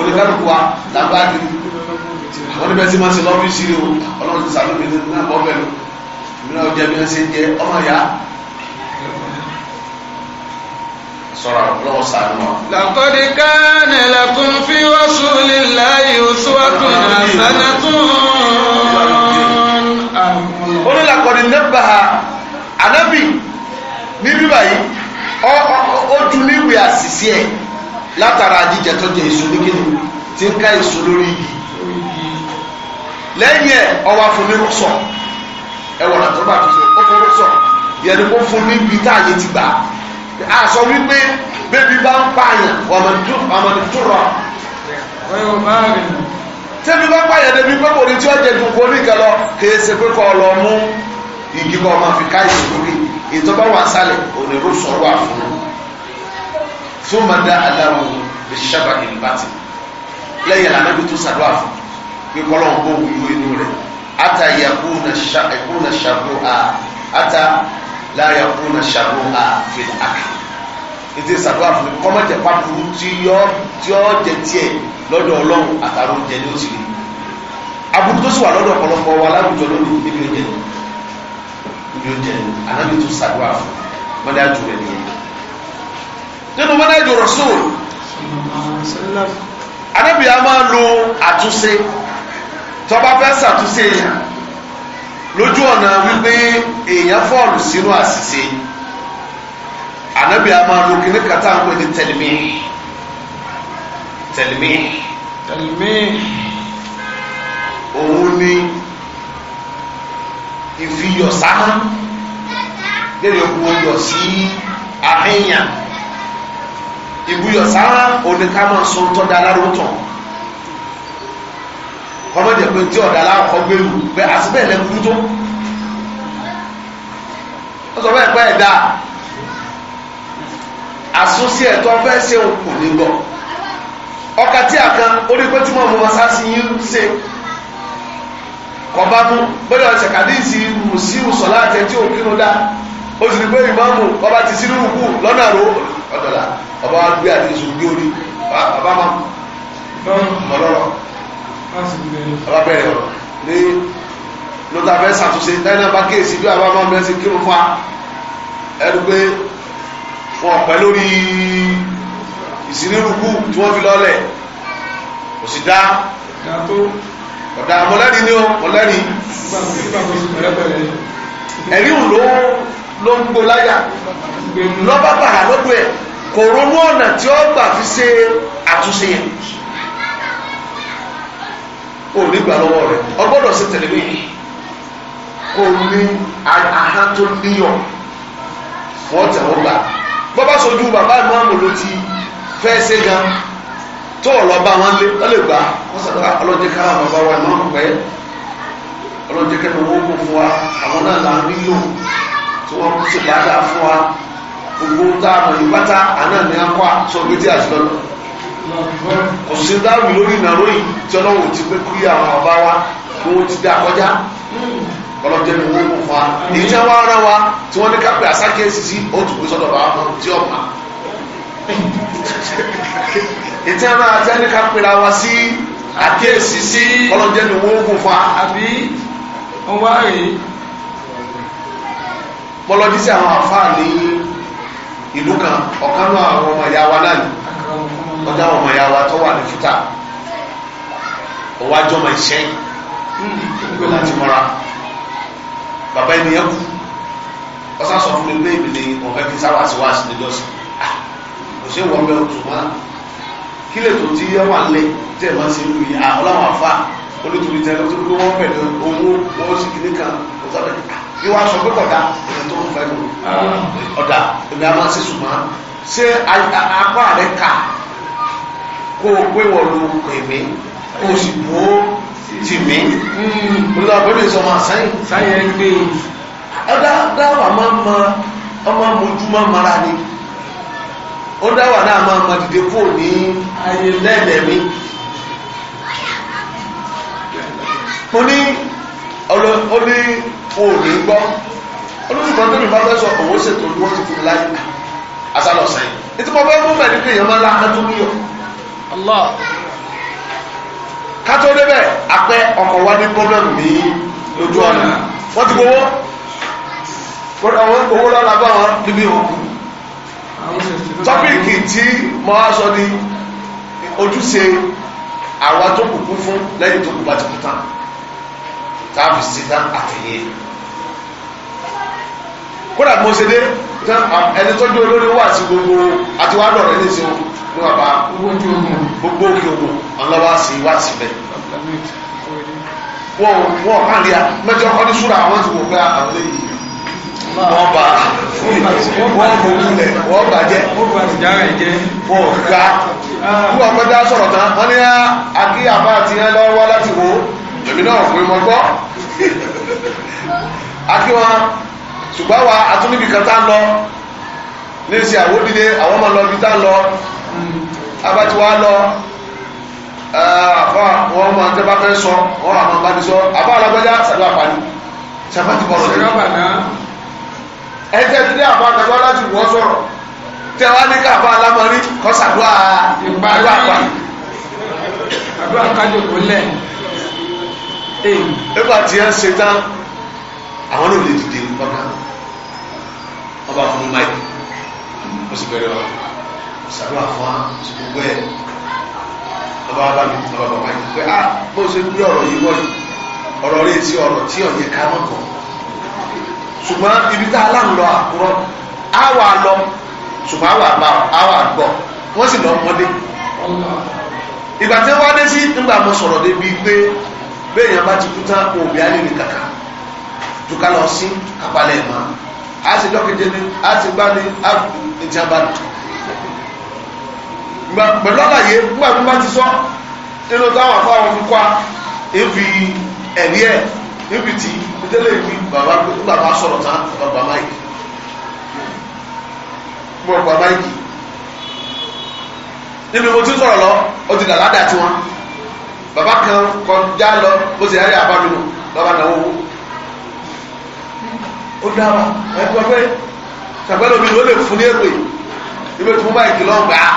oníkálukú wa làgbáàgì wọ́n ní bẹ́ẹ̀ sí máa ń ṣe lọ́fíìsì rẹ̀ o ọlọ́run ti sàánú mi nínú náà bọ́ọ̀bẹ̀ lọ ìmúná ọjà bí wọ́n ṣe ń jẹ ọmọ ìyá sọ̀rọ̀ lọ́wọ́ sàánú wa. laqad kana lakum fi rasulillahi uswatun hasanatun. ó ní laqad nabbaha anábì ní bíbá yìí níwèé àṣìṣe ẹ̀ látara jíjẹ tó jẹ èso nìkéde tí ń ká èso lórí igi lẹ́yìn ẹ̀ ọwọ́ afúnmírù sọ ẹwọ̀n àtúbà tó sọ ó sọ yẹn ni kó fún níbi táàyè ti gbà á sọ wípé bébí bá ń pààyàn ọmọdé tó rọ tẹ́bí bá pààyàn lẹ́bí pé kò ní tí ó jẹ ju kó nìkan lọ kìí ṣe pé kọ́ lọ mú igi kọ́ ọmọ fi ká èso lórí ètò bá wà sálẹ̀ òní rú sọ tó ma dá adarò lè sábà ní bàtì lẹ́yìn anabi tó sàdó àfọ pé kọlọ ń bọ wúlò inú rẹ ata yakú na sa ekú na sago a ata la yakú na sago a fi àkè ètò ìsàdó àfọ kọ́mọ̀jẹ̀ pàtó tí yọ jẹ tiẹ̀ lọ́dọ̀ ọlọ́run àtàrò jẹ ní òsì rí aburú tó sì wà lọ́dọ̀ ọ̀pọ̀lọpọ̀ wa láwùjọ lónìí níbi oúnjẹ níbi oúnjẹ anabi tó sàdó àfọ mọ́dájú rẹ nìyẹn nínú mọ́nájú rasul anábì a máa lo àtúnṣe tó bá fẹ́ ṣàtúnṣe èèyàn lójú ọ̀nà wípé èèyàn fọ́ọ̀lù sínú àṣìṣe anábì a máa lo kíní kàtà ń pè ní tẹ̀lìmí tẹ̀lìmí tẹ̀lìmí òun ni ìfiyọ̀sáhán lè yọ kó yọ sí àhẹ́yàn ìbúyọ̀ sáà oníkàmọ̀ sọ tọ́ da alárò tọ̀ kọ́mọ̀dé pé tí ọ̀dà aláwọ̀ gbèrú pé àti bẹ́ẹ̀ lẹ́kú tó ó sọ bẹ́ẹ̀ pẹ́ ẹ̀dá àsúnṣe ẹ̀tọ́ fẹ́ ṣe kò ní gbọ́ ọkà tí a kan orí pé tí mo mọ sáàsì yín ṣe kọba mú bóyá ọ̀sẹ̀ kàdíìsì mùsíù sọ̀lá àtẹ̀tí òkínú dá ó sì ní pé ìmáàmù ọba ti sínú rúkú lọ́nà ròó ọ̀dọ̀là ọba wa gbé àti èso gbé orí ọba ma mọ̀lọ́rọ̀ ọba e. bẹ̀rẹ̀ ọ̀rọ̀ ní lóta fẹ́ ṣàtúnṣe dáná bá kéèsì bí àbá máa bẹ́ẹ̀ sí kírun fa ẹnu pé wọn pẹ́ lórí ìsínírùkù tí wọ́n fi lọ́lẹ̀ kò dá ọ̀dà mọ̀lẹ́rìí ni ó mọ̀lẹ́rìí ẹ̀rí òun ló ló ń gbó láyà lọ́ba bàrà lọ́dọ̀ ẹ̀ kò ronú ọ̀nà tí ó gbà fi ṣe àtúnṣe yẹn ò ní gbà lọ́wọ́ rẹ̀ ọgbọ́dọ̀ sí tẹ̀lé kò ní ahán tó níyọ̀ wọ́n tẹ̀ wọ́n gbà bọ́bá sojú bàbá ìmọ̀ ti fẹ́ ṣe gan tó wọn lé lè gbà wọ́n ká bàbá wa ìmọ̀ pẹ́ wọ́n fún wa àwọn náà tí wọ́n ń ṣe dáadáa fún wa gbogbo tá a mọ̀ yìí pátá àná ní akọ́ àtúnṣe tí a ti lọ́nà kò sí dáwì lórí ìnáwó yìí tí ọlọ́wọ́ ti pé kúrí àwọn bàbá wa kí wọ́n ti dá kọjá ọlọ́jẹ́ ni wọ́n mú fa èyí tí wọ́n rán wa tí wọ́n ní kápẹ́ àsákẹ́sì sí ó tún gbé sọ́dọ̀ bàbá wọn tí ọ̀pá èyí tí wọ́n rán ní kápẹ́ ra wa sí àkẹ́sì sí ọlọ́jẹ́ ni wọ́n mú fa. àbí wọ́n wá rèé kọlọ́dí sí àwọn àfáà ní ìlú kan ọ̀kan náà àwọn ọmọ ìyá wa náà ni wọ́n dá àwọn ọmọ ìyá wa tó wà ní fúta ọwọ́ àjọ ọmọ ìṣẹ́ ìgbé láti mọ́ra bàbá ènìyàn kú ọ̀sán sọ fún mi pé èmi ni ọ̀fẹ́ kí sáwà sí wáàsí ní lọ́sìn kò sí wọ́n bẹ́ẹ̀ tó máa kí lè tó ti yẹ wà lẹ́ tẹ̀ máa ṣe lóye àwọn àfáà olótùbí tẹ lọ́tún pé wọ́n pẹ̀lú owó wọ́n sì kìíní kan ọ̀tọ́dẹ yóò wá sọ pé kọ̀dá èèyàn tó ń fẹ́ lò ah. ọ̀dà èmi á máa ṣe ṣùgbọ́n ṣé apá rẹ̀ kà kó o pé wọ́n lo èmi kó o sì mú tìmí hmm. olùdó àbẹ̀rẹ̀ sọ máa sáyìn sáyìn ẹ̀ gbé ẹ dáwà máa ma ọmọ mojú máa mara ni ó dáwà náà máa ma dìde kúrò ní ayé lẹ́ẹ̀lẹ́mí. mo ní ọ̀rọ̀ ó ní òòlù gbọ́ olùkọ́ tó mi bá fẹ́ sọ òwò ṣètò olúwọ́ ti fún mi láyé àsálọ̀ sẹ́yìn ètò mo fẹ́ mú bẹ̀rẹ̀ pé èèyàn máa ń láhán tó níyọ̀ kátó débẹ̀ apẹ́ ọkọ̀ wa ní pọ́blẹ́mù ní lójú ọ̀nà wọ́n ti gbowó owó lọ́la bá wọn níbi òkú tọ́pìkì tí mo wá sọ ní ojúṣe àwa tó kù kú fún lẹ́yìn tó kù bá ti kú tán táàbì sí tán àtẹ̀yẹ kódà mo ṣe dé ẹni tọ́jú olórí wà sí gbogbo àti wàá dọ̀rẹ́ ní ìṣe ní bàbá gbogbo òkè ogun ọlọ́wà sí wá sí bẹ́ẹ̀ wọ́n wọ́n kàn lé a mẹ́jọ kọ́ ní súra àwọn ti wò pé àwọn lè yìí wọ́n bá wọ́n kò kulẹ̀ wọ́n bàjẹ́ wọ́n ga wọ́n pẹ́ ah. dá sọ̀rọ̀ tán wọ́n ní akíyàbá ah, ti yẹn lọ́wọ́ láti wò ó èmi náà ọkùnrin mọ gbọ́ akíwọn ṣùgbọ́n wa atúnibì kan tá ń lọ ní ìsìn àwòdìde àwọn ọmọ lọ bí tá ń lọ abájú wa lọ àbá wọn máa ń tẹ́bá fẹ́ sọ wọn àmọ́ bá ti sọ àbá alágbájá sàdúrà pàdé sàbàtì bọ̀rọ̀ lẹ́yìn ẹ̀jẹ̀ ti dé àbá àtàgbà láti wọ́ sọ̀rọ̀ tẹ wá ní káàbá alámọ̀rí kọ́sàdúrà ìgbàdúrà pàdé àdúrà kájọ kò lẹ̀ nígbà tí ẹ ń ṣe tán àwọn náà lè dìde nígbàgbà ọba fún mi máìkì ó sì bẹ̀rẹ̀ ọ̀rọ̀ ìṣàlùwà fún wa ó sì gbogbo ẹ̀ ọba bá mi ọba bàbá yìí pé ah bó ṣe gbé ọ̀rọ̀ yìí wọ̀nyí ọ̀rọ̀ rẹ̀ ti ọ̀rọ̀ tí ọ̀yẹ̀ ká mọ̀ kàn ṣùgbọ́n ibi tá a láǹlọ àkúrọ̀ á wà lọ ṣùgbọ́n á wà bá á wà gbọ́ wọ́n sì lọ mọ́dé ìgbà tí wọ́n á dé sí nígbà mo sọ̀rọ̀ débi pé bẹ́ẹ̀ a bá ti kú tán òbí á lè ní kàkà tuka lọ sí abalẹ̀ mọ́ a ti dọ́kítẹ́ ni a ti gbá ni a ti ti abá ni. pẹ̀lú àlàyé nígbà tó bá ti sọ nínú táwọn afọ àwọn fún kwa ebi ẹ̀rí ẹ̀ ebi tí ìdílé ìwí bàbá bàbá sọ̀rọ̀ tán bàbá máìkì bàbá máìkì nínú mo ti sọ̀rọ̀ lọ ó ti dà ládàá tiwọn bàbá kan kọjá lọ bó ṣe ráyà bá lónìí bàbá náà wò o dára ẹgbẹ́ ọgbẹ́ sàgbẹ́lẹ̀ omi ló lè fún ní èpè ìwé fún báyìí kìlọ̀ gbà á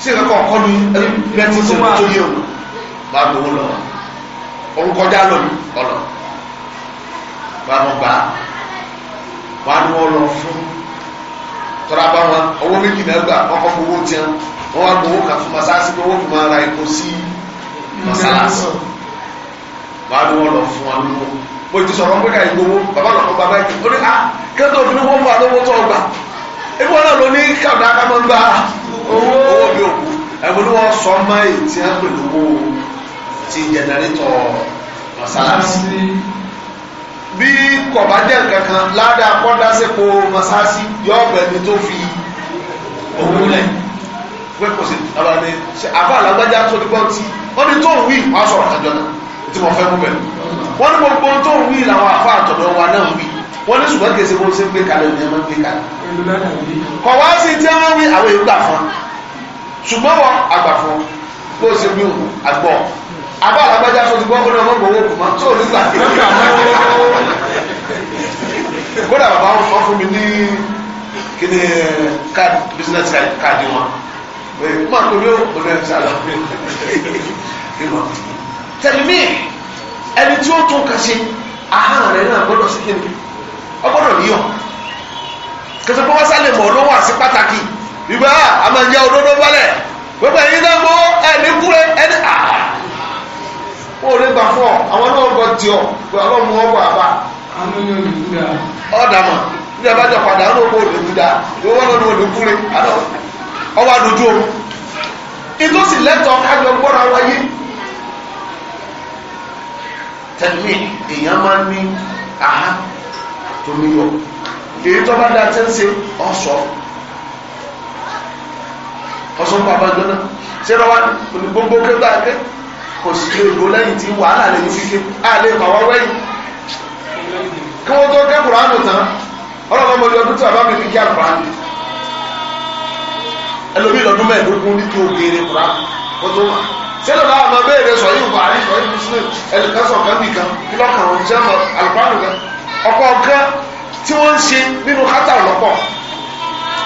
sí ìkẹ́kọ̀ọ́ kọ́ ní ẹgbẹ́ tí sèwé tó yẹ o bá a gbowó lọ òun kọjá lọ ní ọlọ bá a mọ gbà á wà á ní wọn lọ fún tọ́ra bá wọn owó méjì náà gbà wọn kọ́ fún owó tiẹ̀ wọn wá gbowó kan fún ma ra epo sí i mọ́sálásí wà á ní wọ́n lọ fún wa lówó mo ti sọ̀rọ̀ pé káyì gbowó bàbá lọ́kọ́ bàbá yìí ó ní à kẹ́tọ́ òfin wọ́n fún wa lówó tó ọgbà ebi wọn náà ló ní kàdá kámọ́ gba owó mi òkú ẹ̀bùn ni wọ́n sọ ọmọ yìí tí wọ́n pè lówó ti jẹnẹrétọ̀ mọ́sálásí bí kọ̀bá jẹ́ yọ ọ̀bẹ mi tó fi òwú requisite ara ni ṣe àbá alágbájá tó ní pọ́ǹtì wọ́n ní tó ń wí wọ́n á sọ̀rọ̀ àtàjọ náà tí wọ́n fẹ́ mú bẹ̀. wọ́n ní gbogbo tó ń wí làwọn àfa àtọ̀dọ̀ wa náà ń wí wọ́n ní ṣùgbọ́n kèsì bó ń ṣe ń gbé kalẹ̀ ní ẹ̀mọ́ gbé kalẹ̀. kọ̀ wá sí tí wọ́n wí àwọn èèyàn gbà fún ṣùgbọ́n wọ́n àgbà fún bó ṣe wí òun àgbọ̀ àbá alágbájá tó ti gbọ́ kó náà wọ́n gbọ́ wọ́n kò mọ́ tó ní gbà kódà bàbá wọn fún mi ní kí ni káàdì business káàdì wọn má kò ní òun ní ẹ̀sán lọ. tẹ̀lémì ẹni tí ó tún kà sí ahọ́n rẹ̀ náà gbọ́dọ̀ sí kíni ọ gbọ́dọ̀ níyọ̀ kẹsì pé wọ́n sálẹ̀ mọ̀ ló wà sí pàtàkì ìgbà a máa ń ya òdodo balẹ̀ gbogbo ẹ̀yin náà mọ ẹni kúrẹ́ ẹni à ó lè gbà fún ọ àwọn náà gbọ́ tiọ̀ gbọ́ àwọn ọmọ ọgbà àbá ọ̀dàmọ̀ ní abájọ padà ó lóko òdòdó dáa ìwọ́n náà ló lókúrẹ́ àdó ọwọ́ àdójú òun ìlú sì lẹ́tọ̀ọ́ kájọ gbọ́ra wáyé tẹ̀lé èèyàn máa ń ní àhá tó ní yọ èyí tó bá dáa tẹ́ ń ṣe ọ̀sọ̀ ọ̀sọ̀ bàbá gbọ́nà ṣé lọ́wọ́ gbogbo kẹta pé kò sí lè gbó lẹ́yìn tí wàhálà lè ní kíké á lè mà wá wẹ́yìn kí wọ́n tó kẹ́kọ̀ọ́ àánú tán ọlọ́mọ ọmọdé ọdún tí bàbá mi fi kí àgbà mi ẹlòmí lọ́dún mẹ́ẹ̀ẹ́dógún ní kí o kura o tó ma sẹ́lẹ̀ náà ma béèrè sọ yìí wà ní sọ yìí muslim ẹlẹ́kẹ́sọ̀ kan bì kan kí lọ́kàn ọ̀hún jẹ́ alùpàdù kan ọkọ̀ kan tí wọ́n ń ṣe nínú kátà lọ́pọ̀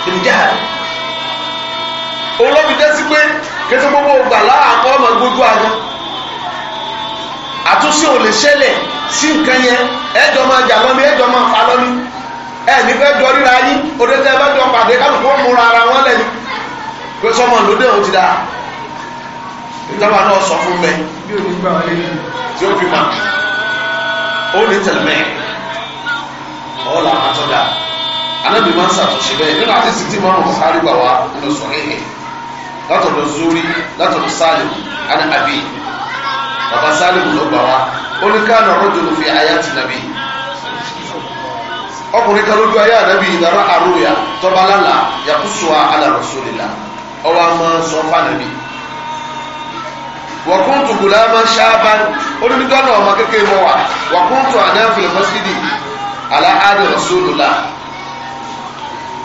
ìdíjà olóbi dẹ́sí pé kẹsí gbogbo ògbà láàkọ́ ọmọ gbogbo àná àtúnṣe ò lè ṣẹlẹ̀ sí nǹkan yẹn ẹ̀jọ̀ máa jà lọ́mí ẹ̀jọ̀ máa fa lọ́mí ẹ̀ ní jọ ríra yín òde ẹ bá jọ pàdé kálukú ó ara wọn lẹ́yìn pé sọmọ lóde òun ti dáa ìjọba náà sọ fún bẹ tí ó fi mà ó ní tẹlẹmẹ ọ là á tọ́ da anábì máa ń ṣàtúnṣe bẹ́ẹ̀ nínú àti sìtì máa ń sáré gbà wá nínú sọ̀rọ̀ yìí látọ̀dọ̀ zuri látọ̀dọ̀ salim àti abi bàbá salim ló gbà wá ó ní káàná rọ́jòló fi àyà ti nàbí ọkùnrin kan lójú ayé ànábì ìdára àrùyà tọ́ba lálàá yàtúnṣùwà ọwọ́ a máa sọ fànàbí wọ̀kúntù gùlámà ṣáàbà olùdíjọ́nà ọmọ kékeré mọ́ wa wọ̀kúntù àdáfìlẹ̀ mọ́sídì aláàdì rasulullah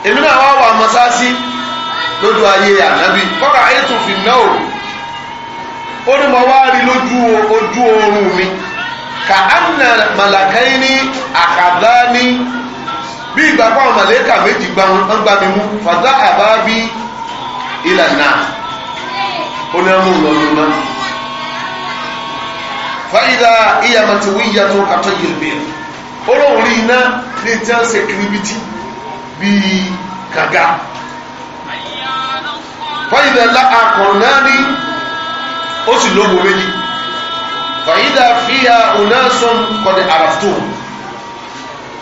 èmi náà wá wà mọ́sáàsì lójú ayé ànábì kọ́ra ayé tó fi náà o ó ní mo wá rí lójú ojú oorun mi ka anna malakaini akadani bí ìgbà pa àwọn màlẹ́kà méjì gbà mi mú fàdá àbá bíi ilà náà ó ní ọmú lọ́dún náà fàyídà ìyàmàtí wíyà tó kàtọ́ yìlbì olóhùn rí iná ní tí wọ́n ṣe kiribiti bíi kàga fàyídà láà kọ̀ọ̀nání ó sì lóbo méjì fàyídà fíyà onásùn kọ̀dẹ̀ àràftó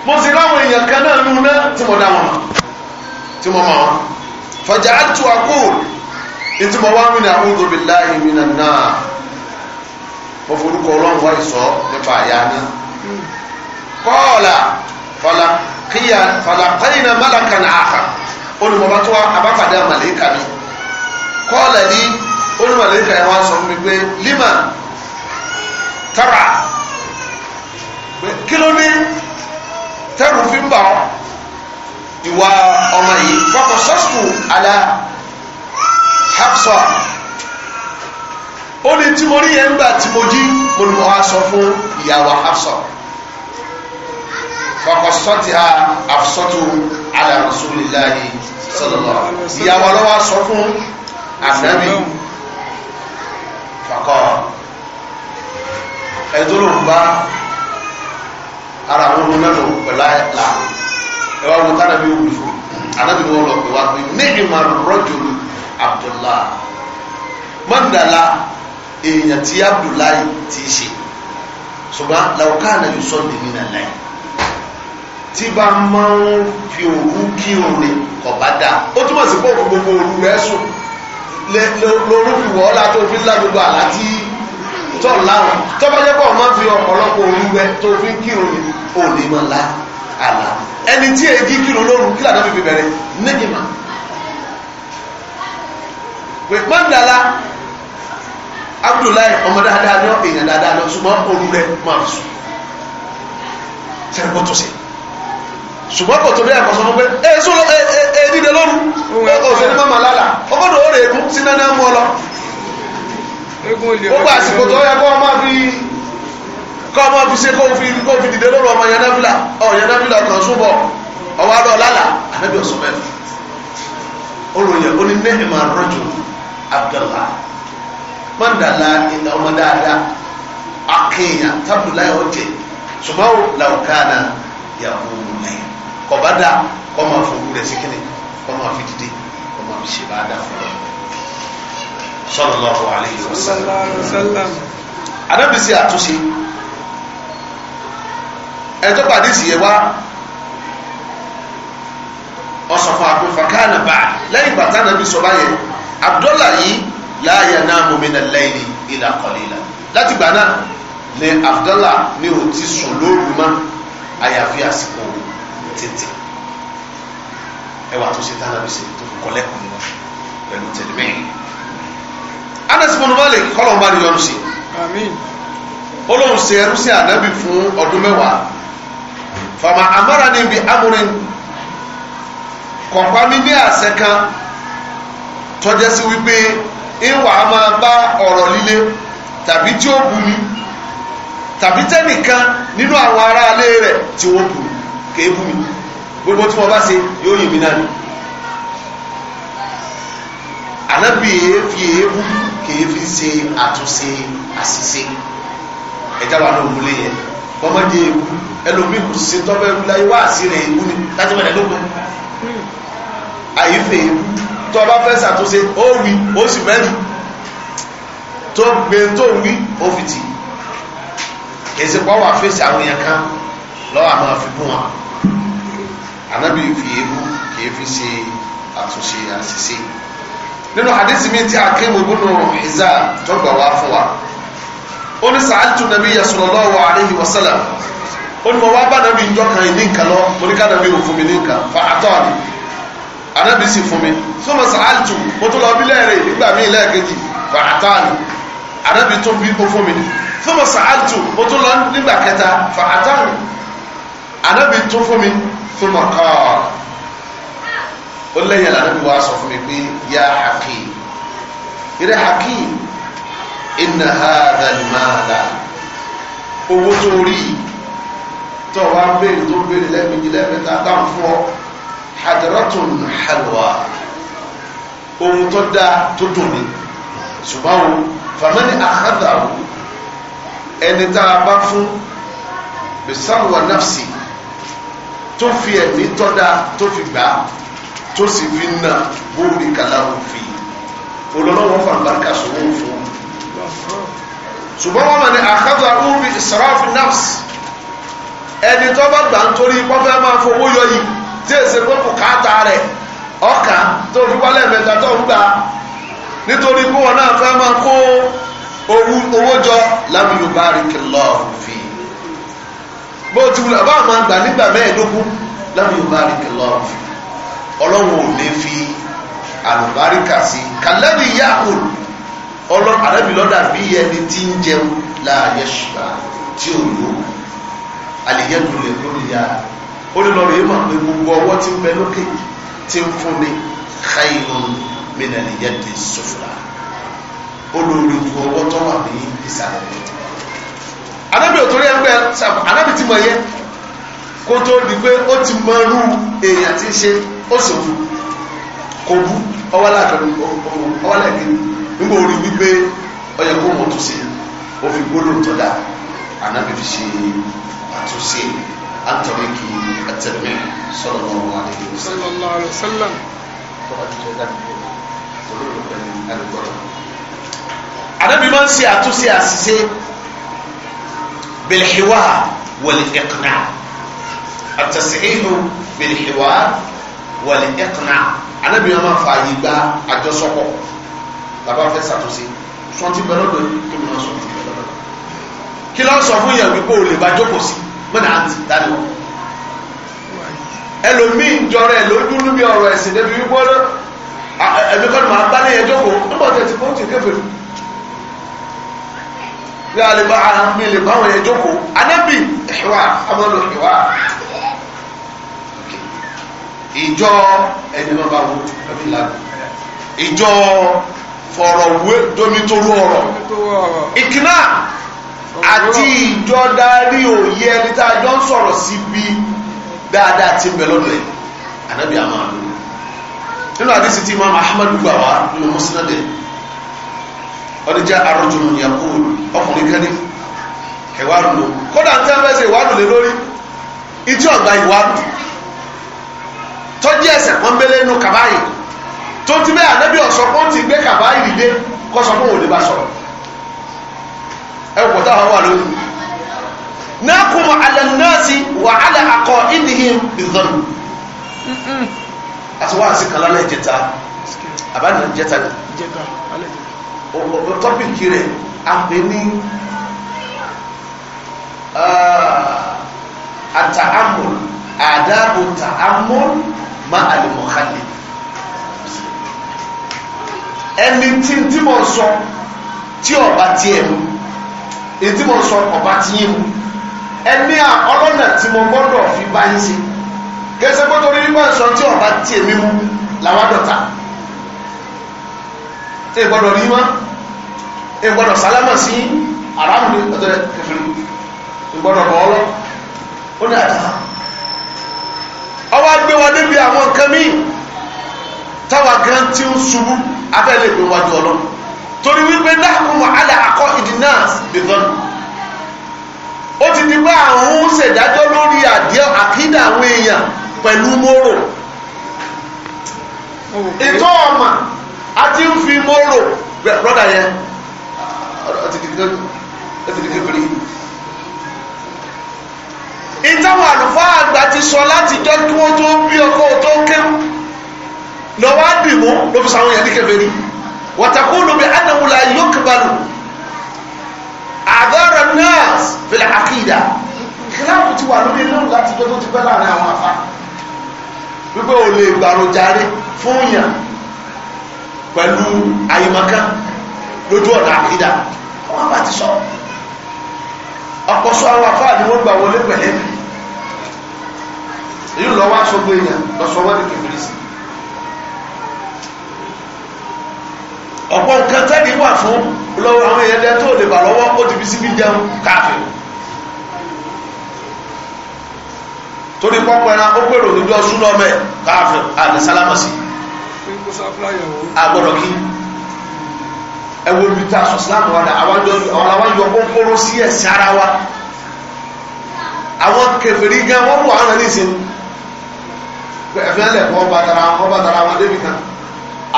mo sì ráwọn èèyàn kan náà lúná tí mo dá wọn tí mo mọ̀ wọn fọjá àtúntò àkó ètò mọ wá rìn àwọn òdòbí láàyè o nà náà mo forúkọ ọlọ́run wá ìsọ nípa àyà náà kọ́ọ̀là fàlàkìyà fàlàkìyà mọ́làkà náà àfà olùmọ̀bá tó abápàdé àmàlẹ́kà mi kọ́ọ̀là ní olùmọ̀lẹ́kà yẹn wá sọ fún mi pé lima tara kí ló ní tẹrù fi ń bà ọ́ ìwà ọmọ yìí fọkàn sọ́sùkù àlà Hafsa ó ní tí mo rí yẹn ńgbà tí mo jí mo ní mo wá sọ fún ìyàwó Hafsa fọkàn sọ́tì ha àfisọ́tò àlà Rasulillahi sallallahu ìyàwó lọ́wọ́ sọ fún ànábì fọkàn ẹ̀dọ́rọ̀ ń bá ara wọn lọ́nà pẹ̀lú àyà ẹ wá wọn tánà bí ó wù fún anábì wọn lọ pé wá pé níbi máa rọjò lu abdullah mọ́ndàlá èèyàn tí abdullahi ti ṣe ṣùgbọ́n làwùkánà yìí sọ ní nínà láì tí bá máa ń fi òru kí òru kọ̀bá dáa ó túmọ̀ sí pọ̀ gbogbo òru rẹ̀ sùn lórí ìwọ̀ ọ́lá tó fi ń lá gbogbo àlá tí tọ́ láwọn tọ́bajẹ́pọ̀ máa ń fi ọ̀pọ̀lọpọ̀ òru rẹ̀ tó fi ń kírun òní mọ́ láà àlà ẹni tí èyí kírun lóru kí làdá fi bẹ̀rẹ̀ nígbìmà pèpọ́ndàlá Abdullahi ọmọ dáadáa lọ èèyàn dáadáa lọ ṣùgbọ́n òru rẹ̀ máa fi sùn sẹ́rẹ̀kọ́ tó sí ṣùgbọ́n kò tó bí ẹ̀kọ́ sọ fún pé èso èdìdẹ lọ́rùn ọ̀sẹ̀ ní mọ́mọ́ lálà ọgọ́dọ̀ ó rè é kún sínú ẹni ẹ̀mú ọlọ gbogbo àsìkò tó yẹ kó ọmọ bíi kọ́ fi ṣe kó fi kó fi dìde lóru ọmọ yanábìlà ọ yanábìlà kan súnbọ̀ ọwọ́ àlọ́ lálà ànábì ọ̀sùn mẹ́fì olùyẹ̀ oní nehima rọ́jò abdullah mọ́ndàlá ilẹ̀ ọmọ dáadáa akéèyàn tábìlá yóò ṣùgbọ́n làwùkánà yàgò lẹ́yìn kọ̀bádà kọ́ máa rẹ̀ sí kíni fi dìde kọ́ fi ṣe bá dà fún ọ sallallahu alaihi wasallam anábìsí àtúnṣe ẹni tó pàdé sì yẹ wá ọ̀sọ̀fọ̀ àpòfà káàlà bá lẹ́yìn bàtà nàbí sọ báyẹn Abdullah yìí láàyè náà mọ̀mí nà lẹ́yìn ìlà kọ̀lẹ́lá láti gbà náà lẹ Abdullah ní o ti sùn lóru mọ́ àyàfi àsìkò tètè ẹwà tó ṣe tánà bíi ṣe tó fi kọ́lẹ́kùn ní wọn pẹ̀lú tẹ̀lémẹ́yìn. Anas bin Malik kọ́lọ̀ ń bá ní yọnu sí. Àmín. olóhùn ṣe sí ànábì fún ọdún mẹ́wàá fama amara ni bi amurin kọ̀ọ̀pá mi ní àṣẹ kan tọ́jẹ́ sí wípé ìwà máa bá ọ̀rọ̀ líle tàbí tí ó bu ni tàbí tẹ́nìkan nínú àwọn aráalé rẹ̀ tí wọ́n bu kì í bu mi gbogbo tí wọ́n bá ṣe yóò yìn mí náà ni ànábì èéfì èébú kì í fi ṣe àtúnṣe àṣìṣe ẹ̀dá wa náà múlé yẹn kọ́mọ́dé ewu ẹlòmíì kò sí tọ́pẹ́ ewu láyé wá sí rẹ̀ ewu ni láti mẹ́rin lóko àyífẹ́ ewu tó o bá fẹ́ ṣàtúnṣe ó wí ó sì mẹ́rin tó gbé tó wí ó fi tì èsì pọ́wọ́ àfẹ́sì àwọn èèyàn kan lọ́wọ́ àwọn àfikún wọn ànábì fi ewu kì í fi ṣe àtúnṣe àṣìṣe nínú hadith mi tí akéwòn gbọ́dọ̀ ìzá tó gbà wá fún wa ó ní sàájú nàbí sallallahu alaihi wasallam ó ní mo wá bá nàbí ìjọ kan ìní nǹkan lọ mo ní ká nàbí òun fún mi ní nǹkan fa àtọ́ àdì ànábì sì fún mi fún mi sàájú mo tún lọ bí lẹ́ẹ̀rẹ́ nígbà míì lẹ́ẹ̀kejì fa àtọ́ àdì ànábì tún bí ó fún mi fún mi sàájú mo lọ nígbà kẹta fa àtọ́ àdì ànábì tún fún mi fún mi kọ́ ó lẹ́yìn ànábì wa sọ fún mi pé yá hakim eré hakim inna hadha al-mala owó tó rí tó wá béèrè tó béèrè lẹ́ẹ̀mejì lẹ́ẹ̀mẹ́ta dáhùn fún ọ hadratun halwa ohun tó dáa tó dùn ní ṣùgbọ́n famani akhadahu ẹni tá a bá fún bisaluwa nafsi tó fi ẹ̀mí tọ́da tó fi gbà tó sì fi nà bóòlì kàlà òfin olùlọ́wọ́ fàlùbáríkà sọ̀rọ̀ fún ṣùgbọ́n wọ́n mọ̀ ní àkàtà rúbi ìsirafu nafs ẹni tó bá gbà ń torí pọ́fẹ́ máa fowó yọ yìí tí èsè pé kò káàtà rẹ̀ ọkà tó fi wálẹ̀ mẹ́ta tó ń gbà nítorí pé wọn náà fẹ́ máa kó owó jọ lam yubarik Allahu fi bó ti wulẹ̀ bá máa gbà nígbà mẹ́ẹ̀ẹ́dógún lam yubarik Allahu fi ọlọ́run ò ní fi àlùbáríkà sí kàlẹ́rì yàkùn ọlọ́ àrẹ́bí lọ́dà bí ẹni tí ń jẹun láàyè ṣùgbà tí ò lò àlèyẹ́dùn lè kó nìyà ó lè lọ rèé mà pé gbogbo ọwọ́ tí ń bẹ lókè tí ń fún mi khayrun min àlèyẹ́dùn sufla ó lò rè ju ọwọ́ tó wà ní ìsàlẹ̀ rẹ̀. àrẹ́bí ò torí ẹgbẹ́ àrẹ́bí ti mọ yẹ kó tó di pé ó ti mọ irú èèyàn tí ń ṣe ó sì kò bú ọwọ́ láàkàrọ̀ ọwọ́ láàkàrọ̀ nígbà orí wípé ọyẹ kó wọn tún sí ó fi gbólóhùn tó dà ànábì fi ṣe àtúnṣe àtọ̀rí kí ẹtẹ̀mí sallallahu alaihi wasallam. sallallahu alaihi wasallam. ànábì máa ń ṣe àtúnṣe àṣìṣe bilhiwa wal-iqna at bilhiwa wal-iqna ànábì máa ń fa àyè gba àjọṣọpọ̀ tàbá fẹ́ ṣàtúnṣe sọ́n ti bẹ̀rẹ̀ lóyún kí mi náà sọ ti bẹ̀rẹ̀ lọ́dọ̀ kí ló ń sọ fún yẹn wípé o lè bá jókòó sí mọ́nà àti dání wọn. ẹlòmíì ń jọrọ ẹ lójú níbi ọ̀rọ̀ ẹ̀sìn débi wípé ẹ̀mí kọ́ni máa bá lẹ́yìn jókòó nígbà tó ti fọ́n ti kéfèé bí a lè bá ara mi lè bá àwọn yẹn jókòó anábì ìwà amọ́lò ìwà ìjọ ẹni máa bá wọn ẹbí lánàá ìjọ fọ̀rọ̀ wé domitoro ọ̀rọ̀ ìkìnnà àti ìjọdarí òye ẹni tá a jọ ń sọ̀rọ̀ sí bí dáadáa ti bẹ̀ lọ́dọ̀ ẹ̀ ànábì àmàlú nínú àdísì tí imam ahmed gbà wá nínú musnad ọdún jẹ́ arọ́jùmù yàkó ọkùnrin kẹ́ni ẹ̀wárùn lò kódà ń tẹ́ fẹ́sẹ̀ ìwárùn lé lórí ìtí ọ̀gbà ìwárùn tọ́jú ẹ̀sẹ̀ pọ́nbélé nù kàbáyìí tó ti bẹ́ẹ̀ ànábì ọ̀sán kó ti gbé kàbá ìdílé kó sọ fún òde bá sọ̀rọ̀ ẹ kò táwọn wà lórí nákùnmọ̀ alẹ́nàásì wà alẹ́ akọ ìdíhìn ìdọ́nù àti wá sí kan lálẹ́ ìjẹta àbájá ìjẹta ni tọ́pìkì rẹ̀ a pè ní àtàámù àdáàbò tàámù má àlùmọ̀kálẹ̀ ẹni tí tí tí ọba tiẹ̀ mu èyí tí ọba tiẹ̀ mu ẹni a ọlọ́nà tí mo gbọ́dọ̀ fi bá yín ṣe kẹsẹ́ gbọ́dọ̀ rí nígbà sọ tí ọba tiẹ̀ mi mu làwọn àdọ̀ta ẹ gbọ́dọ̀ rí wọn ẹ gbọ́dọ̀ sálámà sí aráàlú ọjọ́ kẹfìrí ẹ gbọ́dọ̀ bọ̀ ó ní àwọn nǹkan táwa gan tí ń ṣubú abẹ́lẹ̀ ìgbé wájú ọlọ́run torí wípé dákùnmọ̀ alẹ́ akọ ìdínà bìkan ó ti di pé àwọn ń ṣèdájọ́ lórí àdíẹ́ àkídà àwọn èèyàn pẹ̀lú móró ìtọ́ ọmọ a ti ń fi móró brọ́dà yẹn ọtí kékeré ìtàwọn àlùfáà àgbà ti sọ láti jọ kí wọ́n tó bí ọkọ̀ tó kéwù lọ́wọ́ àdìmú ló fi sàwọn yẹn ní kèfèrí wàtàkùnú bí anamula yókùbalù àdọ́rọ̀ nọ́ọ̀s fìlà àkìdá kíláàpù ti wà lórí inú láti tó tó ti pẹ́ láàrin àwọn àfa wípé O lè gbàròjàre fún yàn pẹ̀lú àyèmọ̀kan lójú ọ̀nà àkìdá wọ́n bá ti sọ ọ̀pọ̀ sọ àwọn afá ni wọ́n gbà wọlé pẹ̀lẹ́ èyí lọ́wọ́ aṣọ gbé yàn lọ́sọ̀wọ́ ní kèfèrí sí ọ̀pọ̀ nǹkan tẹ́lẹ̀ wà fún lọ́wọ́ àwọn èèyàn lẹ́tọ́ ò lè bà lọ́wọ́ ó ti fi síbi jẹun káàfin torí pọ́pọ́ ẹran ó gbèrò níjọ́ súnà ọmọ ẹ̀ káàfin àlẹ́ sálámà sí agbọ́dọ̀ kí ẹ wo ibi tá a sọ sílámù wàdà àwọn àwájọ kókóró sí ẹ̀sìn ara wa àwọn kèfèrí gan wọ́n wà á rẹ̀ nísìnyí ẹ̀fẹ́ lẹ̀ kọ́ bàtàrà wọn débi kan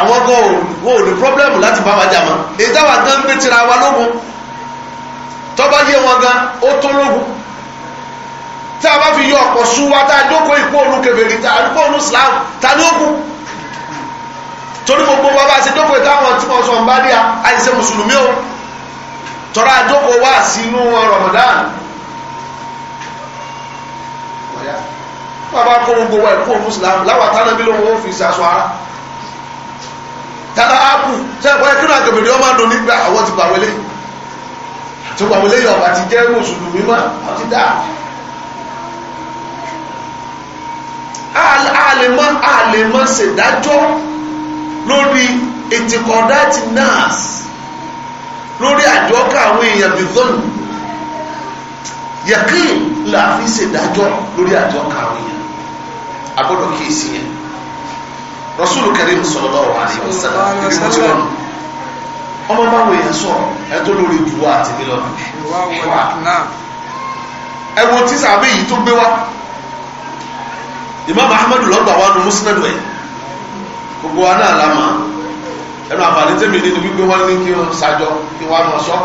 àwọn gan ò ní pọ́blẹ́mù láti bá wa jà mọ́ èyí táwa gan gbé tira wa lógun tọ́ba yé wọn gan ó tó lógun tí a bá fi yọ ọ̀pọ̀ sún wa tá a jókòó ìpó òun kèbèrè tá a ìpó òun Islam ta ló kù torí gbogbo wa bá a ṣe jókòó ìta tí wọ́n sọ ń bá ní àìsè mùsùlùmí o tọ́ra àjókòó wá sí inú wọn Ramadan wọ́n bá kó gbogbo wa ìpó òun Islam láwọn tánábí lóhun ó fi ṣaṣọ ara tara ápù sẹ́pọ̀ ẹ̀kí náà kẹfìrí ọmọ àdùn nígbà àwọn ti pàwé lé tí pàwé lé yọ̀ọ̀bà ti jẹ́ mùsùlùmí mọ́ wọ́n ti dá àlèmọ́ àlèmọ́ ṣèdájọ́ lórí ìtìkọ̀dáàtì nurse lórí àjọkà àwọn èèyàn bìtọ́nù yẹ̀kí làá fi ṣèdájọ́ lórí àjọkà àwọn èèyàn agbọ́dọ̀ kíyèsí yẹn Rasul Karim sallallahu alaihi wasallam ibi mo wọn ọmọ bá wòye sọ̀rọ̀ ẹ tó lórí ìdúwà àti mílíọnù ẹwọ tí sàbẹ yìí tó gbé wá Imam Ahmadu lọgbà wa nu Musnad gbogbo wa náà la mọ ẹnu àǹfààní tẹmí ní wípé wọn ní kí wọn ṣàjọ kí wọn mọ sọ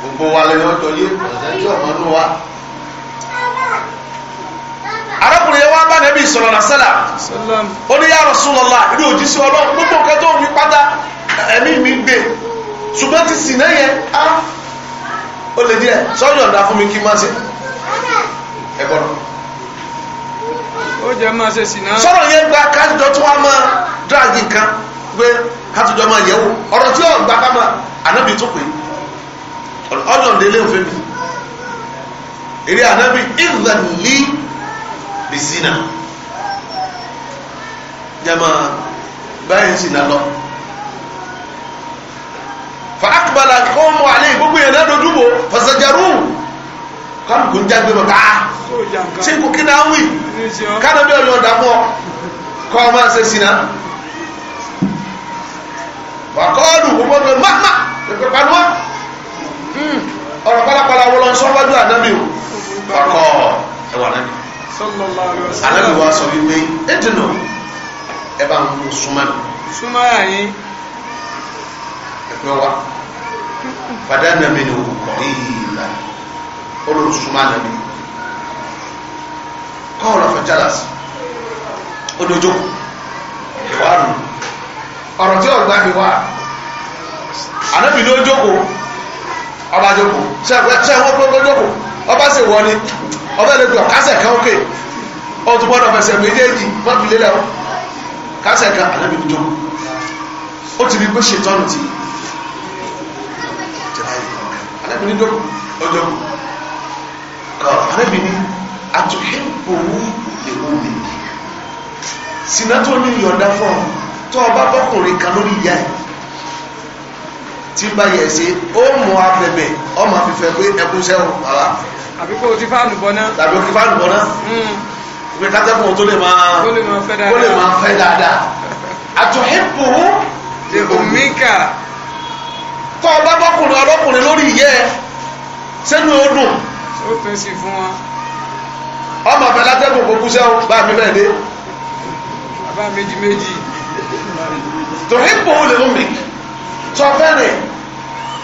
gbogbo wa lẹ́yìn ọjọ́ yé ọjọ́ ọmọ inú wa arákùnrin yẹn wá bá nẹ́bí sọ̀rọ̀ náà sẹ́là ó ní yá Rasulullah ilé òjíṣẹ́ ọlọ́run gbogbo nǹkan tó ń fi pátá ẹ̀mí mi gbé ṣùgbọ́n ti sì náà yẹn á ó lè díẹ̀ sọ́jọ́ ọ̀dà fún mi kí má ṣe ẹ gbọ́dọ̀. ó jẹ́ máa ṣe sì náà. sọ̀rọ̀ yẹn gba kájọ tí wọ́n máa dráàgì nǹkan pé kájọ máa yẹ̀ wò ọ̀rọ̀ tí ọ̀gbà ká máa ànábì tó pè é ọ̀dọ̀ ọ̀dẹ̀ lé bí zina jama báyìí sì nà lọ fa akbala kọ́mọ alẹ́ gbogbo yẹn lẹ́nu dúbò fasajaru kálukú ń jágbe bọ̀ káà ah, ṣé kò kí náà wí kánà bí ọ̀yọ́ ọ̀dà mọ́ kọ́ ọ máa ṣe sinna wàkọ́ọ̀lù gbogbo ọ̀dọ̀ máma pẹ̀pẹ̀pẹ̀lúwà hmm, ọ̀rọ̀ pálápàlá wọlọ́ sọ́wọ́dún ànábì wàkọ́ ẹ̀wà nábì anabi wa sọ wípé ẹdùnà ẹ bá ń mú súnmọ́ mi. súnmọ́ yà yín. ẹgbẹ́ wa padà nàmi ni òkùnkọ̀ yìí là ó lọ súnmọ́ nàmi. kọ́ọ̀rọ̀ afẹ́jálàsì ó dojú ìwà rù ọ̀rọ̀ tí ọ̀gbá mi wà anabi ló ọba jókòó sẹ́wọ́n sẹ́wọ́n gbogbo jókòó ọba sì wọ́n ni ọba lè gbọ́ kásẹ̀ kan ókè ó tún gbọ́dọ̀ fẹsẹ̀ méjèèjì fọ́ọ̀bù lélẹ̀ o kásẹ̀ kan àlẹ́ mi jókòó ó ti rí pé ṣètọ́nù ti àlẹ́ mi jókòó ó jókòó kọ́ àlẹ́ mi ní àtúnṣe òwú èwo mi sinatoni yọ̀ǹda fún ọ tó ọba bọ́kùnrin kan lórí ìyá ẹ̀ tí bá yẹ ṣe ó mú abẹ̀bẹ̀ ọmọ fífẹ́ pé ẹkún sẹ́wọ̀n bàbá. àbí kò ti fáànù bọ̀ náà. tàbí kò ti fáànù bọ̀ náà. Hmm. pé kátẹ́kùn tó lè máa kó lè máa fẹ́ dáadáa. àtúnhìpù lè omíkà. tọ́ ọ bá bọ́kùnrin ọlọ́kùnrin lórí ìyẹ́ ẹ sẹ́nu ó dùn. ó tún sí fún wọn. ọmọ fẹ́ látẹ́kùn kó kú sẹ́wọ̀n bá mi bẹ́ẹ̀ dé. bàbá méjì méjì. tòhìpù lè omíkà. sọ fẹ́rẹ̀ẹ́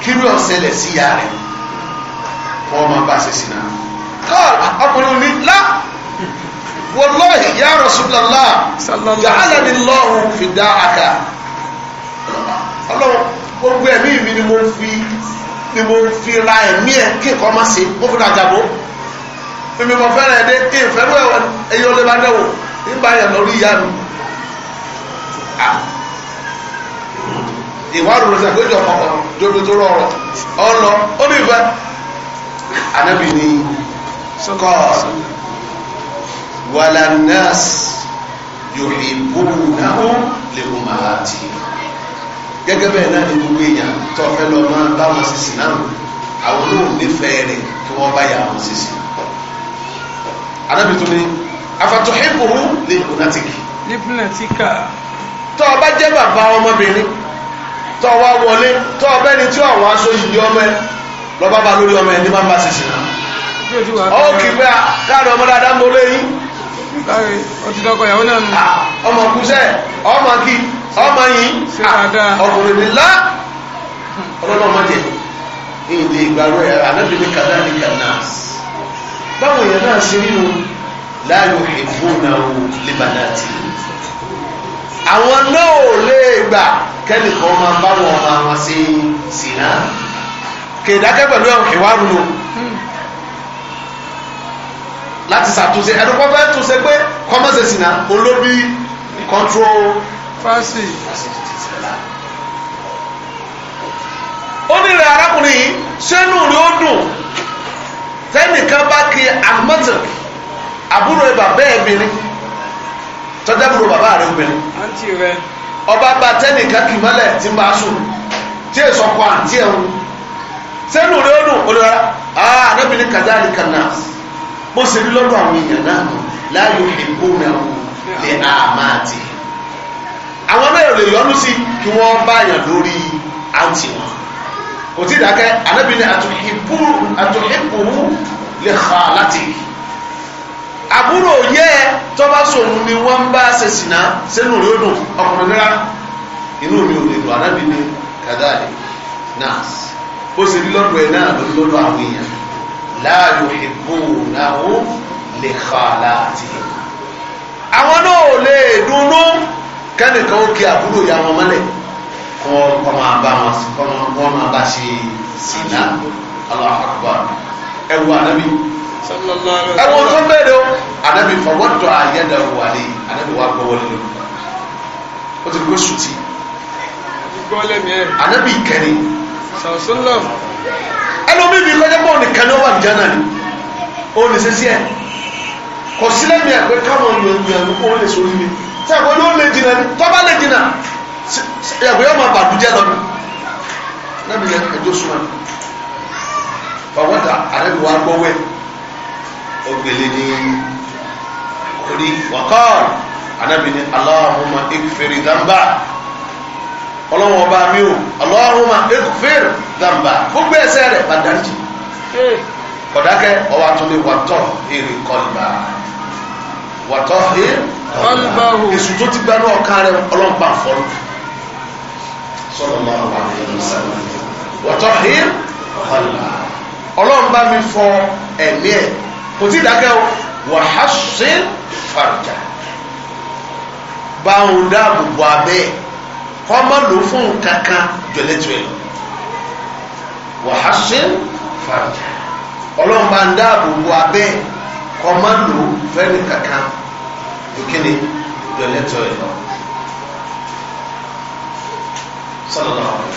kírú ọ̀sẹ̀lẹ̀ sí ìyá rẹ̀ wọ́n máa bá ṣe sí náà. kọ́ọ̀lù ọkùnrin mi lá wallahi ya Rasulullah ja'alani Allahu fida'aka ọlọ́run gbogbo ẹ̀mí mi ni mo fi ni mo fi ra ẹ̀mí ẹ̀ kí nǹkan má ṣe mo fi ra jàbó èmi mo fẹ́ràn ẹ̀dẹ́ kí n fẹ́ràn ẹ̀yọ́ lé nígbà yẹn lórí ìyá mi. Ah, ìwádìí rẹ̀ sàgbéjọ ọkọ̀ dodo tó rọrọ̀ ọlọ ó ní ìfẹ́ anábì ní kọ́ wàlànàs yòhì búburú náà lè mú màá tì í gẹ́gẹ́ bẹ́ẹ̀ náà ni gbogbo èèyàn tó fẹ́ lọ máa bá wọn sísì náà àwọn olóhùn nífẹ̀ẹ́ rẹ̀ kí wọ́n bá yà wọn sísì anábì tó ní afatuhibuhu lè kùnà tìkì. lè kùnà tìkà. tó o bá jẹ́ bàbá ọmọbìnrin tọ́ wá wọlé tọ ọbẹ̀ ni tí ọ̀wọ́n aṣọ ọmọ ẹ bá lórí ọmọ ẹ ní bàbá ṣiṣẹ́ kì í káàdì ọmọ dáadáa ń bolé yín. ọmọ kùsẹ́ ọmọ ọmọ yìí ọkùnrin lá ọlọ́dọ̀ ọmọ àwọn náà ò lè gbà kẹ́nìkan máa bá wọn ọmọ wọn ṣe sìnà kèédákẹ́ pẹ̀lú ìwárùn o láti ṣàtúnṣe ẹnukọ́ fẹ́ túnṣe pé kọ́mọ́sẹ̀ sìnà olóbi control fásitì ó ní rẹ̀ arákùnrin yìí sẹ́nu rí ó dùn tẹ́nìkan bá kí ahmed àbúrò ibà bẹ́ẹ̀ bìnrin tọ́jábùrò bàbá rẹ̀ obìnrin ọba bá tẹ́nìkan kì mọ́lẹ̀ tí ń bá sùn tí è sọ pa àǹtí ẹ̀hún sẹ́nu rẹ̀ ó dùn olùrà arábìnrin kàdáàlì kàná bó ṣe rí lọ́dọ̀ àwọn èèyàn náà nù láàyò ìbò náà lè àmà àti àwọn náà lè yọnu sí kí wọ́n bá yàn lórí àǹtí wọn kò tí ì dákẹ́ arábìnrin àtúnhìbù àtúnhìbù lè xa láti yìí àbúrò yẹ tọ́ba sòun ni wọ́n ń bá ṣe sìnà sínú rí odò ọkùnrin rírà inú mi ò lè lò ànábì ni kàdáàlì náà bó ṣe rí lọ́dọ̀ ẹ̀ náà ló lọ́dọ̀ àwọn èèyàn láàyò ìbò náà ó lè fa láti. àwọn náà ò lè dunnú kẹ́nìkan ó kí àbúrò ya wọn mọ́lẹ̀ kọ́ máa bá wọn kọ́ máa bá ṣe sìnà Allahu Akbar ẹ̀wù ànábì ẹ̀wọ̀n tó bẹ̀rẹ̀ o anabi fọwọ́dọ̀ àyẹ̀dà wàlé anabi wà gbọ́wọ́ lé o ti gbé sùtì anabi kẹrì ẹlòmíì bí kọjá bọ́ọ̀ nìkan náà wà ní jánà ni ó ní sẹ́sí ẹ̀ kò sí lẹ́mí àgbẹ̀ káwọn ènìyàn ló kó lè sórí mi tí àgbẹ̀ ló lè jìnà ni tọ́ba lè jìnà àgbẹ̀ yóò máa bàdújẹ́ lọ ni lẹ́mí ẹjọ́ súnmọ́ ni fọwọ́dọ̀ àrẹ́bí wà gbọ́wọ́ ẹ̀ ó gbélé ní orí wàkọ́ọ̀lù anábì ní Allahumma ikfiri dhanba ọlọ́wọ́n ọba mi ò Allahumma ikfiri dhanba gbogbo ẹ̀ṣẹ̀ rẹ̀ bá dáríjì kọ̀dákẹ́ ọwọ́ àtúndì wàtọ́ èrè kọlùbà wàtọ́ èrè kọlùbà èsù tó ti gbanú ọ̀kan rẹ̀ ọlọ́mpa fọ́lù sallallahu alaihi wasallam wàtọ́ èrè kọlùbà ọlọ́mpa mi fọ ẹ̀mí kò tí dákẹ́ o wàhásìn fàrùjà bá ń dáàbò bò abẹ́ kọ́ má lò fún nǹkan kan jọlẹ́tọ̀ ẹ̀ wàhásìn fàrùjà ọlọ́run bá ń dáàbò bò abẹ́ kọ́ má lò fẹ́ni kankan ìkíni jọlẹ́tọ̀ lọ. sallallahu alaihi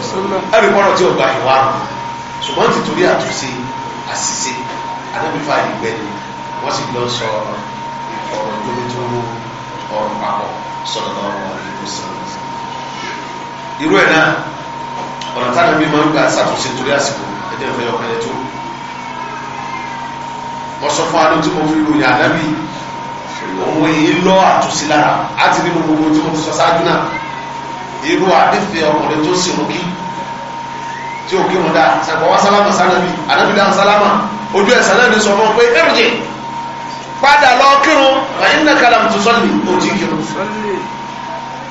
wasallam ẹ̀rí kọ́rọ̀ tí o gba ìwà ṣùgbọ́n ti torí àtúnṣe àṣìṣe. I don't if àdébí fàyè gbẹ̀dẹ̀ wọ́n sì lọ sọ ọ̀rọ̀ tó ní tó ọ̀rọ̀ papọ̀ sọ̀rọ̀ lọ́wọ́ àwọn ìlú sọ̀rọ̀. irú ẹ̀ náà ọ̀nà táwọn ẹbí máa ń gbà ṣàtúnṣe torí àsìkò ẹ̀dẹ̀ ìfẹ́ ọ̀kẹ́lẹ̀ tó. wọ́n sọ fún adójú mo fi ròyìn àdábì òun èyí lọ àtúnṣe lára á ti ní gbogbo tí mo ti sọ ṣáájú náà irú àdéfẹ́ ọkùnrin tó sì rú kí tí ó kírun dáa sẹ̀kọ̀ wá sálámà sánàbí ànábì dáhùn sálámà ojú ẹ̀sán náà ní sọ fún un pé èròjì padà lọ kírun ẹ̀yìn náà kàlà tó sọ́ọ̀lì ó ti kírun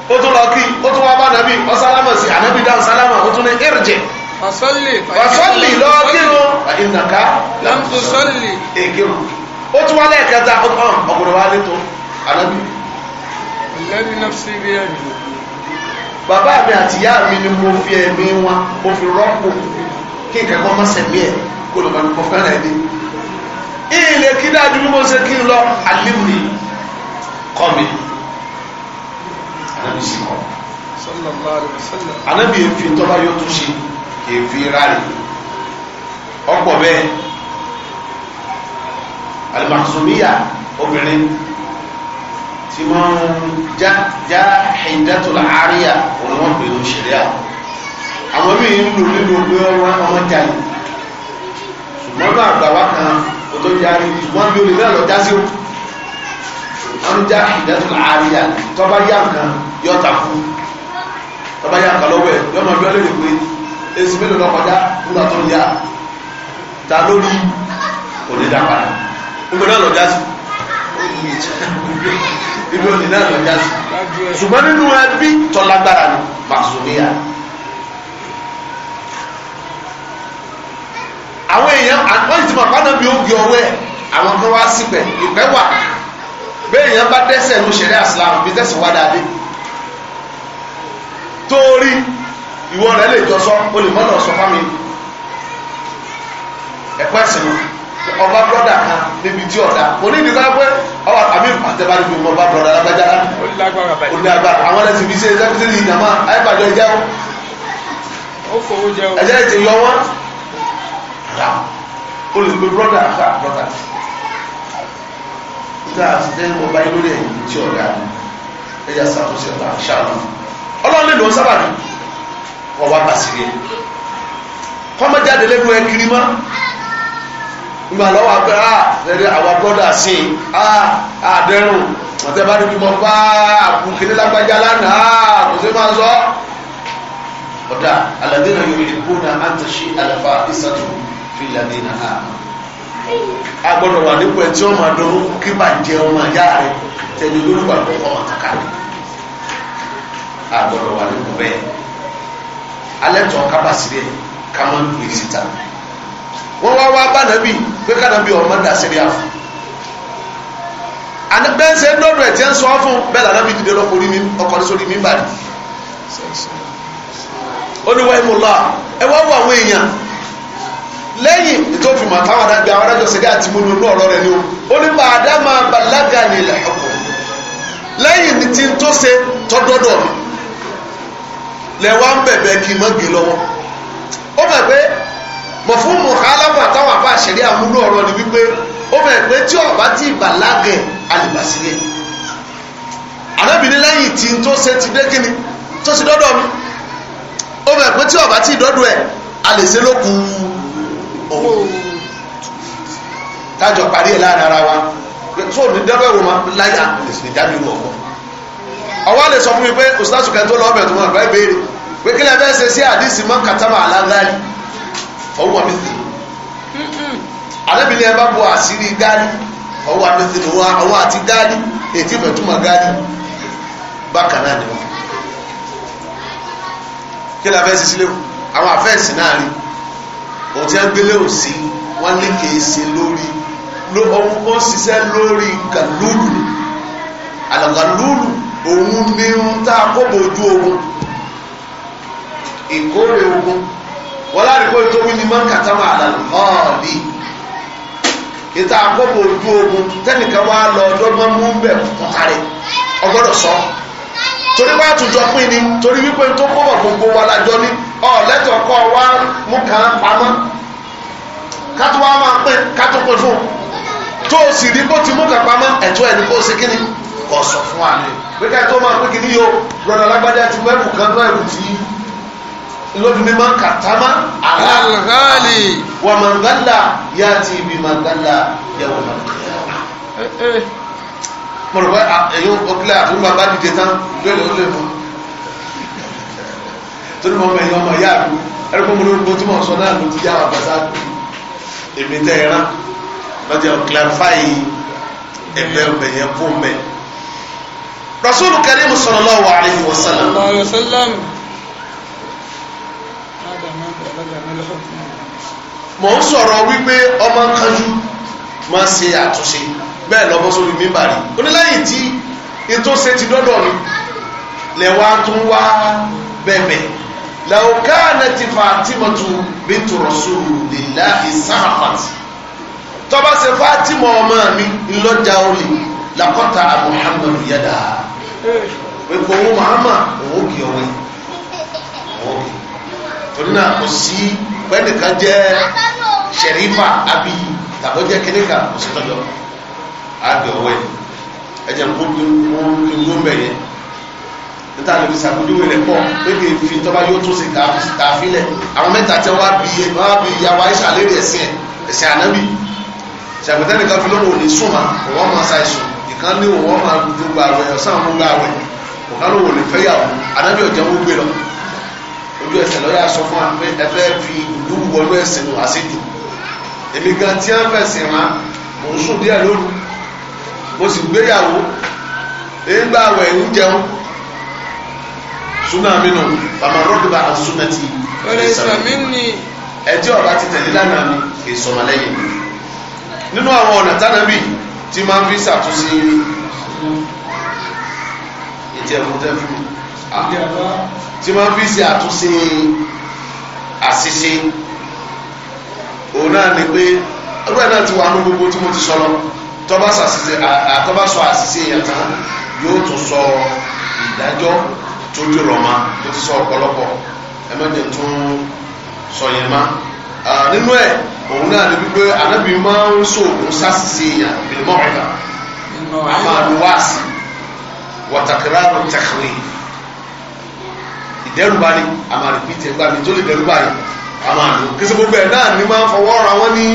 ó tún lọ kí ó tún wá bá ànábì ó sálámà sí ànábì dáhùn sálámà ó tún ní èròjì wàsọ́ọ̀lì lọ kírun ẹ̀yìn náà kàlà tó sọ́ọ̀lì èkírun ó tún wá lẹ́ẹ̀kẹta ọkùnrin wa lẹ́tọ̀ọ́ ànábì bàbá mi àti ìyá mi ni mo fi ẹ̀mí wọn mo fi rọ́pò kí nǹkan kan má sẹ̀mí ẹ̀ kó lọ́ba mi kọ́ fẹ́ràn ẹ̀ ní. ilé kí dájú bí mo ṣe kí n lọ àlébù ni kọ́ mi ànábì sí kọ́ ànábì èéfín tọ́ba yóò tún ṣe èéfín rárẹ̀ ọ̀pọ̀ bẹ́ẹ̀ alimasomiya obìnrin tí wọ́n ń já já ìdátòlá àríyá òun wọ́n pè ní ṣẹ̀ríà àwọn bí ń lò nínú pé wọ́n ọmọ jáde ṣùgbọ́n bá àgbà wá kan kò tó jáde ṣùgbọ́n bí olè lọ já sí o wọ́n já ìdátòlá àríyá tó bá yá nǹkan yọ ta fún tó bá yá nǹkan lọ́wọ́ ẹ̀ yọ ọmọ bí wọ́n lè rò pé èsì mélòó lọ kọjá nígbà tó ń yá ta lórí òdè dàpàdà náà lọ já sí o ibi òní náà lọ jásí ṣùgbọ́n nínú ẹbí tọ́lágbára ni màṣúmíyà àwọn èèyàn àwọn ìtìmọ̀ pàdán bí ó gbé ọwọ́ ẹ̀ àwọn kan wá síbẹ̀ ìpẹ́ wà bẹ́ẹ̀ èèyàn bá dẹ́sẹ̀ ló ṣẹlẹ̀ àsìlámù bí tẹ̀sán wá dáadé torí ìwọ rẹ̀ lè jọ sọ o mọ́nà sọ fámi ẹ̀kọ́ ẹ̀sìn lọ ọba broda kan níbi tí ọ̀dà onídìí kan pé ọba àmì àtẹ̀bárí fi ọba broda lágbájá onídàgbà àwọn ẹ̀sìn fi ṣe ẹ̀sìn fi ìyàmá àyípadà ẹ̀jẹ̀ wọn ẹ̀jẹ̀ ẹ̀jẹ̀ yọ wọn olùgbé broda àká broda nígbà àti tẹ́lẹ̀ ọba inú rẹ̀ tí ọ̀dà ẹ̀yà sàkóso ẹ̀ta ṣáàlù ọlọ́run lè lọ sábà ní ọba bàṣírí kọ́mọ́jáde lẹ́nu ẹ̀ kiri mọ́ ìgbà lọ́wọ́ pé ah, ah, a lẹ́rẹ́ àwa bọ́dà sí i a àdẹ́rùn ọ̀tẹ́ bá níbi mọ́ bá àbùkíní lágbájá lánàá ah, kò sí máa sọ. ọ̀dà aládéna yóò yẹ kó na á ti ṣe àlàfà ìsàtò fi ládéna a. a gbọ́dọ̀ wà nípò ẹ̀ tí wọ́n máa dún kí bàjẹ́ ọmọ ajá rẹ̀ tẹ̀lé lórúkọ àgbọ̀ ọmọ kàkà rẹ̀. a gbọ́dọ̀ wà nípò bẹ́ẹ̀ alẹ́ tó kábàsílẹ̀ ká máa ń gbèsè tàbí wọ́n wá wá bá nàbí pé kànàbí ọmọ dà síríà fún àná bẹ́ẹ̀ ṣe ń dọ́dọ̀ ẹ̀ tí ń sọ fún bẹ́ẹ̀ lànàbí dìde lọ́kọ̀ orí mi ọkọ̀ sórí mi bàdí oníwà ìmúlá ẹ wá wọ àwọn èèyàn lẹ́yìn tó fi mọ̀ táwọn adájọ́ àwọn adájọ́ sẹ́dí àti múlò ní ọ̀rọ̀ rẹ̀ ni o ó ní bá àdámà ní ilẹ̀ ọkọ̀ lẹ́yìn tí ń tó ṣe tọ́dọ́dọ̀ mi lẹ́wà ń bẹ̀bẹ̀ kì í mọ́ gbé lọ́wọ́ ó mọ̀ pé mọ̀ fún mùkálàbà táwọn àbá àṣẹrí àmúlò ọ̀rọ̀ ni wípé ó fẹ́ pé tí ọ̀bá ti ìbàlágẹ̀ àlìbàsílẹ̀ arábìnrin lẹ́yìn tí tó ṣe ti dé kíni tó ti dọ́dọ̀ mi ó fẹ́ pé tí ọ̀bá ti dọ́dọ̀ ẹ̀ a lè ṣe lókun òun tájọ parí ẹ̀ láàrin ara wa tó ní dẹ́rẹ́ wò máa láyà lè sì dá mi ọwọ́ lè sọ fún mi pé òṣìṣẹ́ àtúkẹ́ tó lọ́ọ́ bẹ̀ tó máa fẹ́ béèrè pé kílẹ̀ fẹ́ ṣe sí àdìsí mọ́ kàtàmà fọwọ́ mísìlì alábìlẹ̀ ẹ bá bọ àṣírí gáàdì ọwọ́ mísìlì ọwọ́ àti gáàdì ètí ìfẹ̀túmọ̀ gáàdì bákan náà ni wọ́n kí la fẹ́ sí sílẹ̀ àwọn àfẹ́sì náà rí òun ti ń gbélé òsì wọ́n ní kìí ṣe lórí ohun ó ń ṣiṣẹ́ lórí gàlúùlù àlàgàlúùlù òun ní ń tá a kó bojú ogun ìkórè ogun wọ́n lárúkọ ètò wí ni mọ́ńkàtà wà lálẹ́ ìta ojú ogun tẹ́nìkan wá lọ ọdọ́gbọ́n mú bẹ̀ kọ́kárẹ́ ọgbọ́dọ̀ sọ torí wá àtúntò pín ni torí wípé tó kọ́bọ̀ gbogbo wa lájọ ní ọ̀lẹ́tọ̀ kọ́ mú kàn án pamọ́ kátó wá máa pín kátó pín fún tó o sì rí bó ti mú kàn pamọ́ ẹ̀tọ́ kó o ṣe kíni kò sọ fún pé tó máa pín kíní yóò lójú mímọ́ kàtàmá àlàáhálì wà màngálà yá ti ibi màngálà yàwó màngálà. mo rò pé èyí ó kílẹ̀ dìde tán lórí ó lè torí mo mọ ọmọ ìyá mi ẹ̀rọ pé mo lórí mo sọ náà ló ti yá bàbá sáà èmi tẹ́ ẹ lọ́jọ́ clarify ẹ̀mẹ́ ọbẹ̀ yẹn fún mẹ́. rasulu karimu sallallahu alaihi wasallam mọ̀ ń sọ̀rọ̀ wípé ọmọ kanjú máa ṣe àtúnṣe bẹ́ẹ̀ lọ́bọ́ sórí mímbà rí ó ní lẹ́yìn tí ìtúnṣe ti dọ́dọ̀ mi lẹ́wà tún wá bẹ̀bẹ̀ lẹ́ọ̀kánà ti Fatimatu bintu Rasulillahi sáfàt tọ́ba ṣe Fatima ọmọ mi ńlọ́jà olè làkọ́ta Muhammadu yàdá pẹ̀lú Muhammad òun kì ọ̀wẹ́ torí náà kò sí pẹ́ẹ́nìkan jẹ́ ṣẹ̀rífà àbí tàbí jẹ́ kíníkà kò sí tọ́jọ́ àgbẹ̀ ọ̀wẹ́ ẹ̀jẹ̀ ń gbóbi ń gbóbi ẹ̀yẹ níta lè fi sàkójúwe rẹ̀ pọ̀ pé kì í fi tọ́ba yóò tún sí tààfilẹ̀ àwọn mẹ́ta tí wọ́n wá bí ìyàwó àìsàn lérí ẹ̀sìn ẹ̀sìn ànábì ṣàgbẹ́tẹ́ nìkan fi lóhùn òní sùn mà òun máa ṣàìsùn ìkan ní òun máa gbogbo àwẹ̀ ọ̀sán àwọn gbogbo àwẹ̀ òkan lóhùn òní fẹ́yàwó ànábì ọ̀jẹ̀ wọ́n gbé lọ ojú ẹsẹ̀ lọ́yà sọ fún wa pé ẹ fẹ́ fi ìlú wọlé ẹsẹ̀ wá sí jù èmi gan tí wọ́n fẹ̀sìn ma mò ń sùn díẹ̀ lóru mo sì gbéyàwó nígbà wẹ̀ ń jẹun súnà mi nù bàmà rọ́gbà àsúnà ti ẹjẹ́ ọ̀rá ti tẹ̀lé lánàá mi èso ọmọlẹ́yìn nínú àwọn ọ̀nà tánàbí tí máa ń fi ṣàtúnṣe ìjẹun tẹ́ fún mi. Ah. tí wọ́n fi ṣe àtúnṣe àṣìṣe òun náà ni pé ọdún ẹ̀ náà ti wà ní gbogbo tí mo ti sọ lọ tọ́ba sọ àṣìṣe yẹn tán yóò tún sọ ìdájọ́ tó dìrọ̀ ma tó ti sọ ọ̀pọ̀lọpọ̀ ẹ má jẹ́ tún sọ yẹn má nínú ẹ̀ òun náà ni wípé anábì máa ń sòògùn sásìsì èèyàn bìlmọ́ọ̀dà àmàlùwàsì wàtàkìrà tẹ̀kìrì dẹ́rùbá ni a máa rí pété gbà mí tó lè dẹ́rùbá yìí a máa lò kí sọ́kò bẹ́ẹ̀ náà ni máa ń fọwọ́ ra wọ́n ní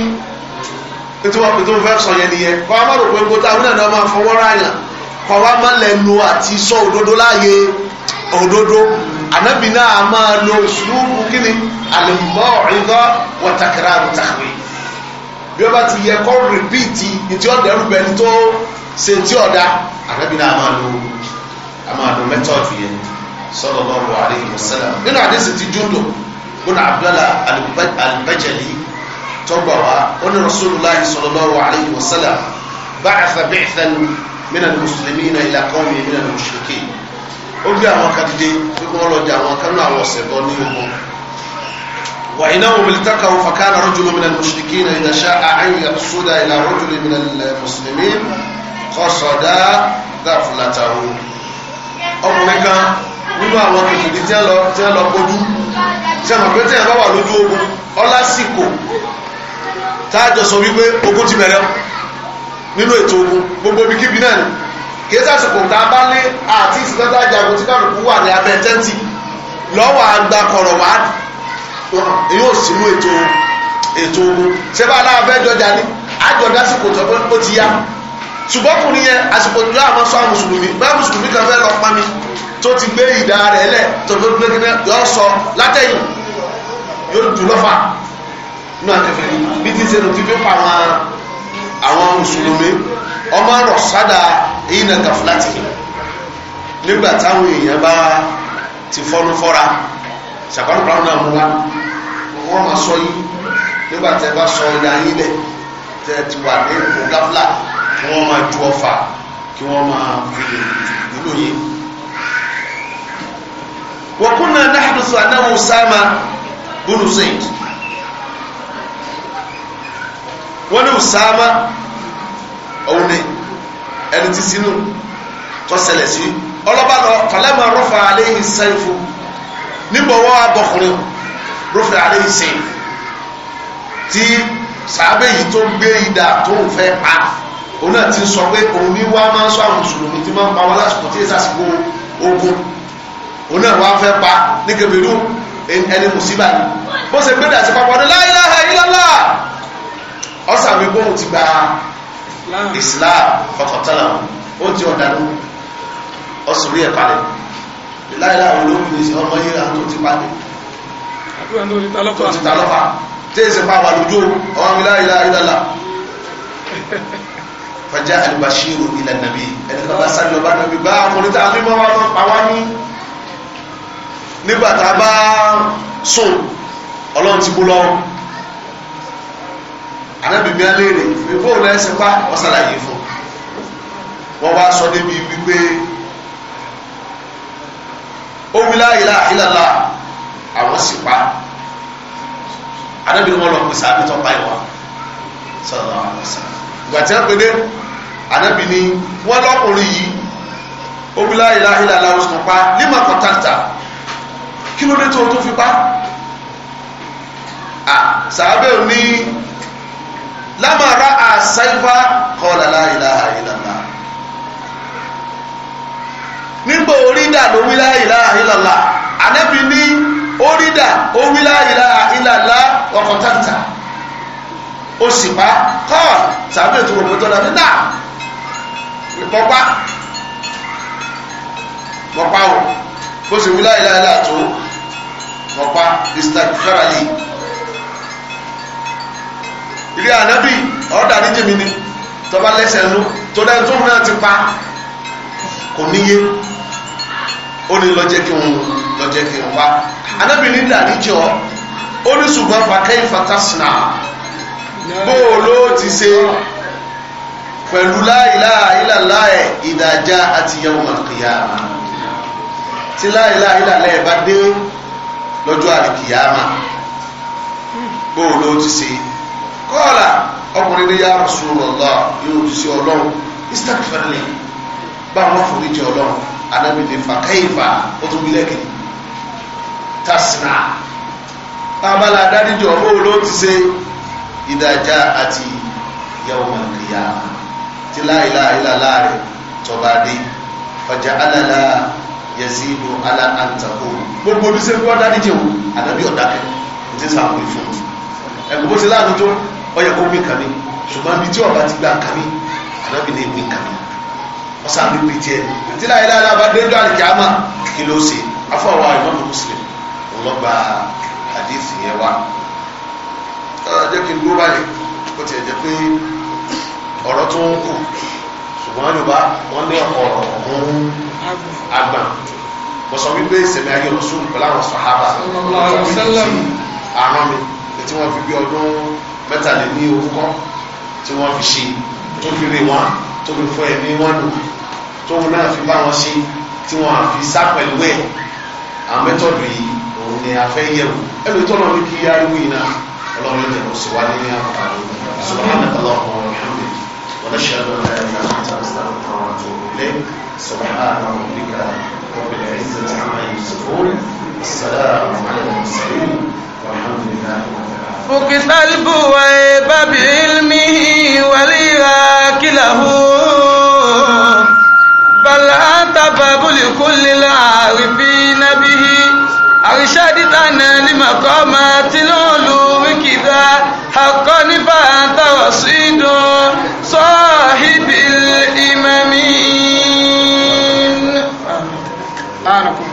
ètò ètò fẹ́ sọ yẹn nìyẹn kọ́ a máa rò pé gbogbo àwọn náà máa fọwọ́ ra yàn kọ́ wa máa lẹ́nu àti sọ òdodo láàyè òdodo ànábì náà a máa lo sùúrù kíni àlùmọ́ ìdọ́ wọ̀tàkìrà àrùtàkìrì bí ó bá ti yẹ kọ́ rìpíìtì ìtí ọ̀dẹ́rùbẹ̀ ni tó ṣe tí ọ̀dà ànábì náà a máa lo a máa lo mẹ́tọ́ọ̀dù yẹn sallallahu alaihi wasallam nínú àdéhùn ti júndò gbọ́nà abdullah albajali tọgbà wa ó ní rasulullah sallallahu alaihi wasallam ba'atha bi'than min al-muslimina ila qawmi min al-mushrikin ó gbé àwọn kadìdé tó kọ́ lọ́jà àwọn kanú àwọn ọ̀sẹ̀ bọ́ ní ogun وإنهم التقوا فكان رجل من المشركين إذا شاء أن يقصد إلى رجل من المسلمين قصد غفلته ọkùnrin kan nínú àwọn kìkìkì tí wọ́n lọ tí wọ́n lọ kojú ṣe mọ̀ pé tẹ̀yàn bá wà lójú ogun ọlásìkò táàjọ sọ wípé ogun ti bẹ̀rẹ̀ nínú ètò ogun gbogbo ibi kíbi náà ni kìí sàsìkò tá a bá lé àti ìsìtẹ́tà jagun tí kálukú wà ní abẹ́ tẹ́ǹtì lọ́wọ́ àgbà kọ̀rọ̀ wá yóò sínú ètò ètò ogun ṣé bá dáa fẹ́ jọjà ní àjọdá àsìkò tó ó ti yá ṣùgbọ́n kùnrin yẹn àsìkò ìjọ àwọn sọ àwọn mùsùlùmí bá mùsùlùmí kan fẹ́ lọ pa mi tó ti gbé ìdá rẹ̀ lẹ̀ tó tó gbé kíní yọ sọ látẹ̀yìn yóò dùn lọ́fà náà kẹfẹ́ yìí bí ti ṣe lò ti fi pa àwọn àwọn mùsùlùmí ọmọ rọ̀ sádà èyí nà gàfúlátì nígbà táwọn èèyàn bá ti fọ́nú fọ́ra ṣàpánù pàrọ̀ náà mú wa wọ́n máa sọ yìí nígbà tẹ́ bá sọ ìyá yín lẹ̀ tẹ́ ti wà ní ìpò gáfúlà kí wọ́n máa ju ọfà kí wọ́n máa fi ìlú yìí. وكنا نحدث أنه أسامة بن زيد wọ́n Usama òun ni ẹni tí sínú tó ṣẹlẹ̀ sí ọlọ́ba lọ falama rọ́fà aléyìn sẹ́yìnfù nígbà wọ́n abọ́kùnrin rọ́fà aléyìn sẹ́yìnfù tí sàábẹ̀ yìí tó ń gbé ìdá tó ń fẹ́ pa òun náà ti sọ pé òun ní wá máa ń sọ àwọn mùsùlùmí tí máa ń pa wọn lásìkò tí èsì àsìkò ogun òun náà wàá fẹ́ pa ní kẹbìrú ẹni mùsíbà ni bó ṣe gbé dàsí papọ̀ ní la ilaha illallah ọ̀sán gbóhùn ti gba islam fọkàntàlà ó ti ọ̀dàlú ọ̀sùn rí ẹ̀ kalẹ̀ láìláà olóògùn ìṣẹ́ ọmọ yíra tó ti pàdé tó ti tàlọ́fà tí èsì pa wà lójú ọmọ ilá ilá ìlàlá fajá al-bashiru ila nabi ẹni kan bá sáré ọba nàbí gbá ọkùnrin tá a mímọ́ wá tó pa wá ní nígbà tá a bá sùn ọlọ́run ti bú lọ́rùn anábìbí aléèrè ìfowó lẹ́sìn pa ọ̀sàlàyé fún wọ́n wá sọ débi wípé ó wí la ilaha illallah àwọn sì pa anábìbí wọn lọ pèsè àbítọ́ báyìí sọlá ọ̀sán ìgbà tí wọ́n pe dé anábì ni wọ́n lọ́kùnrin yìí ó wí la ilaha pa ní mọ̀kọ́tàntà kí ló dé tó tó fi pa á sàábẹ́ ò ní lámàrá àṣàìfà kọ́lá la ilaha illallah nígbà orídà ló wí la ilaha illallah ànábì ní orídà ó wí la ilaha illallah ọkọ̀ tàǹtà ó sì pa kọ́ọ̀ sàábẹ́ ètò òbótọ́ náà nígbà ìpọ́pá pọ́pá o bó ṣe wí láìláìlá tó ọ̀pá ìsìtàkìkáràlì ilé ànábì ọ̀rọ̀dà níjẹ̀ mi ni tọ́ba lẹ́sẹ̀ ló tó dẹ́n tó náà ti pa kò níye ó ní lọ́jẹ́ kí n lọ́jẹ́ kí n wá ànábì ní ìdàníjọ́ ó ní ṣùgbọ́n fàkẹ́yìn fatasina bó o ló ti ṣe pẹ̀lú láìláìlá láì ìdájá àti yawmal qiyamah tí láìláà ìlàlẹ́ ẹ̀ bá dé lọ́jọ́ àlìkìyàmà bóun ló ti ṣe kọ́ọ̀là ọkùnrin ní yàrá Rasulullah yóò ti ṣe ọlọ́run istaghfirli bá wọn forí jẹ ọlọ́run anábìlẹ̀ fàkẹ́yìnfà ó tún gbilẹ̀ kìí tasna abala adájọ́ bóun ló ti ṣe ìdájà àti yawmal qiyamah tí láìláà ìlàlá rẹ̀ tọ́ba dé ọjà alàlá yẹsílù aláǹtàkó gbogbo bí sẹ́kú ọ̀dá ní jẹun àdábì ọ̀dá kẹ́ kò tí ń sàkó ìfún ẹ̀kú bó ṣe láàánú tó ọyẹ kó gbé kàmí ṣùgbọ́n ibi tí ọba ti gbà kàmí àdábì ní ìpín kàmí ọ̀sán mi pè tiẹ̀ tí láyé láyé bá dédú àlìkàmà kí ló ṣe afọwọ́ ìmọ̀mù muslim ọlọ́gba àdéhùn yẹn wá jẹ́ kí n dúró báyìí kó tiẹ̀ jẹ́ pé ọ̀rọ̀ tó ń kù ṣùgbọ́n yorùbá wọ́n ní ọ̀pọ̀ ọ̀hún àgbà mo sọ wípé ìsẹ̀mí ayé lọ́sùn pẹ̀lú àwọn sọ̀hábà àwọn mi tí wọ́n fi bí ọdún mẹ́tàléní orúkọ tí wọ́n fi ṣe tó fi rí wọn tó fi fọ ẹ̀mí wọn nù tóun náà fi bá wọn ṣe tí wọ́n fi sá pẹ̀lú ẹ̀ àwọn mẹ́tọ̀dù yìí òun ni a fẹ́ yẹ̀wò ẹ̀lú tọ́lọ́ ní kí ariwo yìí náà ọlọ́run ní ọ̀sẹ̀ wa ní àkàrà ọ̀sùn نشهد ان لا اله الا انت نستغفرك ونتوب اليك سبحان ربك رب العزه عما يصفون السلام على المرسلين والحمد لله رب العالمين فكت البويب بعلمه ولياكله بل انت باب لكل العارفين به ارشدتنا لمقامات العلو كذا akọ́nífà tàwọn sídùn sọ́ọ̀hìbìl ìmẹ̀mí.